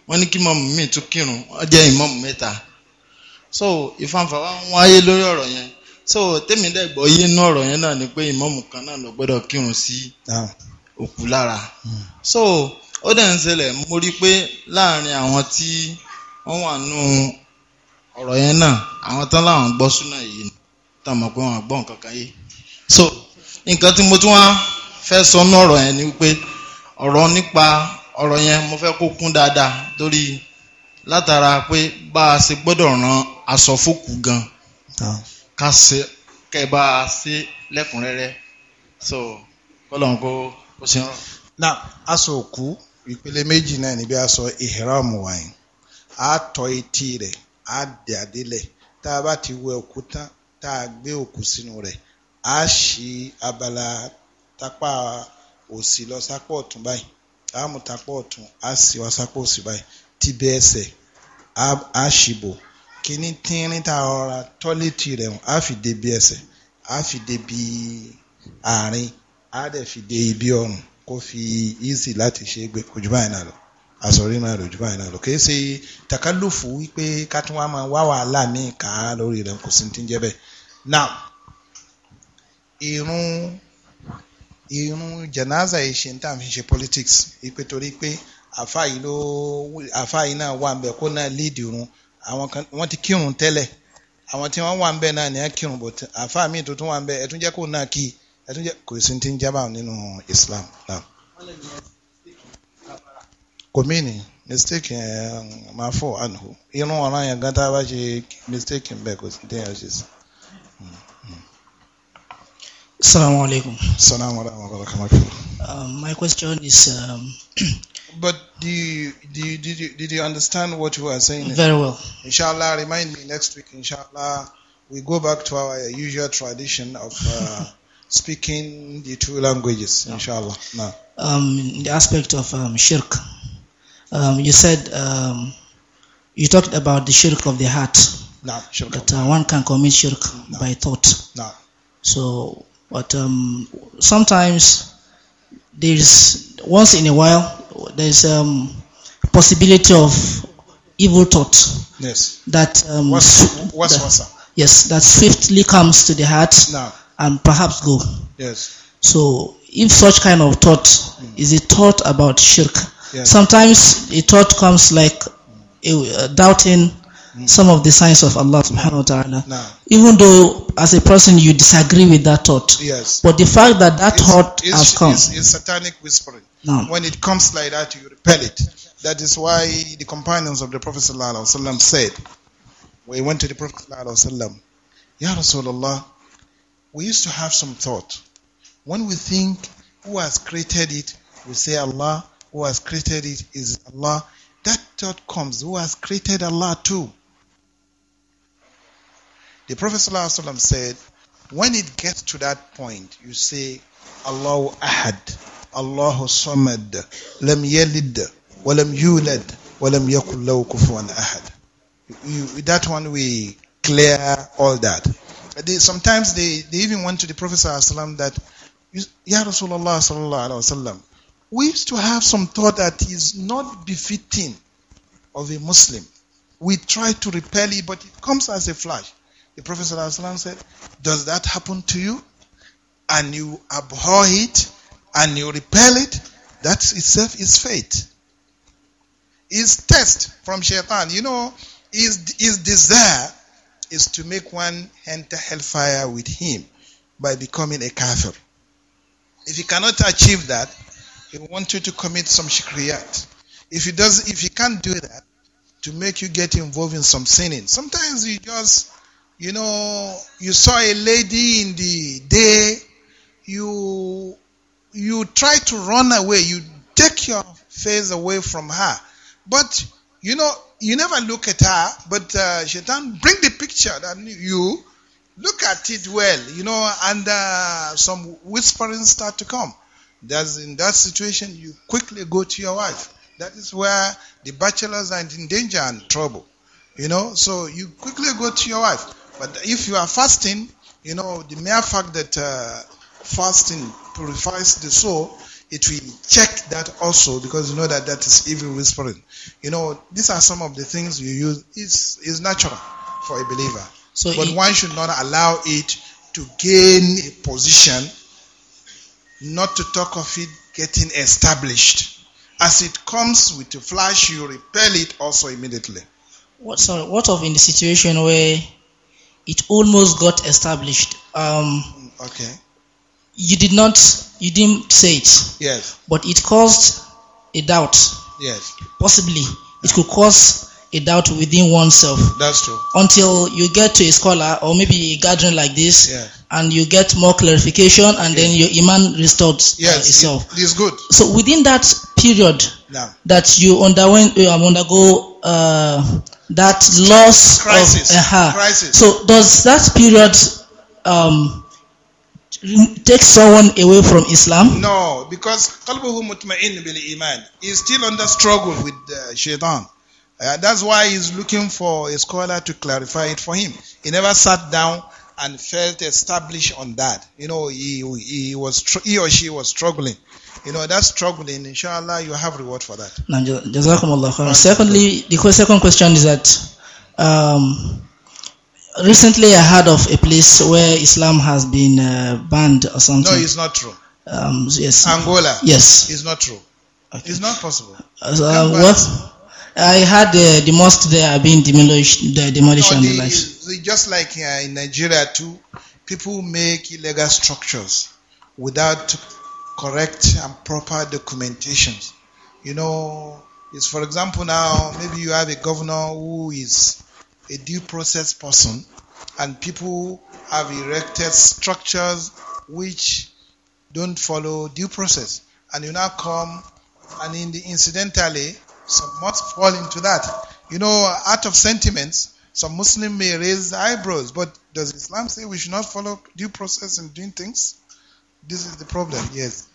wọ́n ní kí mọ́mù míì tún kírun wọ́n jẹ́ mẹ́ta so ìfanfà wa ń wáyé lórí ọ̀rọ̀ yẹn so tèmi dẹ̀ gbọ́ yé inú ọ̀rọ̀ yẹn náà ni pé ìmọ̀mù kan náà ló gbọ́dọ̀ kírun sí ah. òkú lára hmm. so ó dẹ̀ ń ṣẹlẹ̀ mo rí pé láàrin àwọn tí wọ́n wà nù ọ̀rọ̀ yẹn náà àwọn tán láwọn gbọ́ súnà yìí tá a mọ̀ pé wọ́n gbọ́ nǹkan kan yé so nǹkan tí mo tún wá fẹ́ sọ nú ọ̀rọ̀ yẹn ni wípé ọ̀rọ̀ nípa ọ̀rọ̀ yẹn mo fẹ́ kó kún dáadáa torí látara pé bá a ṣe gbọ́dọ̀ ran aṣọ fókù gan ah. ká ṣe kẹ́ bá a ṣe lẹ́kùnrẹ́rẹ́ so kọ́lọ́n kó kó ṣe rán. na aṣọ òkú ìpele méjì náà níbi aṣọ ìhẹ́rọ̀mù wáyé a tọ etí rẹ̀ a dẹ̀ àdélẹ̀ tá a bá ti wẹ òkú tán tá a gbé òkú sínú rẹ̀ a ṣí abala tápá òsì lọ sápò ọ̀tún báyìí àmú tapọ̀ ọ̀tún á sì wá sápò òsì báyìí tí bí ẹsẹ̀ á ṣìbò kíní tínrín tá a rọra tọ́lẹ́tì rẹ̀ hàn á fi dé bí ẹsẹ̀ á fi dé bí àárín á dẹ̀ fi dé ibi ọrùn kó fi easy láti ṣe é gbé ojú báyìí náà lọ àsọ̀rí náà lójú báyìí náà lọ kì í ṣe takálùfù wípé ká máa wá wàhálà míì ká lórí rẹ̀ kò sí ti ń jẹ́ bẹ́ẹ̀ now irun irun jẹ̀náza yìí ṣe ń tà fi ṣe politics ipe torí pé àfa yìí ló àfa yìí náà wà nbẹ kó náà lead irun àwọn kan wọ́n ti kírun tẹ́lẹ̀ àwọn tí wọ́n wà nbẹ náà ní kírun bò àfa mi tuntun wà nbẹ ẹ tún jẹ́ kó náà kí ẹ tún kò sí ti ń jábà nínú Islam náà. kò mí ni mistake yẹn máa fọ àná irun ọ̀ràn yẹn gan tá a bá ṣe mistake ń bẹ kò sí ti ń yàn ṣe sí. Assalamu alaikum. Assalamu alaikum. Um, my question is. Um, but do you, do you, did, you, did you understand what you are saying? Very well. Inshallah, remind me next week, inshallah, we go back to our usual tradition of uh, speaking the two languages, inshallah. No. Um, the aspect of um, shirk. Um, you said, you talked about the shirk of the heart. No, that uh, one can commit shirk by thought. So but um, sometimes there's once in a while there's um, possibility of evil thought. Yes. That um, what's, what's, that, yes, that swiftly comes to the heart and perhaps go. Yes. So if such kind of thought mm. is a thought about shirk, yes. sometimes a thought comes like a, a uh, doubting Hmm. some of the signs of Allah subhanahu wa ta'ala. Even though as a person you disagree with that thought. Yes. But the fact that that it's, thought it's, has come. It's, it's satanic whispering. When it comes like that, you repel it. That is why the companions of the Prophet sallallahu said, we went to the Prophet sallallahu Ya Rasulullah, we used to have some thought. When we think who has created it, we say Allah. Who has created it is Allah. That thought comes. Who has created Allah too? The Prophet ﷺ said, when it gets to that point, you say, Allahu Ahad, Allahu Samad, Lam Yalid, Walam Yulad, Walam Yakul Lahu Ahad. that one we clear all that. They, sometimes they, they even went to the Prophet ﷺ that, Ya Rasulullah sallallahu alaihi wasallam, we used to have some thought that is not befitting of a Muslim. We try to repel it, but it comes as a flash. The Prophet said, Does that happen to you? And you abhor it and you repel it? That itself is faith. Is test from shaitan. You know, his, his desire is to make one enter hellfire with him by becoming a kafir. If you cannot achieve that, he wants you to commit some shikriyat. If he does, if he can't do that, to make you get involved in some sinning. Sometimes you just you know, you saw a lady in the day, you you try to run away, you take your face away from her. But you know, you never look at her, but uh, Shaitan bring the picture that you look at it well, you know, and uh, some whispering start to come. That's in that situation, you quickly go to your wife. That is where the bachelors are in danger and trouble. You know, so you quickly go to your wife. But if you are fasting, you know, the mere fact that uh, fasting purifies the soul, it will check that also because you know that that is evil whispering. You know, these are some of the things you use. It's, it's natural for a believer. So but it, one should not allow it to gain a position, not to talk of it getting established. As it comes with a flash, you repel it also immediately. What, sorry, what of in the situation where it almost got established. Um, okay. You did not, you didn't say it. Yes. But it caused a doubt. Yes. Possibly, it could cause a doubt within oneself. That's true. Until you get to a scholar or maybe a guardian like this, yeah. and you get more clarification, and yes. then your iman restored uh, yes, itself. It is good. So within that period yeah, that you underwent, you um, undergo uh, that loss crisis, of uh, uh-huh. crisis. So does that period um, take someone away from Islam? No, because qalbuhu mutma'in bil iman He's still under struggle with uh, shaitan. Uh, that's why he's looking for a scholar to clarify it for him. He never sat down and felt established on that. You know, he, he was he or she was struggling. You know, that struggling, inshallah, you have reward for that. Jazakumullah. Secondly, the second question is that um, recently I heard of a place where Islam has been uh, banned or something. No, it's not true. Um, yes. Angola. Yes. It's not true. Okay. It's not possible. Uh, uh what? I had uh, the mosque there being demolished. Uh, the demolition. No, the, just like here uh, in Nigeria too, people make illegal structures without correct and proper documentations. You know, it's for example now, maybe you have a governor who is a due process person and people have erected structures which don't follow due process. And you now come and in the, incidentally, some must fall into that. You know, out of sentiments, some Muslim may raise eyebrows, but does Islam say we should not follow due process in doing things? This is the problem, yes.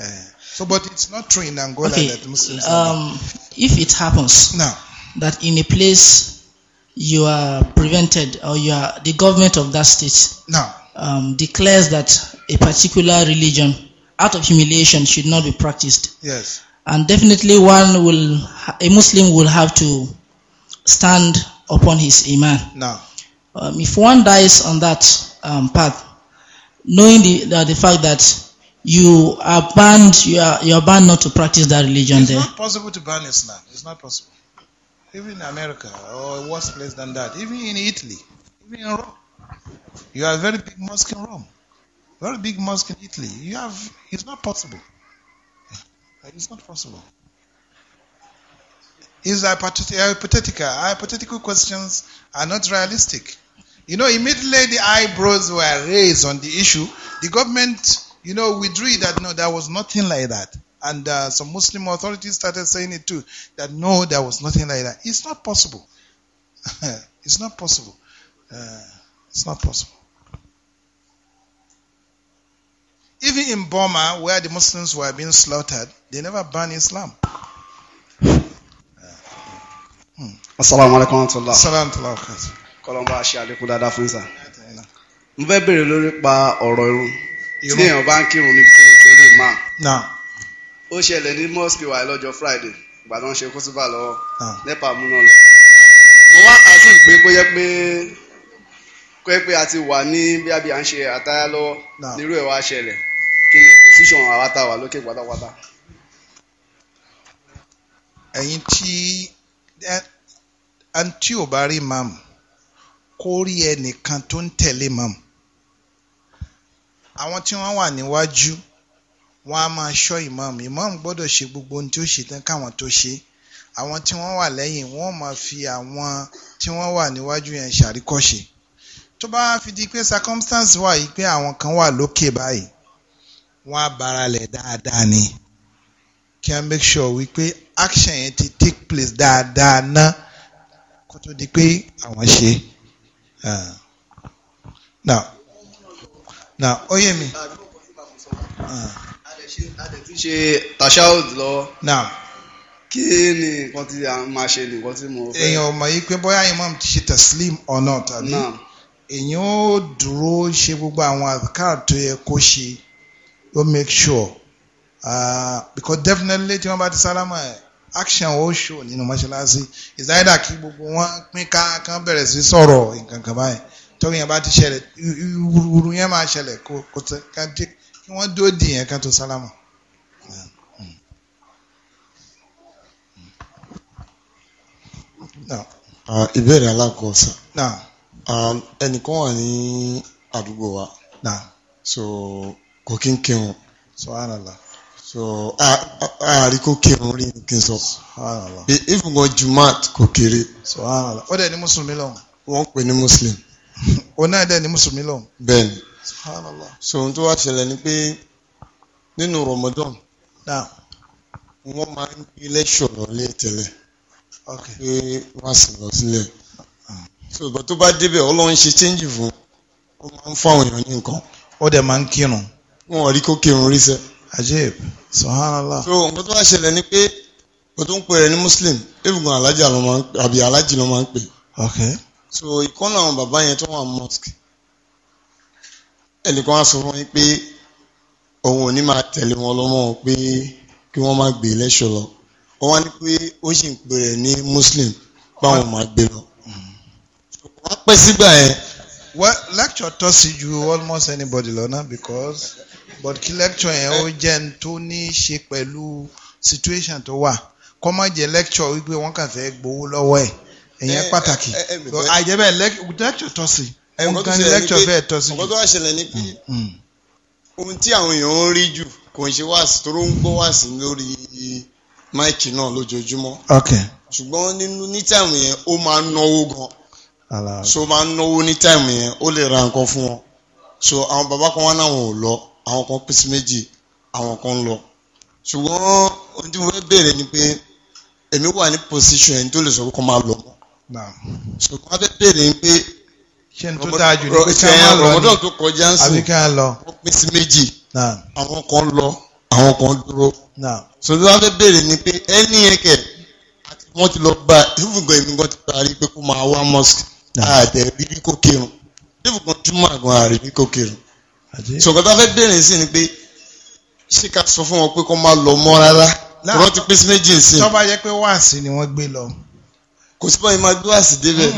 Uh, so, but it's not true in Angola okay. that Muslims. Um, if it happens now that in a place you are prevented or you are the government of that state now um, declares that a particular religion out of humiliation should not be practiced. Yes. And definitely, one will a Muslim will have to stand upon his iman. Now, um, if one dies on that um, path, knowing the the fact that you are banned, you are you are banned not to practice that religion. It's there. not possible to ban Islam. It's not possible. Even in America, or worse place than that, even in Italy, even in Rome, you have a very big mosque in Rome, very big mosque in Italy. You have. It's not possible. It's not possible. His hypothetical. Hypothetical questions are not realistic. You know, immediately the eyebrows were raised on the issue. The government, you know, withdrew that no, there was nothing like that. And uh, some Muslim authorities started saying it too, that no, there was nothing like that. It's not possible. it's not possible. Uh, it's not possible. Even in Burma, where the Muslims were being slaughtered, they never banned Islam. Hmm. asalaamualeykum wa rahmatulah. asalaamualeykum wa rahmatulah. kọlọmba ṣe àlékún dáadáa fún sà. mo fẹ́ béèrè lórí pa ọ̀rọ̀ irun tí èèyàn bá ń kírun níbi tí èèyàn kéré ó ṣẹlẹ̀ ní mosque wa lọ́jọ́ friday ìgbàdàn ṣe kó síbà lọ́wọ́ nípa múná lọ. mo wá kà sí ìpè kó yẹ pé kó yẹ pé a ti wà ní bí a bí à ń ṣe àtayá lọ́wọ́ nírú ẹ̀ wá kí ni position àwa tá a wà lókè pátápátá. ẹ̀yin tí àǹtí ò bá rí màmù kó rí ẹnìkan tó ń tẹ̀lé màmù àwọn tí wọ́n wà níwájú wọ́n á máa ṣọ́ ìmáàmù ìmáàmù gbọ́dọ̀ ṣe gbogbo ohun tí ó ṣe tán káwọn tó ṣe àwọn tí wọ́n wà lẹ́yìn wọ́n máa fi àwọn tí wọ́n wà níwájú yẹn ṣàríkọ́ṣe tó bá fi di pé circumstance wà yìí pé àwọn kan wà lókè báyìí wọ́n á baralẹ̀ dáadáa ni kí a make sure wípé action yẹn ti take place dáadáa ná kó tó di pé àwọn ṣe ah. now now ó yé mi. a ah. lè tún ṣe tashaud lọ. now kí ni nǹkan tí a máa ṣe nǹkan tí mo fẹ́. èèyàn ò mọ̀ yìí pé bóyá imam ti ṣe taslim or not àbí èèyàn ó dúró ṣe gbogbo àwọn àkáàtó yẹ kó ṣe ó make sure. Uh, because definitely tí wọ́n bá ti sálámà ẹ̀ action ó ṣò nínú mọ́ṣáláṣí is either kí gbogbo wọn pín ká kán bẹ̀rẹ̀ sí sọ̀rọ̀ nǹkan kan báyìí tọ́wọ́ yẹn bá ti ṣẹlẹ̀ wúruwúru yẹn máa ṣẹlẹ̀ kó tẹ kí wọ́n dúró dì yẹn kán tó sálámà. Uh, ìbéèrè alákọ̀ọ́sà um, ẹnìkan wà ní àdúgbò wa so kò kí ń kírun. subhanallah so ààrí kò kírun rí ni kí n sọ pé ìfúngàn jumat kò kéré. ó dẹ̀ ní mùsùlùmí lọ́hùn. wọ́n pè ní muslim. òun náà dẹ̀ ní mùsùlùmí lọ́hùn. bẹ́ẹ̀ni so ohun tó wá ṣẹlẹ̀ ni pé nínú Ramadan wọ́n máa ń gbé lẹ́ṣọ̀ lọ́lé tẹ́lẹ̀ pé wọ́n á sì lọ sílẹ̀ so ìgbà tó bá débẹ̀ ọlọ́run ṣe change fún ó máa ń fún àwọn èèyàn ní nǹkan. ó dẹ̀ máa ń kírun. wọn ò rí kó kírun rí sẹ́ẹ̀ ajib subhanallah. so nǹkan tó wá ṣẹlẹ̀ ni pé kò tó ń pè rẹ̀ ní muslim egungun alájì ló máa ń pè àbí alájì ló máa ń pè. ok. so ìkọ́nà àwọn bàbá yẹn tó wà mosque ẹnìkan á sọ fún yín pé òun ò ní máa tẹ̀lé wọn lọ́mọ pé kí wọ́n má gbé lẹ́ṣọ̀ lọ wọ́n wá ní pé ó sì ń pè rẹ̀ ní muslim báwọn máa gbé lọ. wọ́n pẹ́ sígbà yẹn. well lecture tọ́ sí ju almost anybody lọ náà because but kí lecture yẹn ó eh. jẹ́ n tó ní í ṣe pẹ̀lú situation tó wà kọ́ má jẹ́ lecture wípé wọ́n kàn fẹ́ gbowó lọ́wọ́ ẹ̀ ẹ̀yẹn eh, pàtàkì eh, àìjẹ́bẹ̀ lecture tọ́ sí nǹkan lecture bẹ́ẹ̀ tọ́ sí. ọ̀pọ̀ tó wá ṣẹlẹ̀ ni pé mm, mm. ohun tí àwọn èèyàn ń rí jù kò ń ṣe wáàsí tó ń gbọ́ wáàsí lórí máìkì náà lójoojúmọ́. ṣùgbọ́n nínú ní táìmù yẹn ó máa ń náwó gan. so máa ń náwó ní táìmù yẹn ó lè ra nǹkan fún wọn. so àwọn bàbá kan wá náà wọn ò lọ àwọn kan pín sí méjì àwọn kan ń lọ ṣùgbọ́n ohun tí mo fẹ́ bèèrè ni pé èmi wà ní position ẹni tó lè sọ pé kó máa lọ mọ́ ṣùgbọ́n a fẹ́ bèèrè ni pé ṣé n tó dáa jù ní pé ká máa lọ ní tó kọjá ń sìn wọ́n pín sí méjì àwọn kan lọ àwọn kan dúró ṣùgbọ́n a fẹ́ bèèrè ni pé ẹni yẹn kẹ̀ wọ́n ti lọ bá ìfúngan èmi gan ti parí pé kó máa wá mosque àtẹ̀rí kó kírun ìfúngan túmọ̀ àgbọn àrí kó kírun sọ̀kọ́ tá a fẹ́ bẹ̀rẹ̀ sí ni pé ṣé ká sọ fún wọn pé kó má lọ mọ́ rárá tọ́rọ́ ti pín sí méjì sí. tọ́ba jẹ́ pé wáàsí ni wọ́n gbé lọ. kò sí báyìí máa gbé wáàsí débẹ̀.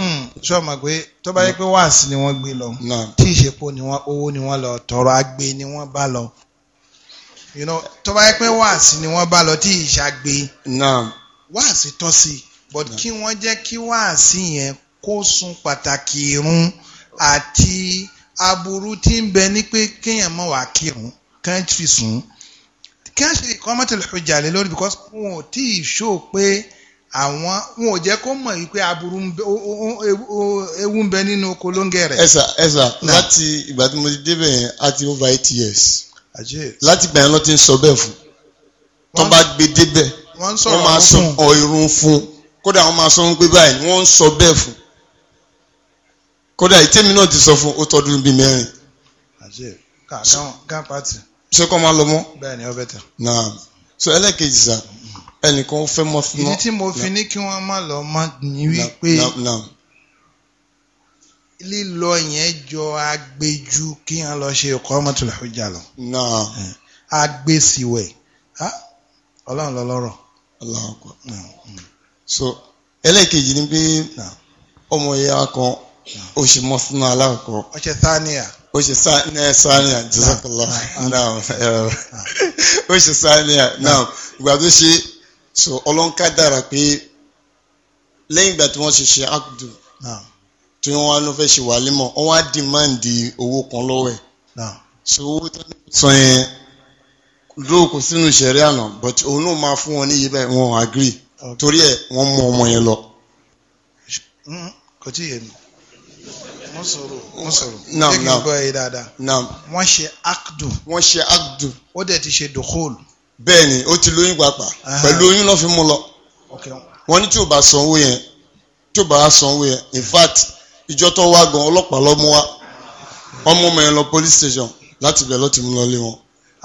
sọ hmm, ma pé tọ́ba jẹ́ pé wáàsí ni wọ́n gbé lọ tí ìṣèpò ni wọ́n owó ni wọ́n lọ tọrọ agbé ni wọ́n bá lọ tọ́ba jẹ́ pé wáàsí ni wọ́n bá lọ tí ìṣàgbé wáàsí tọ́ sí i but kí wọ́n jẹ́ kí wáàsí yẹn kó sun pàtàkì irun àti aburú tí ń bẹ ní pé kéèyàn mọ̀ wá kírun kàn sùn kàn ṣe ìkọ́mọ́tò ìjà lé lórí because wọn ò tí ì ṣó pé àwọn wọn ò jẹ́ kó mọ̀ yìí pé aburú ewu ń bẹ nínú kolóńgẹ rẹ̀. ẹ̀sà ẹ̀sà láti ìgbà tí mo ti débẹ̀ yẹn àti over eight years láti ìgbà yẹn ló ti ń sọ bẹ́ẹ̀ fún tó bá gbé débẹ̀ wọ́n máa sọ ọ̀run fún kódà wọ́n máa sọ wọn pé báyìí wọ́n ń sọ bẹ́ẹ̀ fún kódà ìtẹ́mi náà ti sọ fún ó tọdún bíi mẹ́rin. ṣé kọ́ máa lọ mọ́. bẹ́ẹ̀ ni ọ bẹ̀ tẹ̀. náà so ẹlẹ́kejì sá ẹnìkan fẹ́ mọ́ fún ọ. ìdí tí mo fi ní kí wọ́n má lọ mọ́ ni wípé lílọ yẹn jọ agbẹ́jú kí wọ́n lọ ṣe iqamatul hujja lọ. náà agbésíwẹ̀ ọlọ́run lọ lọ́rọ̀. ọlọ́run kọ. so ẹlẹ́kejì ni pé ọmọ ìyá kan ó ṣe mọ́ sínú alákọ̀ọ́. ó ṣe sáníà. ó ṣe sáníà jazakallah ah. Ah, naam ó ṣe sáníà naam ìgbà tó ṣe so ọlọ́nkà dára pé lẹ́yìn ìgbà tí wọ́n ṣe ṣe akudu tí wọ́n wá ló fẹ́ ṣe wà límọ̀ wọ́n wá dìmáǹdì owó kan lọ́wọ́ ẹ̀ so owó tó ní sọ yẹn lóòkù sínú ìṣẹ̀rí àná but òun náà máa fún wọn ní iye báyìí wọn agree torí ẹ̀ wọ́n mú ọmọ yẹn lọ. kò tí ì yé mi mo sọ̀rọ̀ mo sọ̀rọ̀ naam naam jẹ́ kí n gbọ́ ẹ dáadáa naam wọ́n ṣe akdu wọ́n ṣe akdu ó dẹ̀ ti ṣe dòkóòl. bẹ́ẹ̀ni ó ti lóyún gbapà pẹ̀lú oyún ló fi mú lọ wọ́n ní tí ò bá sanwó yẹn tí ò bá sanwó yẹn in fact ìjọ tó wá gan ọlọ́pàá ló mú wá wọ́n mú ọmọ yẹn lọ police station láti bẹ̀ lọ́ọ́ ti mú lọ lé wọn.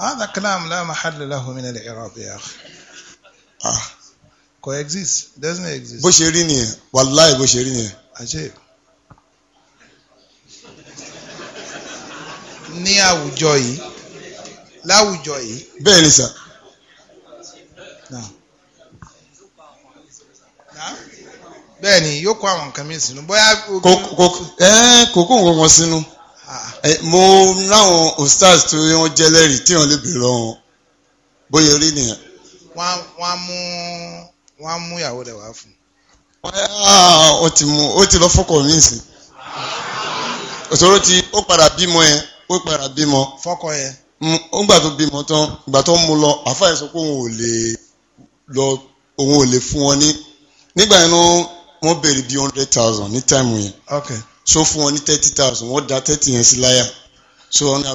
هذا كلام لا محل له من الإعراب يا أخي ah. coexist doesn't exist. bó ṣe rí nìyẹn wàláì bó ṣe rí nìyẹn. àṣẹ. ní àwùjọ yìí láwùjọ yìí. bẹ́ẹ̀ ni sà. bẹ́ẹ̀ ni yóò kó àwọn nǹkan mi sínú bóyá. kókó wo wọn sínú mo láwọn ostars tó wọ́n jẹ́ lẹ́rìí tí wọ́n lè béèrè lọ́wọ́ bóyá rí nìyẹn. wọ́n á mú wọ́n á mú ìyàwó rẹ̀ wá fún ah, ó ti lọ fọkọ mi sí òṣòro ti ó padà bímọ ẹ ó padà bímọ. fọkọ yẹn. ó gbà tó bímọ tán ìgbà tó ń mu lọ àfa yẹn sọ pé òun ò lè lọ òun ò lè fún wọn ní nígbà yẹn wọ́n béèrè bíi hundred thousand ní táìmù yẹn. okay. so fún wọn ní thirty thousand wọ́n da thirty yẹn sí láyà so wọn ní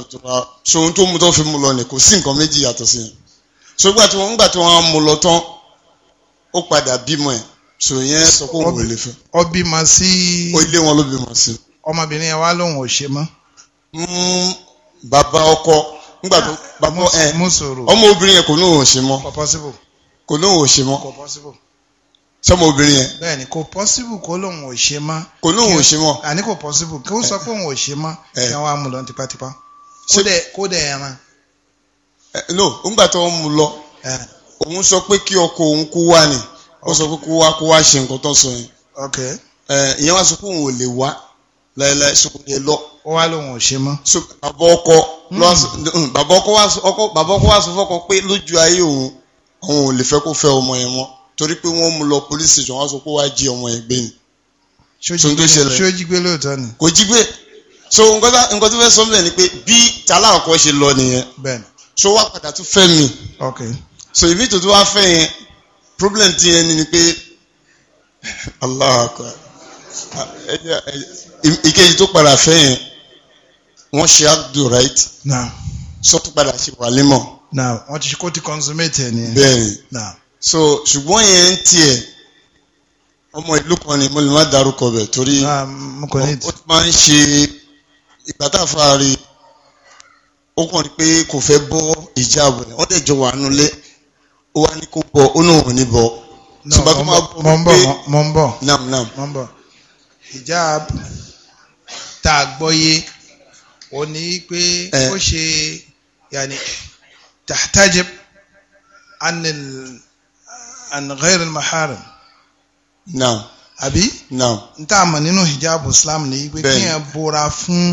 so ohun tó mú tó fi mú lọ ni kò sí nǹkan méjì yàtọ̀ sí yẹn so gbà tí wọ́n gbà tí wọ́n mú lọ tán ó padà bímọ ẹ̀ so yẹn sọ pé òun ò lè fẹ́. ọ bímọ sí. ó ilé wọn ló bímọ sí. ọmọbìnrin yẹn wá lóun ò ṣe mọ́. mú bàbá ọkọ nígbà tó bàbá ẹ ọmọ obìnrin yẹn kò ní òun ṣe mọ kò ní òun ṣe mọ sọmọ obìnrin yẹn. bẹ́ẹ̀ni kò pọsibù kó lóun ò ṣe mọ. kò lóun ò ṣe mọ. àní kò pọsibù kó sọ pé òun ò mọ á mú lọ tipátipá dẹ ẹran. no nígbà tó ń sọ pé kí ọkọ òun kú wá ni sọ pé kó wá kó wá ṣe nǹkan tó sọ láìláì sókò lọ. ó wá lóun ò ṣe mọ́. bàbá ọkọ bàbá ọkọ wá sọ fọkọ pé lójú ayé òun òun ò lè fẹ́ kó fẹ́ ọmọ yẹn mọ́ torí pé wọ́n mú lọ police station wọ́n sọ pé wàá jí ọmọ yẹn gbé ni. ṣó jí lóòótọ́ ni. kò jí so nǹkan tó fẹ́ sọ mẹ́rin ni pé bí taláǹkọ́ ṣe lọ nìyẹn. bẹ́ẹ̀ni. so wá padà tún fẹ́ mi. ok. so ìbí tó wá fẹ́ yẹn problem ti yẹn ni pé Allah akọ ah, ẹ jẹ ẹ jẹ ìkejì tó padà fẹ́ yẹn wọ́n ṣe abdu right. sọ tó padà ṣe wàlímọ̀. wọ́n ti kó ti consummate ẹ̀ nìyẹn. bẹ́ẹ̀ni so ṣùgbọ́n yẹn ń tiẹ̀ ọmọ ìlú kan ni mo lè má dárúkọ bẹ̀ torí ó máa ń ṣe ìgbà tá a fa rí ó kàn rí pé kò fẹ́ bọ́ ìjà àbọ̀ ẹ̀ wọ́n dẹ̀ wà nulẹ̀ ó wá ní kó bọ̀ ó náà ò ní bọ̀ ṣùgbọ́n kó máa bọ̀ pé mọ̀ ń bọ̀ hijab tá a gbọ́ yé ó ní pé ó ṣe yàní tahtajib anil an ghayr al maharim. naam. àbí. naam. n tá a mọ̀ nínú hijab islam ni pé kí n bora fún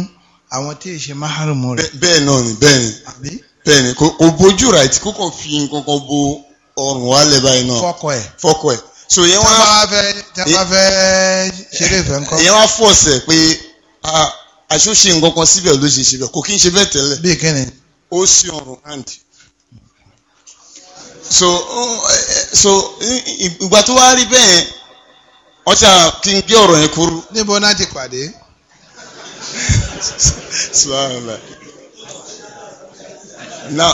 àwọn tí ì ṣe maharim rẹ̀. bẹ́ẹ̀ náà ni bẹ́ẹ̀ ni. àbí. bẹ́ẹ̀ ni kò bójú ra ti kókò fi nǹkan bo ọrùn wa lẹ́ báyìí náà. fọkọ ẹ. fọkọ ẹ. so yẹn wá. tí wọ́n bá fẹ́ tí wọ́n bá fẹ́ ṣeré ìfẹ́ ńkọ́. yẹn wá fọ̀ọ̀sẹ̀ pé àṣùṣe nǹkan kan síbẹ̀ ló ṣe ṣe bẹ̀ kò kí n ṣe bẹ́ẹ̀ tẹ́lẹ̀. bí kẹ́ni. ó sì ọrùn hand. so so ìgbà tó wá rí bẹ́ẹ̀ ọjà kí n gé ọ̀rọ̀ yẹn kúrú. níbo náà ti pàdé. na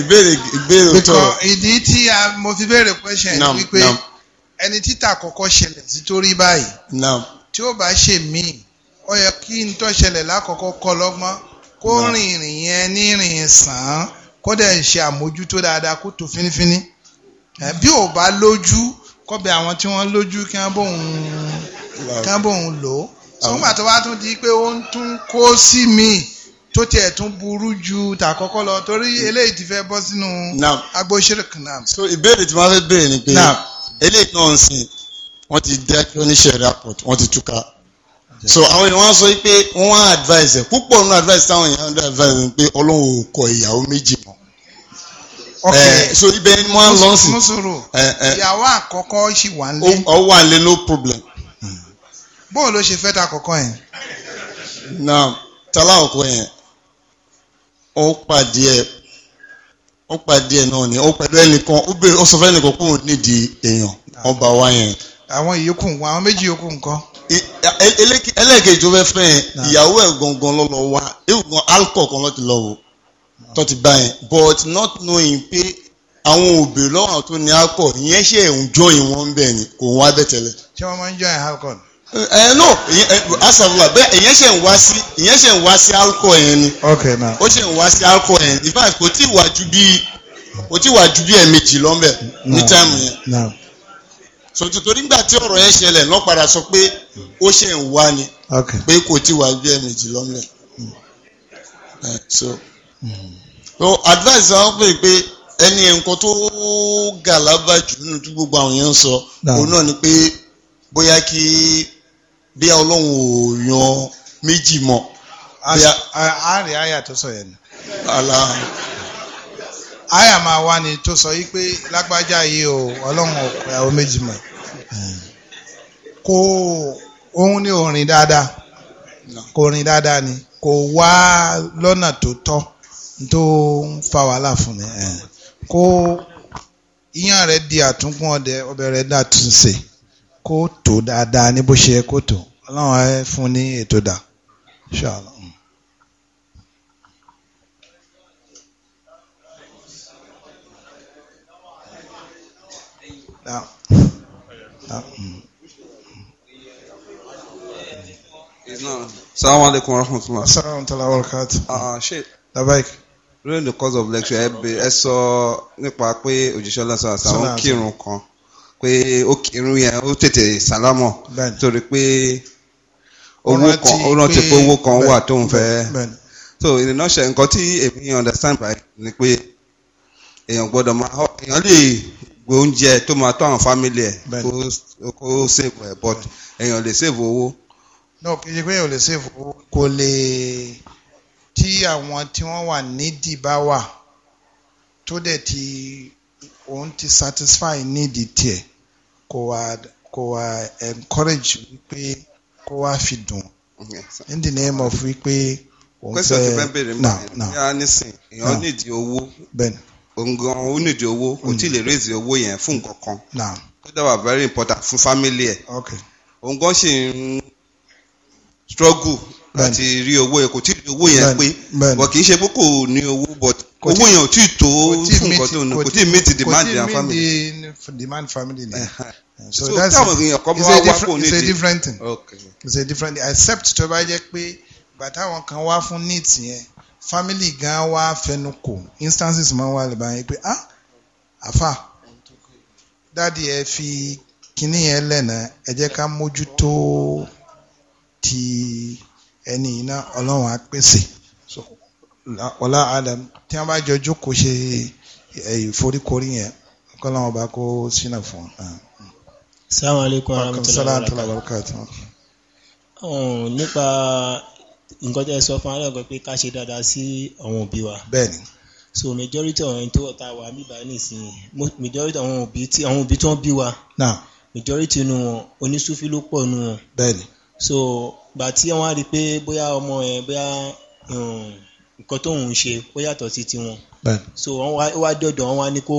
ìbéèrè ìbéèrè tó. ìdí tí mo fi béèrè question wípé ẹni títà kọ́kọ́ ṣẹlẹ̀ sí torí báyìí tí ó bá ṣe míì ó yẹ kí n tó ṣẹlẹ̀ lákọ̀ọ́kọ́ kọ́ lọ́gbọ́n kó rìn ìrìn yẹn ní ìrìn sàn án kó dẹ̀ ṣe àmójútó dáadáa kó tó fínífíní bí ò bá lójú kó àwọn tí wọ́n lójú kí wọ́n bóun kí wọ́n bóun lò ó sọ́gbà tó bá tún di pé ó ń tún kó sí mi tó tiẹ̀ tún burú ju tàkọ́kọ́ lọ torí hmm. eléyìí ti fẹ́ bọ́ sínú agbóṣèrèkì náà. so ìbéèrè tí wọ́n fẹ́ béèrè ni pé eléyìí náà ń sìn wọ́n ti dẹ́kun oníṣẹ́ rẹ̀ àpọ̀t wọ́n ti túká so àwọn èèyàn wá sọ pé wọ́n wá advice ẹ̀ púpọ̀ nínú advice táwọn èèyàn ń advice ẹ̀ pé ọlọ́run ò kọ ìyàwó méjì mọ́ so ibẹ̀ ni wọ́n á lọ sí. musoro ìyàwó àkọ́kọ́ ṣì wà ń lé. ó wà lé no problem. Hmm. bó o ló ṣe fẹ́ ta àkọ́kọ́ yẹn. na tala ọkọ yẹn ó pàdé ẹ ó pàdé ẹ náà ni ó pẹ̀lú ẹnìkan ó sọ fẹ́ ẹnìkan kó nídìí èèyàn ah. ọba wa yẹn àwọn ìyókù nǹkan àwọn méjì yòókù nǹkan. E, e, e, ẹlẹ́kẹ̀ẹ́ tó fẹ́ fẹ́ yẹn ìyàwó ẹ̀ gangan lọ́lọ́ wa egungun alcohol kan lọ́ti lọ́wọ́ tó ti bá yẹn but not knowing pé àwọn òbí lọ́wọ́ tó ní alcohol ìyẹn ṣe ń jọ ìwọ̀n bẹ́ẹ̀ ni kò wá bẹ́ẹ̀ tẹ́lẹ̀. ṣé wọ́n máa ń jọ ìhàn alcohol. ẹ eh, ẹ eh, no eh, asàlùwà bẹ́ẹ̀ ìyẹn ṣe ń wá sí ìyẹn ṣe ń wá sí alcohol yẹn ni. ok na ó ṣe ń wá sí alcohol yẹn in fact kò tí ì wá ju bí kò tí ì wá ju bí ẹ̀ẹ̀mejì lọ́nbẹ̀ ní táìmù yẹn sòtú torí ńgbà tí ọ̀rọ̀ yẹn ṣẹlẹ̀ ló padà sọ pé ó ṣe ń wá ni pé kò tí wà bí ẹ̀mejì lọ́mlẹ̀ hmm. eh, so hmm. so advice àwọn pè pé ẹni nǹkan tó gàlábà jù nínú tí gbogbo àwọn yẹn ń sọ òun náà ni pé bóyá kí bí ọlọ́run ò yan méjì mọ́. a rí àyà tó sọ yẹn. àyà máa wá ni tó sọ yí pé lágbájá yìí o ọlọ́run ọ̀pẹ àwọn méjì mọ̀ kó òun ní orin dáadáa kò orin dáadáa ni kò wá lọ́nà tó tọ́ tó ń fa wàhálà fún mi kó iyán rẹ̀ di àtúnkún ọdẹ obere rẹ̀ dà tún kó tó dáadáa ní bó ṣe kó tó ọlọ́run ẹ fún Ah, mm, mm. Assalamu alaikum wa rahmatulah. alaikum wa rahmatullah. Ṣé ah, Dabaik? Ah, During the course of lecture, ẹ sọ nípa pé òjíṣẹ́ kírun kan pé ó kírun yẹn ó tètè torí pé owó kan ó rántí pé owó kan wà tó ń fẹ́. So in a nutshell, nǹkan tí èmi understand by ni pé èèyàn gbọ́dọ̀ gbé oúnjẹ tó máa tó àwọn fámìlì ẹ̀ kó sèvù ẹ̀ but èèyàn lè sèvù owó. náà kì í ṣe pé èèyàn lè sèvù owó kò lè tí àwọn tí wọ́n wà nídìí bá wà tó dẹ̀ ti òun ti satisfy nídìí tiẹ̀ kò wá kò wá encourage wípé kó wá fi dùn in the name of wípé òun fẹ́ now now now èèyàn nídìí owó. bẹ́ẹ̀ni òǹgàn ó nídìí owó kò hmm. tí ì lè raise owó yẹn fún nǹkan kan ó dábàá very important fún family ẹ̀ òǹgàn sì ń struggle láti rí owó yẹn kò tí ì rí owó yẹn pé bọ̀ kì í ṣe pé ní owó but owó yẹn ò tí ì tó fún nǹkan tó ní kò tí ì meet demand their family. demand family nìyẹn. Uh-huh. so that's it it's a different thing it's a different thing except tó bá jẹ́ pé bàtà àwọn kan wá fún needs yẹn family gan wa fẹnu kò instances máa ń wá lè báyìí pé ah àfà dáàdi ẹ fi kinní yẹn lẹ́nà ẹ jẹ́ ká mójútó ti ẹni iná ọlọ́run á pèsè ọlá adam tí wọ́n bá jọ jókòó ṣe ìforíkorí yẹn kọ́láwọn ọba kó sínà fún un. sáwọn alaikum warahmatullahi wabarakatuh. nípa nǹkan tẹ́ sọ fún aláàgbẹ̀ pé ká ṣe dáadáa sí àwọn òbí wa. bẹ́ẹ̀ni. so majority àwọn ẹni tó ta wà níbà nísìnyí majority àwọn òbí tí àwọn òbí tí wọ́n bí wa. na majority nu wọn onísúfí ló pọ̀ nu wọn. bẹ́ẹ̀ni. so gbà tí wọ́n á rí i pé bóyá ọmọ ẹ̀ bóyá um, nǹkan tó ń ṣe ó yàtọ̀ sí tiwọn. bẹ́ẹ̀ni. so wọ́n wá dọ̀dọ̀ wọ́n wá ní kó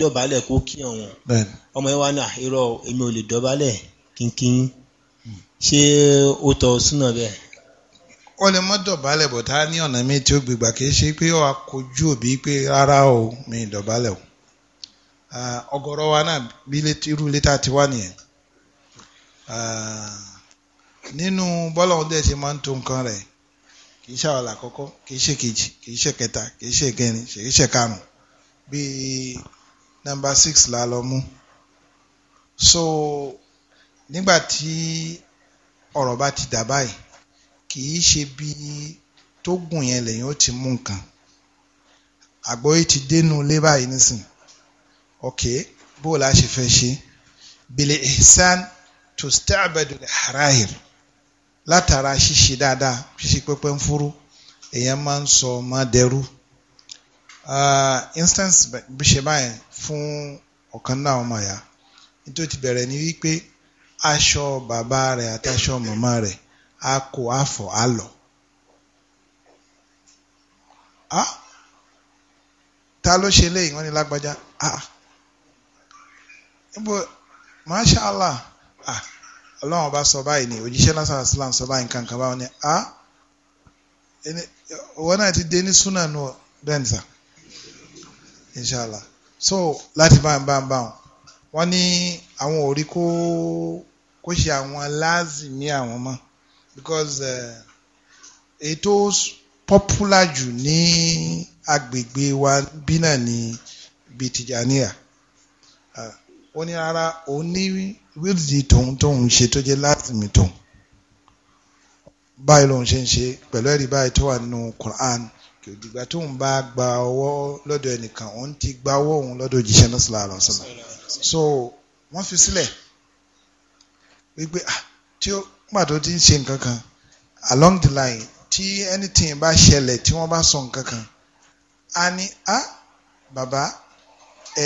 dọ̀bálẹ̀ kó kí ọ̀wọ́n. bẹ́ẹ̀ni. ọmọ yẹn wá náà irọ́ èmi ò lè dọ̀bálẹ̀ kínkín hmm. ṣé ó tọ́ súnà bẹ́ẹ̀ ó lè mọ́ dọ̀bálẹ̀ bọ̀ tá a ní ọ̀nà mi tí ó gbégbà kì ṣe pé ó akojú òbí pé rárá o mi dọ̀bálẹ̀ o ọ̀gọ̀rọ̀ wa náà bí irú létà ti wá nìyẹn nínú bọ́lá ọ̀dẹ́ ṣe máa ń to nǹkan rẹ̀ kì í ṣàwọ̀là àkọ́kọ́ kì ṣe kejì kì ṣe kẹta kì ṣe kẹrin kì ṣe karùn bíi nọ́mbà six la lọ mú so nígbà tí ọ̀rọ̀ bá ti dà báyìí kì í ṣe ibi tó gùn yẹn lèyàn ó ti mú nǹkan àgbọ́yé ti dénú ilé báyìí nísìn ok bó o la ṣe fẹ́ ṣe bìlẹ̀ ihsan tusta'badu al-harahir látara ṣíṣe dáadáa ṣíṣe pẹ́pẹ́ ń fúrú èèyàn máa ń sọ ọmọ dẹrú instance bí ṣe báyẹn fún ọ̀kan náà ọmọ ya nítorí ti bẹ̀rẹ̀ ní wípé aṣọ bàbá rẹ̀ àti aṣọ màmá rẹ̀ akụ afọ alọ ah ta ló ṣe léyìn wọn ni lágbájá ah níbo masha allah ah ọlọ́run ọba sọ báyìí ni òjíṣẹ́ lásán islam sọ báyìí nǹkan báwọn ni ah owó náà ti dé ní súnà nù ọ bẹ́ẹ̀ so láti bá ń bá ń bá wọn wọn ní àwọn ò kó kó ṣe àwọn láàzì ní àwọn mọ́ because uh, èyí popular jù ní agbègbè wa bí náà ni bíi tìjànìyà ah, ó ní rárá òun ní wíìlì tòun tóun ṣe tó jẹ́ láti mi tòun báyìí lòun ṣe ń ṣe pẹ̀lú ẹ̀rí báyìí tó wà nínú Quran kì í dìgbà tóun bá gba ọwọ́ lọ́dọ̀ ẹnìkan òun ti gba ọwọ́ òun lọ́dọ̀ òjíṣẹ́ náà sílá àlọ́ so wọ́n fi sílẹ̀ wípé ah, tí ó nígbà ti ń ṣe nǹkan kan along the line tí anything bá ṣẹlẹ̀ tí wọ́n bá sọ nǹkan kan a ní a bàbá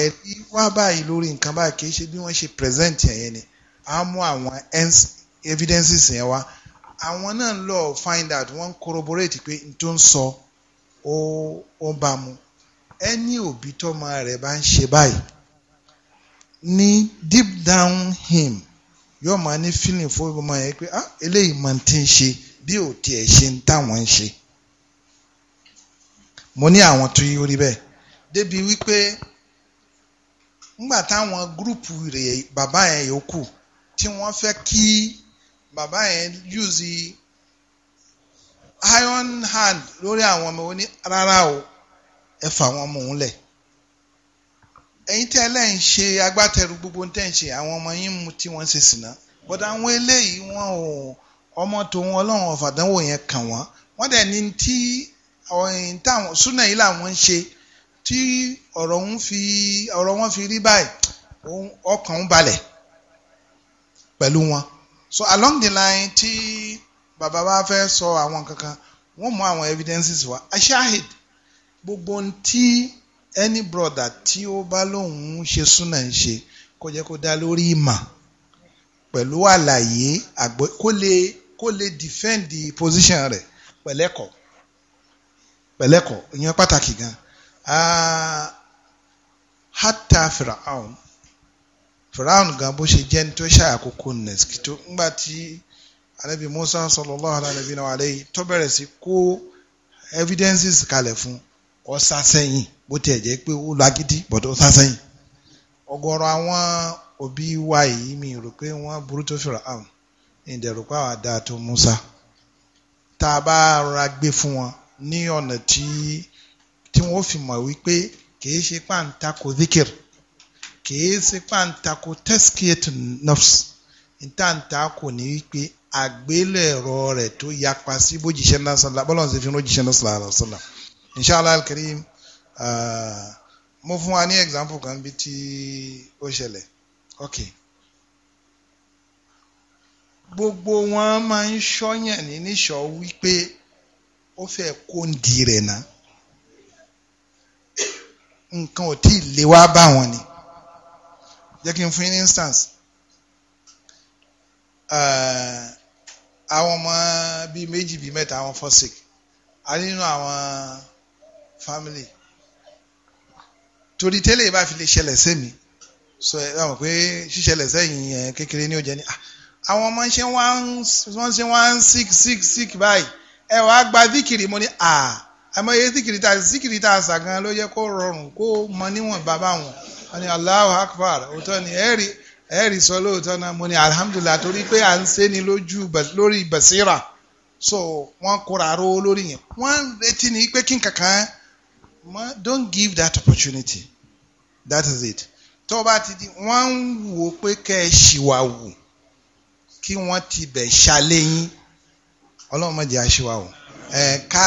ẹ̀rí wá báyìí lórí nǹkan báyìí kì í ṣe bí wọ́n ṣe present yẹn ni a mú àwọn evidences yẹn wá àwọn náà lọ find out wọ́n corroborate pé n tó ń sọ ó ó bá mu ẹni òbí tọ́mọ rẹ̀ bá ń ṣe báyìí ní deep down him yóò máa ní feeling fún ọmọ yẹn pé ah eléyìí máa ti ń ṣe bí ò tiẹ̀ ṣe ń táwọn ń ṣe mo ní àwọn tó yí orí bẹ́ẹ̀ débi wípé ńgbà táwọn gúrùpù rẹ̀ bàbá yẹn yòókù tí wọ́n fẹ́ kí bàbá yẹn use iron hand lórí àwọn ọmọ oní rárá o ẹ fà wọn mọ̀ ń lẹ̀ ẹ̀yin tí ẹlẹ́yìn ṣe agbátẹrù gbogbo tẹ̀ ń ṣe àwọn ọmọ yín mu tí wọ́n ṣe sìnà bọ́dà àwọn eléyìí wọn ò ọmọ tòun ọlọ́run ọ̀fàdánwò yẹn kàn wọ́n wọ́n dẹ̀ ní tí ọ̀yìn táwọn súnà yìí làwọn ń ṣe tí ọ̀rọ̀ wọn fi rí báyìí ọkàn ń balẹ̀ pẹ̀lú wọn so along the line tí bàbá bá fẹ́ sọ àwọn kankan wọ́n mú àwọn evidences wa, aṣáhid gbogbo ohun any brother tí ó bá lóun ṣe súnà ń ṣe kó jẹ́ kó dá lórí ìmọ̀ pẹ̀lú àlàyé àgbẹ̀ kó lè kó lè defend the position rẹ̀ pẹ̀lẹ́kọ̀ pẹ̀lẹ́kọ̀ ìyẹn pàtàkì gan hata firaun firaun gan bó ṣe jẹ́ nítorí ṣàkókò nẹ̀sìkì tó ńgbà tí anabi musa tó bẹ̀rẹ̀ sí kó evidences fún ó sá sẹ́yìn bó tiẹ̀ jẹ́ pé ó lágídí but ó sá sẹ́yìn ọ̀gọ̀rọ̀ àwọn òbí wa yìí mi rò pé wọ́n burú tó fìrà àwọn ìdẹ̀rù pa àwọn àdá tó Musa tá a bá ra gbé fún wọn ní ọ̀nà tí tí wọ́n fi mọ̀ wípé kìí ṣe pàǹtakò zikir kìí ṣe pàǹtakò tẹ́síkìtì nọ́fs ìtàǹtakò ní wípé àgbélẹ̀rọ rẹ̀ tó yapa sí bójìṣẹ́ náà sọ̀la bọ́lá ń fi ń rojìṣẹ́ náà sọ̀la àlọ́ inshallah al-karim uh, mo fún wa ní example kan bí tí ó ṣẹlẹ̀ okay gbogbo wọn máa ń ṣọ́yàn ní níṣọ́ wípé ó fẹ́ kó ń di rẹ̀ náà nǹkan ò tí ì lè wá bá wọn ni jẹ́ kí n fún yín instance uh, àwọn ọmọ bíi méjì bíi mẹ́ta àwọn fọ́sìk a nínú àwọn. Uh, family torí tẹ́lẹ̀ yìí bá fi lè ṣẹlẹ̀ sẹ́mi sọ ẹ bá mọ̀ pé ṣíṣẹlẹ̀ sẹ́yìn yẹn kékeré ní òjẹ́ ni ah, àwọn ọmọ ṣe wọ́n ṣe wọ́n sick sick sick báyìí ẹ wá gba zikiri mo ní à ah, àmọ́ iye zikiri ta zikiri ta ṣàgán ló yẹ kó rọrùn kó mọ níwọ̀n bàbá wọn wọn ni Allahu Akbar òótọ́ ni ẹ̀rí ẹ̀rí sọ lóòótọ́ náà mo ní alhamdulillah torí pé à ń ṣe ni lójú lórí basira so wọ́n kóra ró lórí yẹn wọ́n retí ni pé kí n kankan don't give that opportunity that is it tó o bá ti di wọ́n ń wò ó pé kẹ́ ẹ ṣìwàwù kí wọ́n ti bẹ̀ ṣàléyìn ọlọ́run má aṣíwàwù ẹ̀ ká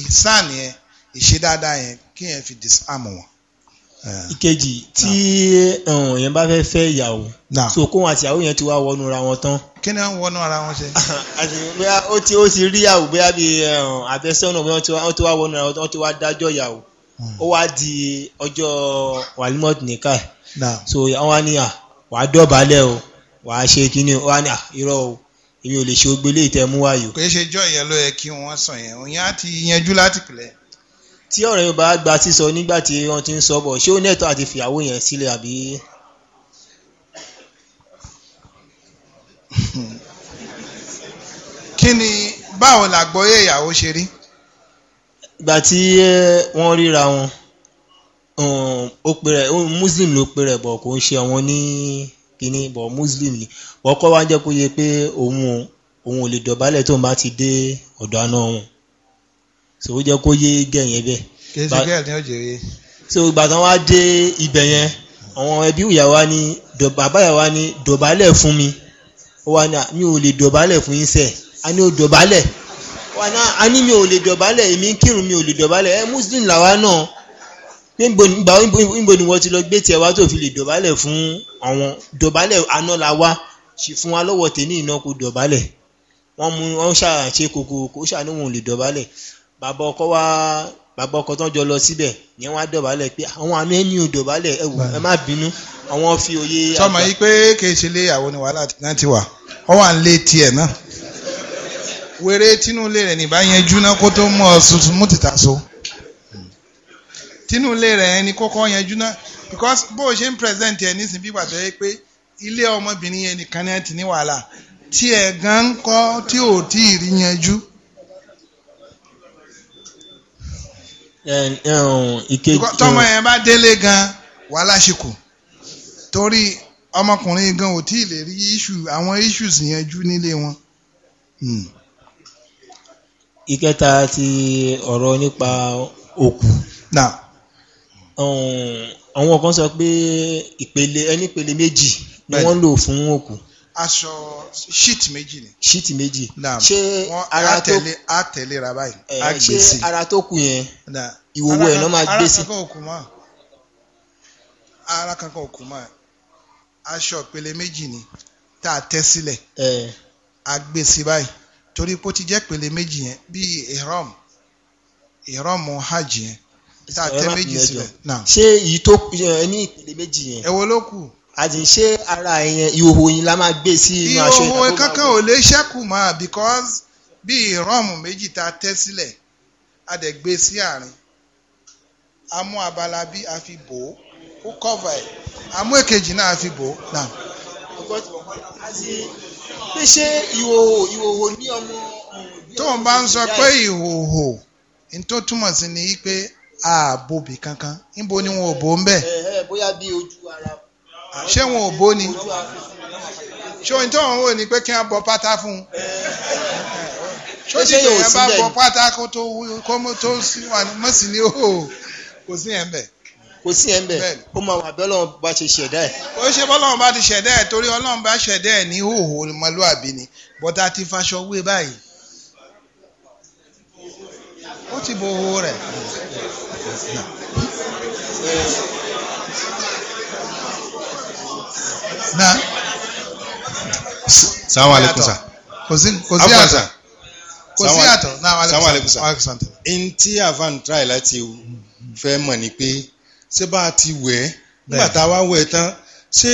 ìsàn yẹn ìṣe dáadáa yẹn kí yẹn fi disarm wọn ìkejì tí yẹn um, bá fẹ́ fẹ́ ìyàwó so kóhun àti ìyàwó yẹn ti wá wọnú ara wọn tán. kí ni wọ́n wọnú ara wọn ṣe. bóyá ó ti ó ti rí ìyàwó bóyá bí um, àfẹ́sọ́nà bóyá wọ́n ti wá wọnú ara wọn tán wọ́n ti wá dájọ́ ìyàwó hmm. ó wá di ọjọ́ walimot nìka so wọ́n wá ní à wàá dọ̀bálẹ̀ o wàá ṣe kíní o wá ní à irọ́ o èmi ò lè ṣe ogbélé ìtẹ́mú wáyò. kò ṣe jọ ìyẹn ló yẹ kí wọ́n sàn yẹn òun yẹn á ti yanjú láti pìlẹ̀ tí ọ̀rẹ́ yóò bá gba sísọ nígbà tí wọ́n ti ń sọ bọ̀ ṣé ó ní àti fìyàwó yẹn sílẹ̀ àbí. kí ni báwo làgbọ́yé ìyàwó ṣe rí. ìgbà tí wọ́n ríra wọn um, ó pe rẹ̀ muslim ló pe rẹ̀ bọ̀ kò ń ṣe àwọn ní kínní bọ̀ muslim ni wọ́n kọ́ wá jẹ́ kó yẹ pé òun òun ò lè dọ̀bálẹ̀ tóun bá ti dé ọ̀dọ̀ àna wọn so ó jẹ́ kó yé gẹ̀yìn bẹ́ẹ̀. kì í ṣe gẹ́ẹ̀ ni ó jèrè. so ìgbà tán wá dé ibẹ̀ yẹn àwọn ẹbí ìyàwó ni bàbá ìyàwó ni dọ̀bálẹ̀ fún mi ó wà ní mi ò lè dọ̀bálẹ̀ fún yín sẹ̀ a ní o dọ̀bálẹ̀ wà ní a ní mi ò lè dọ̀bálẹ̀ èmi kírun mi ò lè dọ̀bálẹ̀ ẹ muslim làwa náà nígbà níbo ni wọ́n ti lọ gbé tiẹ̀ wá tó fi lè dọ̀bálẹ̀ fún àwọn dọ̀bálẹ̀ aná la wá fún wa lọ́wọ́ tèmi ìná kò dọ̀bálẹ̀ wọ́n mú wọ́n ṣàṣe kòkòrò kò ṣàníwọ̀n lè dọ̀bálẹ̀ bàbá ọkọ wá bàbá ọkọ tán jọ lọ síbẹ̀ ni wọ́n á dọ̀bálẹ̀ pé àwọn àmì ẹni ò dọ̀bálẹ̀ ẹ wò ẹ má bínú àwọn fi òye. sọmọ yìí pé kì í ṣe ilé ìyàwó ni wàhálà náà ti wà ọ wà ń lé tiẹ̀ náà wèrè tinúlé rẹ̀ nìbá yẹn júná kó tó mọ̀ tuntun mú tìta so tinúlé rẹ̀ ẹni kọ́kọ́ yẹn júná because bó o ṣe ń present ẹ nísìnyí bí pàtó yẹ pé ilé ọmọbìnrin yẹn nìkan ni ẹ ti ní wàhálà tí ẹ gan ń kọ́ tí ò tí ì rí yẹn jú. Um, ìkejì. tọmọ yẹn bá délé gan wàhálà ṣe kù torí ọmọkùnrin gan ò tí ì lè rí iṣu àwọn issues yẹn jú nílé wọn. Hmm. ìkẹta ti ọ̀rọ̀ nípa òkú. Um, àwọn kan sọ pé ìpele méjì ni wọ́n lò fún òkú aṣọ sheet méjì ni. sheet méjì. ṣé ara tó eh, ṣé a tẹ̀lé ra báyìí. ẹ ṣé ara tó kù yẹn ìwòwò ẹ̀ lọ́ máa gbé sí. ara kankan ò kù ara kankan ò kù mọ́ aṣọ ìpele méjì ni tá a tẹ́ sílẹ̀ eh. a gbé sí báyìí torí pé ó ti jẹ́ ìpele méjì yẹn bíi ihram ihram hajj yẹn tá a tẹ́ méjì sílẹ̀. ṣé èyí tó ẹni ìpele méjì yẹn. ẹ wo ló kù àti ṣé ara ẹ̀yẹn ìhòhò yìí la máa gbé sí inú aṣọ ìdàgbò. ìhòhò kankan ò lè ṣẹ́kù mọ́ because bí ìrọ́ọ̀mù méjì ta tẹ́ sílẹ̀ a dẹ̀ gbé sí àárín a mú abala bí a fi bò ó ó kọ́va ẹ̀ a mú èkejì náà a fi bò ó náà. pé ṣé ìhòhò ìhòhò ní ọmọ. tóun bá ń sọ pé ìhòhò n tó túmọ̀ sí ni pé ààbò bì kankan níbo ni wọn ò bò ń bẹ̀. bóyá bí ojú ara ṣé wọn ò bó ni ṣé ohun tí wọn wò ni pé kí wọn bọ pátá fún un ṣó ti tẹ̀ yẹn bá bọ pátá kó tó tó sí wà ní mọ́sí ni ó kò sí yẹn bẹ́ẹ̀ kò sí ẹ̀ ń bẹ̀ ó máa wà bí ọlọ́run bá ṣe ṣẹ̀dá ẹ̀. ó ṣe bọ́lọ́run bá ti ṣẹ̀dá ẹ̀ torí ọlọ́run bá ṣẹ̀dá ẹ̀ ní hòhò ọmọlúàbí ni bọ́tà ti faṣọ wé báyìí ó ti bo owó rẹ̀ na sáwọn alẹ́ kọsà kò sí àtọ̀ kò sí àtọ̀ sáwọn alẹ́ kọsà n tí avan try láti fẹ́ mọ̀ ni pé ṣé bá a ti wẹ̀ ẹ́ nígbà tá a wá wẹ̀ tán ṣé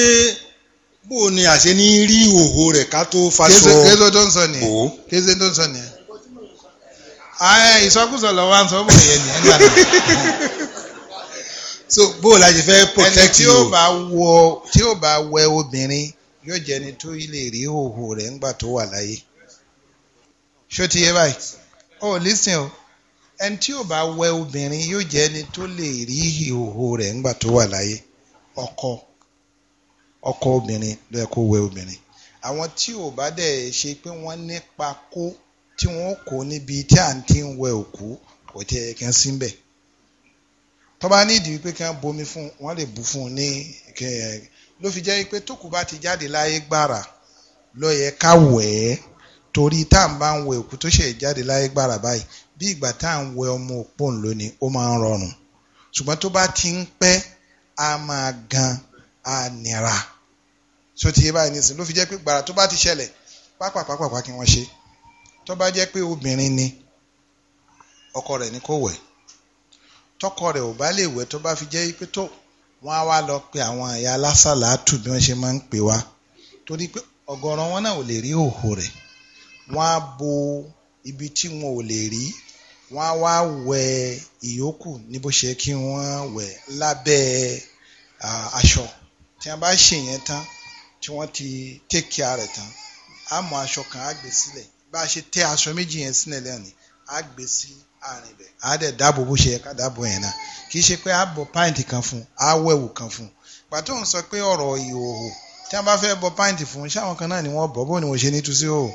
bó o ní àṣẹ ní rí ìhòòhò rẹ̀ ká tó faṣọ òwò kéze tó ń sọ nìyẹn kéze tó ń sọ nìyẹn ìsọkúsọ lọ wá ń sọ bọ̀ yẹn nìyẹn nígbà náà so bó o la ṣe fẹ́ protect you. ẹni tí ó bá wọ tí ó bá wẹ obìnrin yóò jẹ́ ẹni tó lè rí òhò rẹ̀ ńgbà tó wà láyé ṣó ti yé báyìí o listen o ẹni tí ó bá wẹ obìnrin yóò jẹ́ ẹni tó lè rí òhò rẹ̀ ńgbà tó wà láyé ọkọ ọkọ obìnrin ló yẹ kó wẹ obìnrin àwọn tí ò bá dẹ̀ ṣe pé wọ́n nípa kó tí wọ́n kó níbi tí à ń ti ń wẹ òkú kò tí ẹ sí bẹ́ẹ̀ tó bá ní ìdí wípé kí wọ́n bomi fún un wọ́n lè bù fún un ní ló fi jẹ́ pé tókù bá ti jáde láyé gbàrà ló yẹ ká wẹ̀ ẹ́ torí tá à ń bá ń wẹ òkú tó ṣe jáde láyé gbàrà báyìí bí ìgbà tá à ń wẹ ọmọ òpóǹ lónìí ó máa ń rọrùn ṣùgbọ́n tó bá ti ń pẹ́ a máa gan a nira so ti yé báyìí nísìnyí ló fi jẹ́ pé gbàrà tó bá ti ṣẹlẹ̀ pápápápá kí wọ́n ṣe tó bá jẹ́ pé obìnrin ni ọkọ rẹ̀ ni kò wẹ̀ tọkọ rẹ̀ ò bá lè wẹ̀ tó bá fi jẹ́ pé tó wọ́n á wá lọ pe àwọn ẹ̀yà alásàlátù bí wọ́n ṣe máa ń pè wá torí pé ọ̀gọ̀rọ̀ wọn náà ò lè rí òhò rẹ̀ wọ́n á bo ibi tí wọn ò lè rí wọ́n á wá wẹ̀ ìyókù ní bó ṣe kí wọ́n wẹ̀ lábẹ́ aṣọ tí wọ́n bá ṣèyẹn tán tí wọ́n ti take care tán á mú aṣọ kan á gbé sílẹ̀ bá a ṣe tẹ́ aṣọ méjì yẹn sílẹ̀ lẹ́yìn á gbé sí àárín ibẹ̀ á dẹ̀ dáàbò bó ṣe yẹ ká dáàbò yẹn náà kì í ṣe pé á bọ pàǹtì kan fún á wẹ̀wù kan fún pàtó ń sọ pé ọ̀rọ̀ ìhòòhò tí wọ́n bá fẹ́ bọ pàǹtì fún ṣáwọn kan náà ni wọ́n bọ̀ bó ni mo ṣe ní tu sí òòhò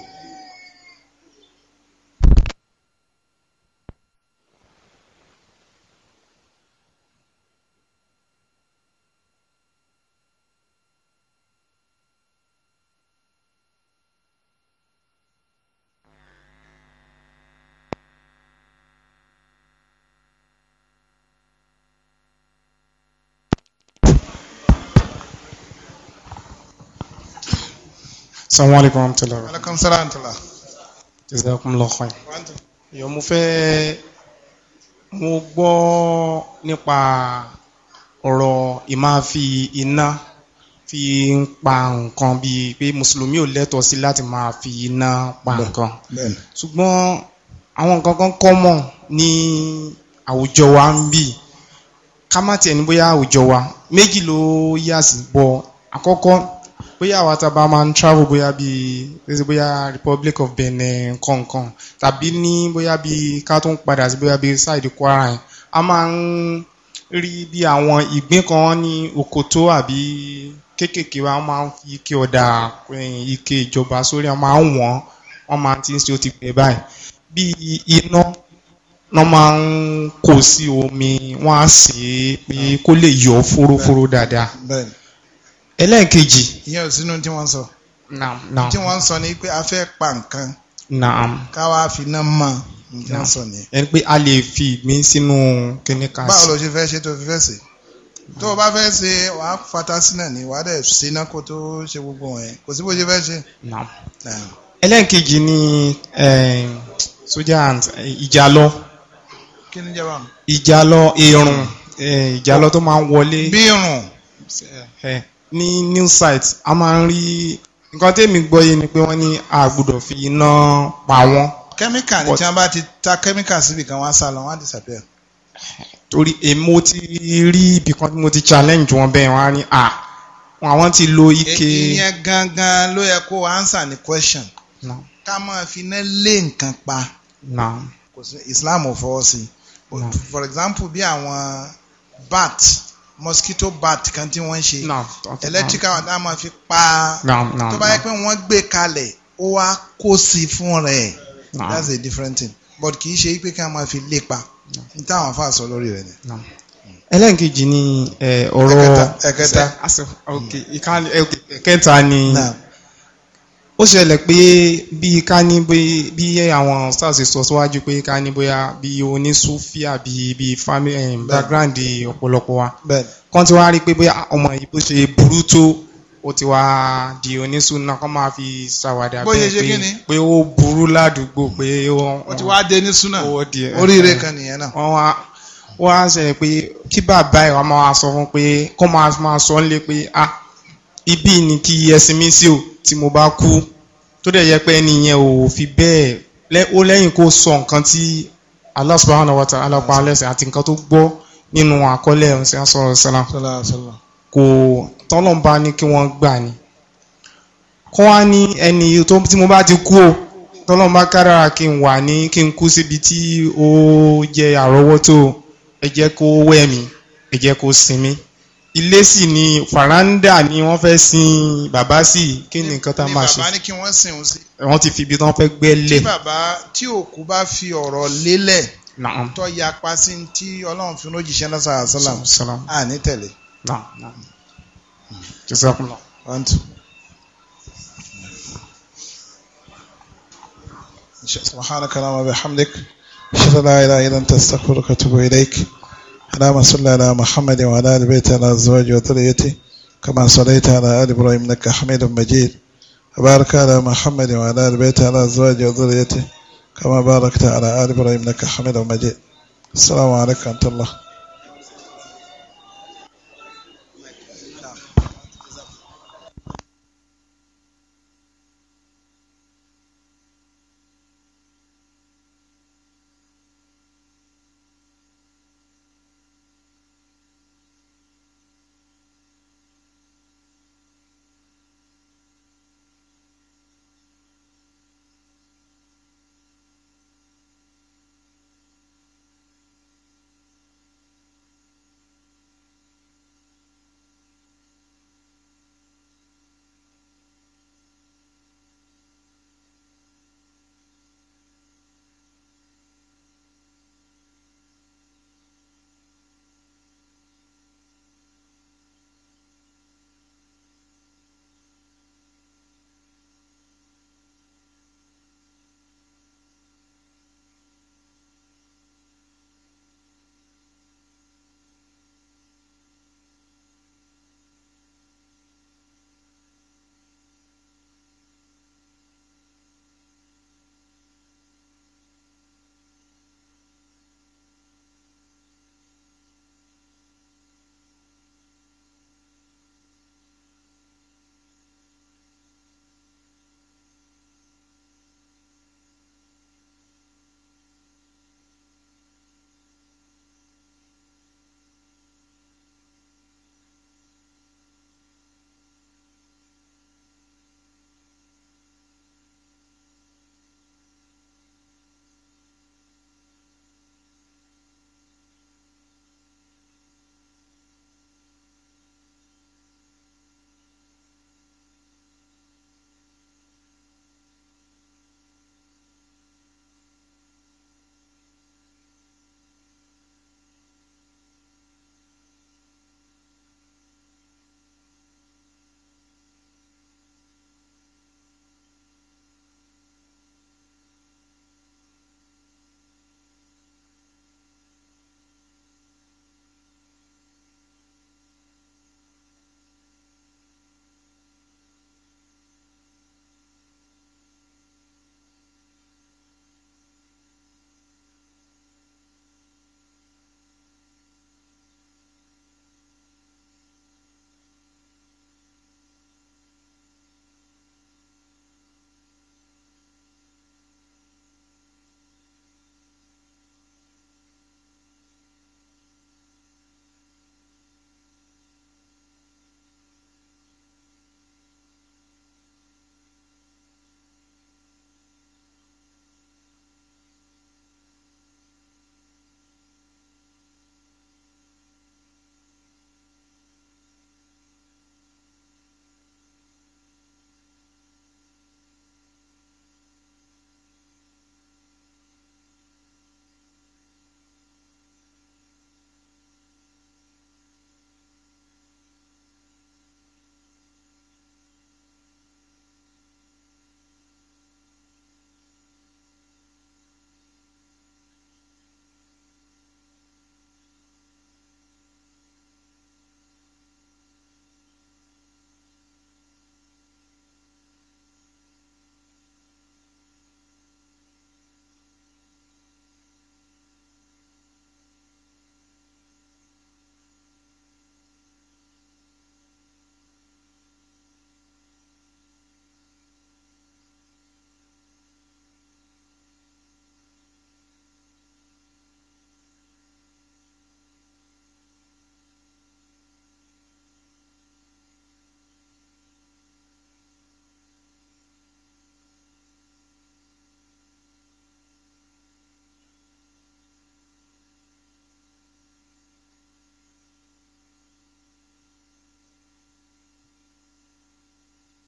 Assalamu alaikum warahmatullahi wabarakatuh. Alaikum salaam warahmatullahi. Jazakumullahu khairan. Ìyọ̀ mo fẹ́ mo gbọ́ nípa ọ̀rọ̀ ìmáfi iná fi ń pa nǹkan bíi pé mùsùlùmí ò lẹ́tọ̀ọ́ sí láti máa fi iná pa nǹkan. Ṣùgbọ́n àwọn nǹkan kan common ní àwùjọ wa ń bì ká má tiẹ̀ ní bóyá àwùjọ wa méjì ló yà sí bọ́ àkọ́kọ́ bóyá àwọn àtàbà máa ń travel bóyá bíi bóyá Republic of Benin kọ̀ọ̀kan tàbí ní bóyá bíi ká tó ń padà sí bóyá bíi side Kwara yẹn a máa ń rí bí àwọn ìgbín kan ní òkòtó àbí kéékèèké wa máa ń fi ike ọ̀dà eh, ike ìjọba sórí wọn máa ń wọ́n wọ́n máa ti ń ṣe ó ti pẹ́ báyìí bí iná wọ́n máa ń kó sí omi wọ́n á sè é pé kó lè yọ fórofóró dáadáa ẹlẹ́ẹ̀kejì. ìyẹn ò sínú tí wọ́n sọ. naam naam. tí wọ́n sọ ni pé a fẹ́ pa nǹkan. naam. káwa fi iná mọ nǹkan sọ ni. ẹ pé a lè fi ìgbín sínú kíní kan. báwo ló ṣe fẹ́ ṣe tó fi fẹ́ ṣe tó o bá fẹ́ ṣe wàá fata sínú ni wàá dẹ̀ síná kó tó ṣe gbogbo ẹ̀ kò sí bó ṣe fẹ́ ṣe. naam. ẹlẹ́ẹ̀kejì ni eh, sójà eh, ìjàlọ. kí ni jẹ́ bá mi. ìjàlọ èrùn eh, ìjàlọ tó máa ń wọlé. bí irun ní new site a máa ń rí nǹkan tẹ́mi gbọ́ yé ni pé wọ́n ní a gbọ́dọ̀ fi iná pa wọ́n. kẹ́míkà ni tí wọ́n bá ti ta kẹ́míkà síbi kan wọ́n á sá lọ wọ́n á disappear. torí èmo ti rí ibì kan tí mo ti challenge wọn bẹ́ẹ̀ wọ́n á ní à àwọn ti lo ike. ìyẹn gangan ló yẹ kó answer ni question. ká máa fi iná lé nǹkan pa. Islam ò fọwọ́ sí. for example bí àwọn bat mosquito bat kan tí wọ́n ṣe electrical wọn náà máa fi pa tó bá yẹ pé wọ́n gbé kalẹ̀ ó wá kó sí fún rẹ̀ that's a different thing but kì í ṣe pé ká máa fi lépa n táwọn afa sọ lórí rẹ̀ ni. ẹlẹ́nkejì ni eh, ọ̀rọ̀ ẹ̀kẹta ẹ̀kẹta ni ó ṣẹlẹ̀ pé bí ká ní bí àwọn stars sọ síwájú pé ká ní bóyá bí onísúfì àbí bí family eh, background ọ̀pọ̀lọpọ̀ wa kan ti wá rí pé bóyá ọmọ yìí bó ṣe burú tó ó ti wá di onísùnà kan máa fi ṣàwàdà bẹ́ẹ̀ pé pé ó burú ládùúgbò pé ó ti wá dé nísùnà oríire kan nìyẹn náà. wọ́n wá ṣẹlẹ̀ pé kí bàbá ẹ̀ wá máa sọ fún pé kó máa sọ ń lé pé ah ibi ni kí ẹsìn mi sí o tí mo bá kú tó dẹ̀ yẹ pé ẹni yẹn ò fi bẹ́ẹ̀ ó lẹ́yìn kó sọ nǹkan tí Allah subhanahu wa ta'ala pa lẹ́sẹ̀ àti nǹkan tó gbọ́ nínú àkọọ́lẹ̀ ọ̀sẹ̀ asọ̀rọ̀ sẹ́lá kò tọ́lọ́mbá ní kí wọ́n gbà ni kọ́ wá ní ẹni tí mo bá ti kú o tọ́lọ́mbá kádàrà kí n wà ní kí n kú síbi tí ó jẹ́ àrọ́wọ́tó ẹ kó wẹ̀ mí ẹ kó sinmi ilé sì ni faranda ni wọ́n fẹ́ sin bàbá sí kí ni nǹkan tá a máa ṣe. bàbá ní kí wọ́n sìn sí. wọ́n ti fi ibi tí wọ́n fẹ́ gbẹ́ lẹ̀. tí bàbá tí òkú bá fi ọ̀rọ̀ lélẹ̀ tó yapa sí tí ọlọ́run fi lójíṣẹ́ lọ́sàá àṣàlám à ní tẹ̀lé. سبحانك اللهم وبحمدك اشهد ان لا اله الا انت استغفرك واتوب اليك اللهم صل على محمد وعلى ال بيته على ازواجه وذريته كما صليت على ال ابراهيم انك حميد مجيد وبارك على محمد وعلى ال بيته على ازواجه وذريته كما باركت على ال ابراهيم انك حميد مجيد السلام عليكم ورحمه الله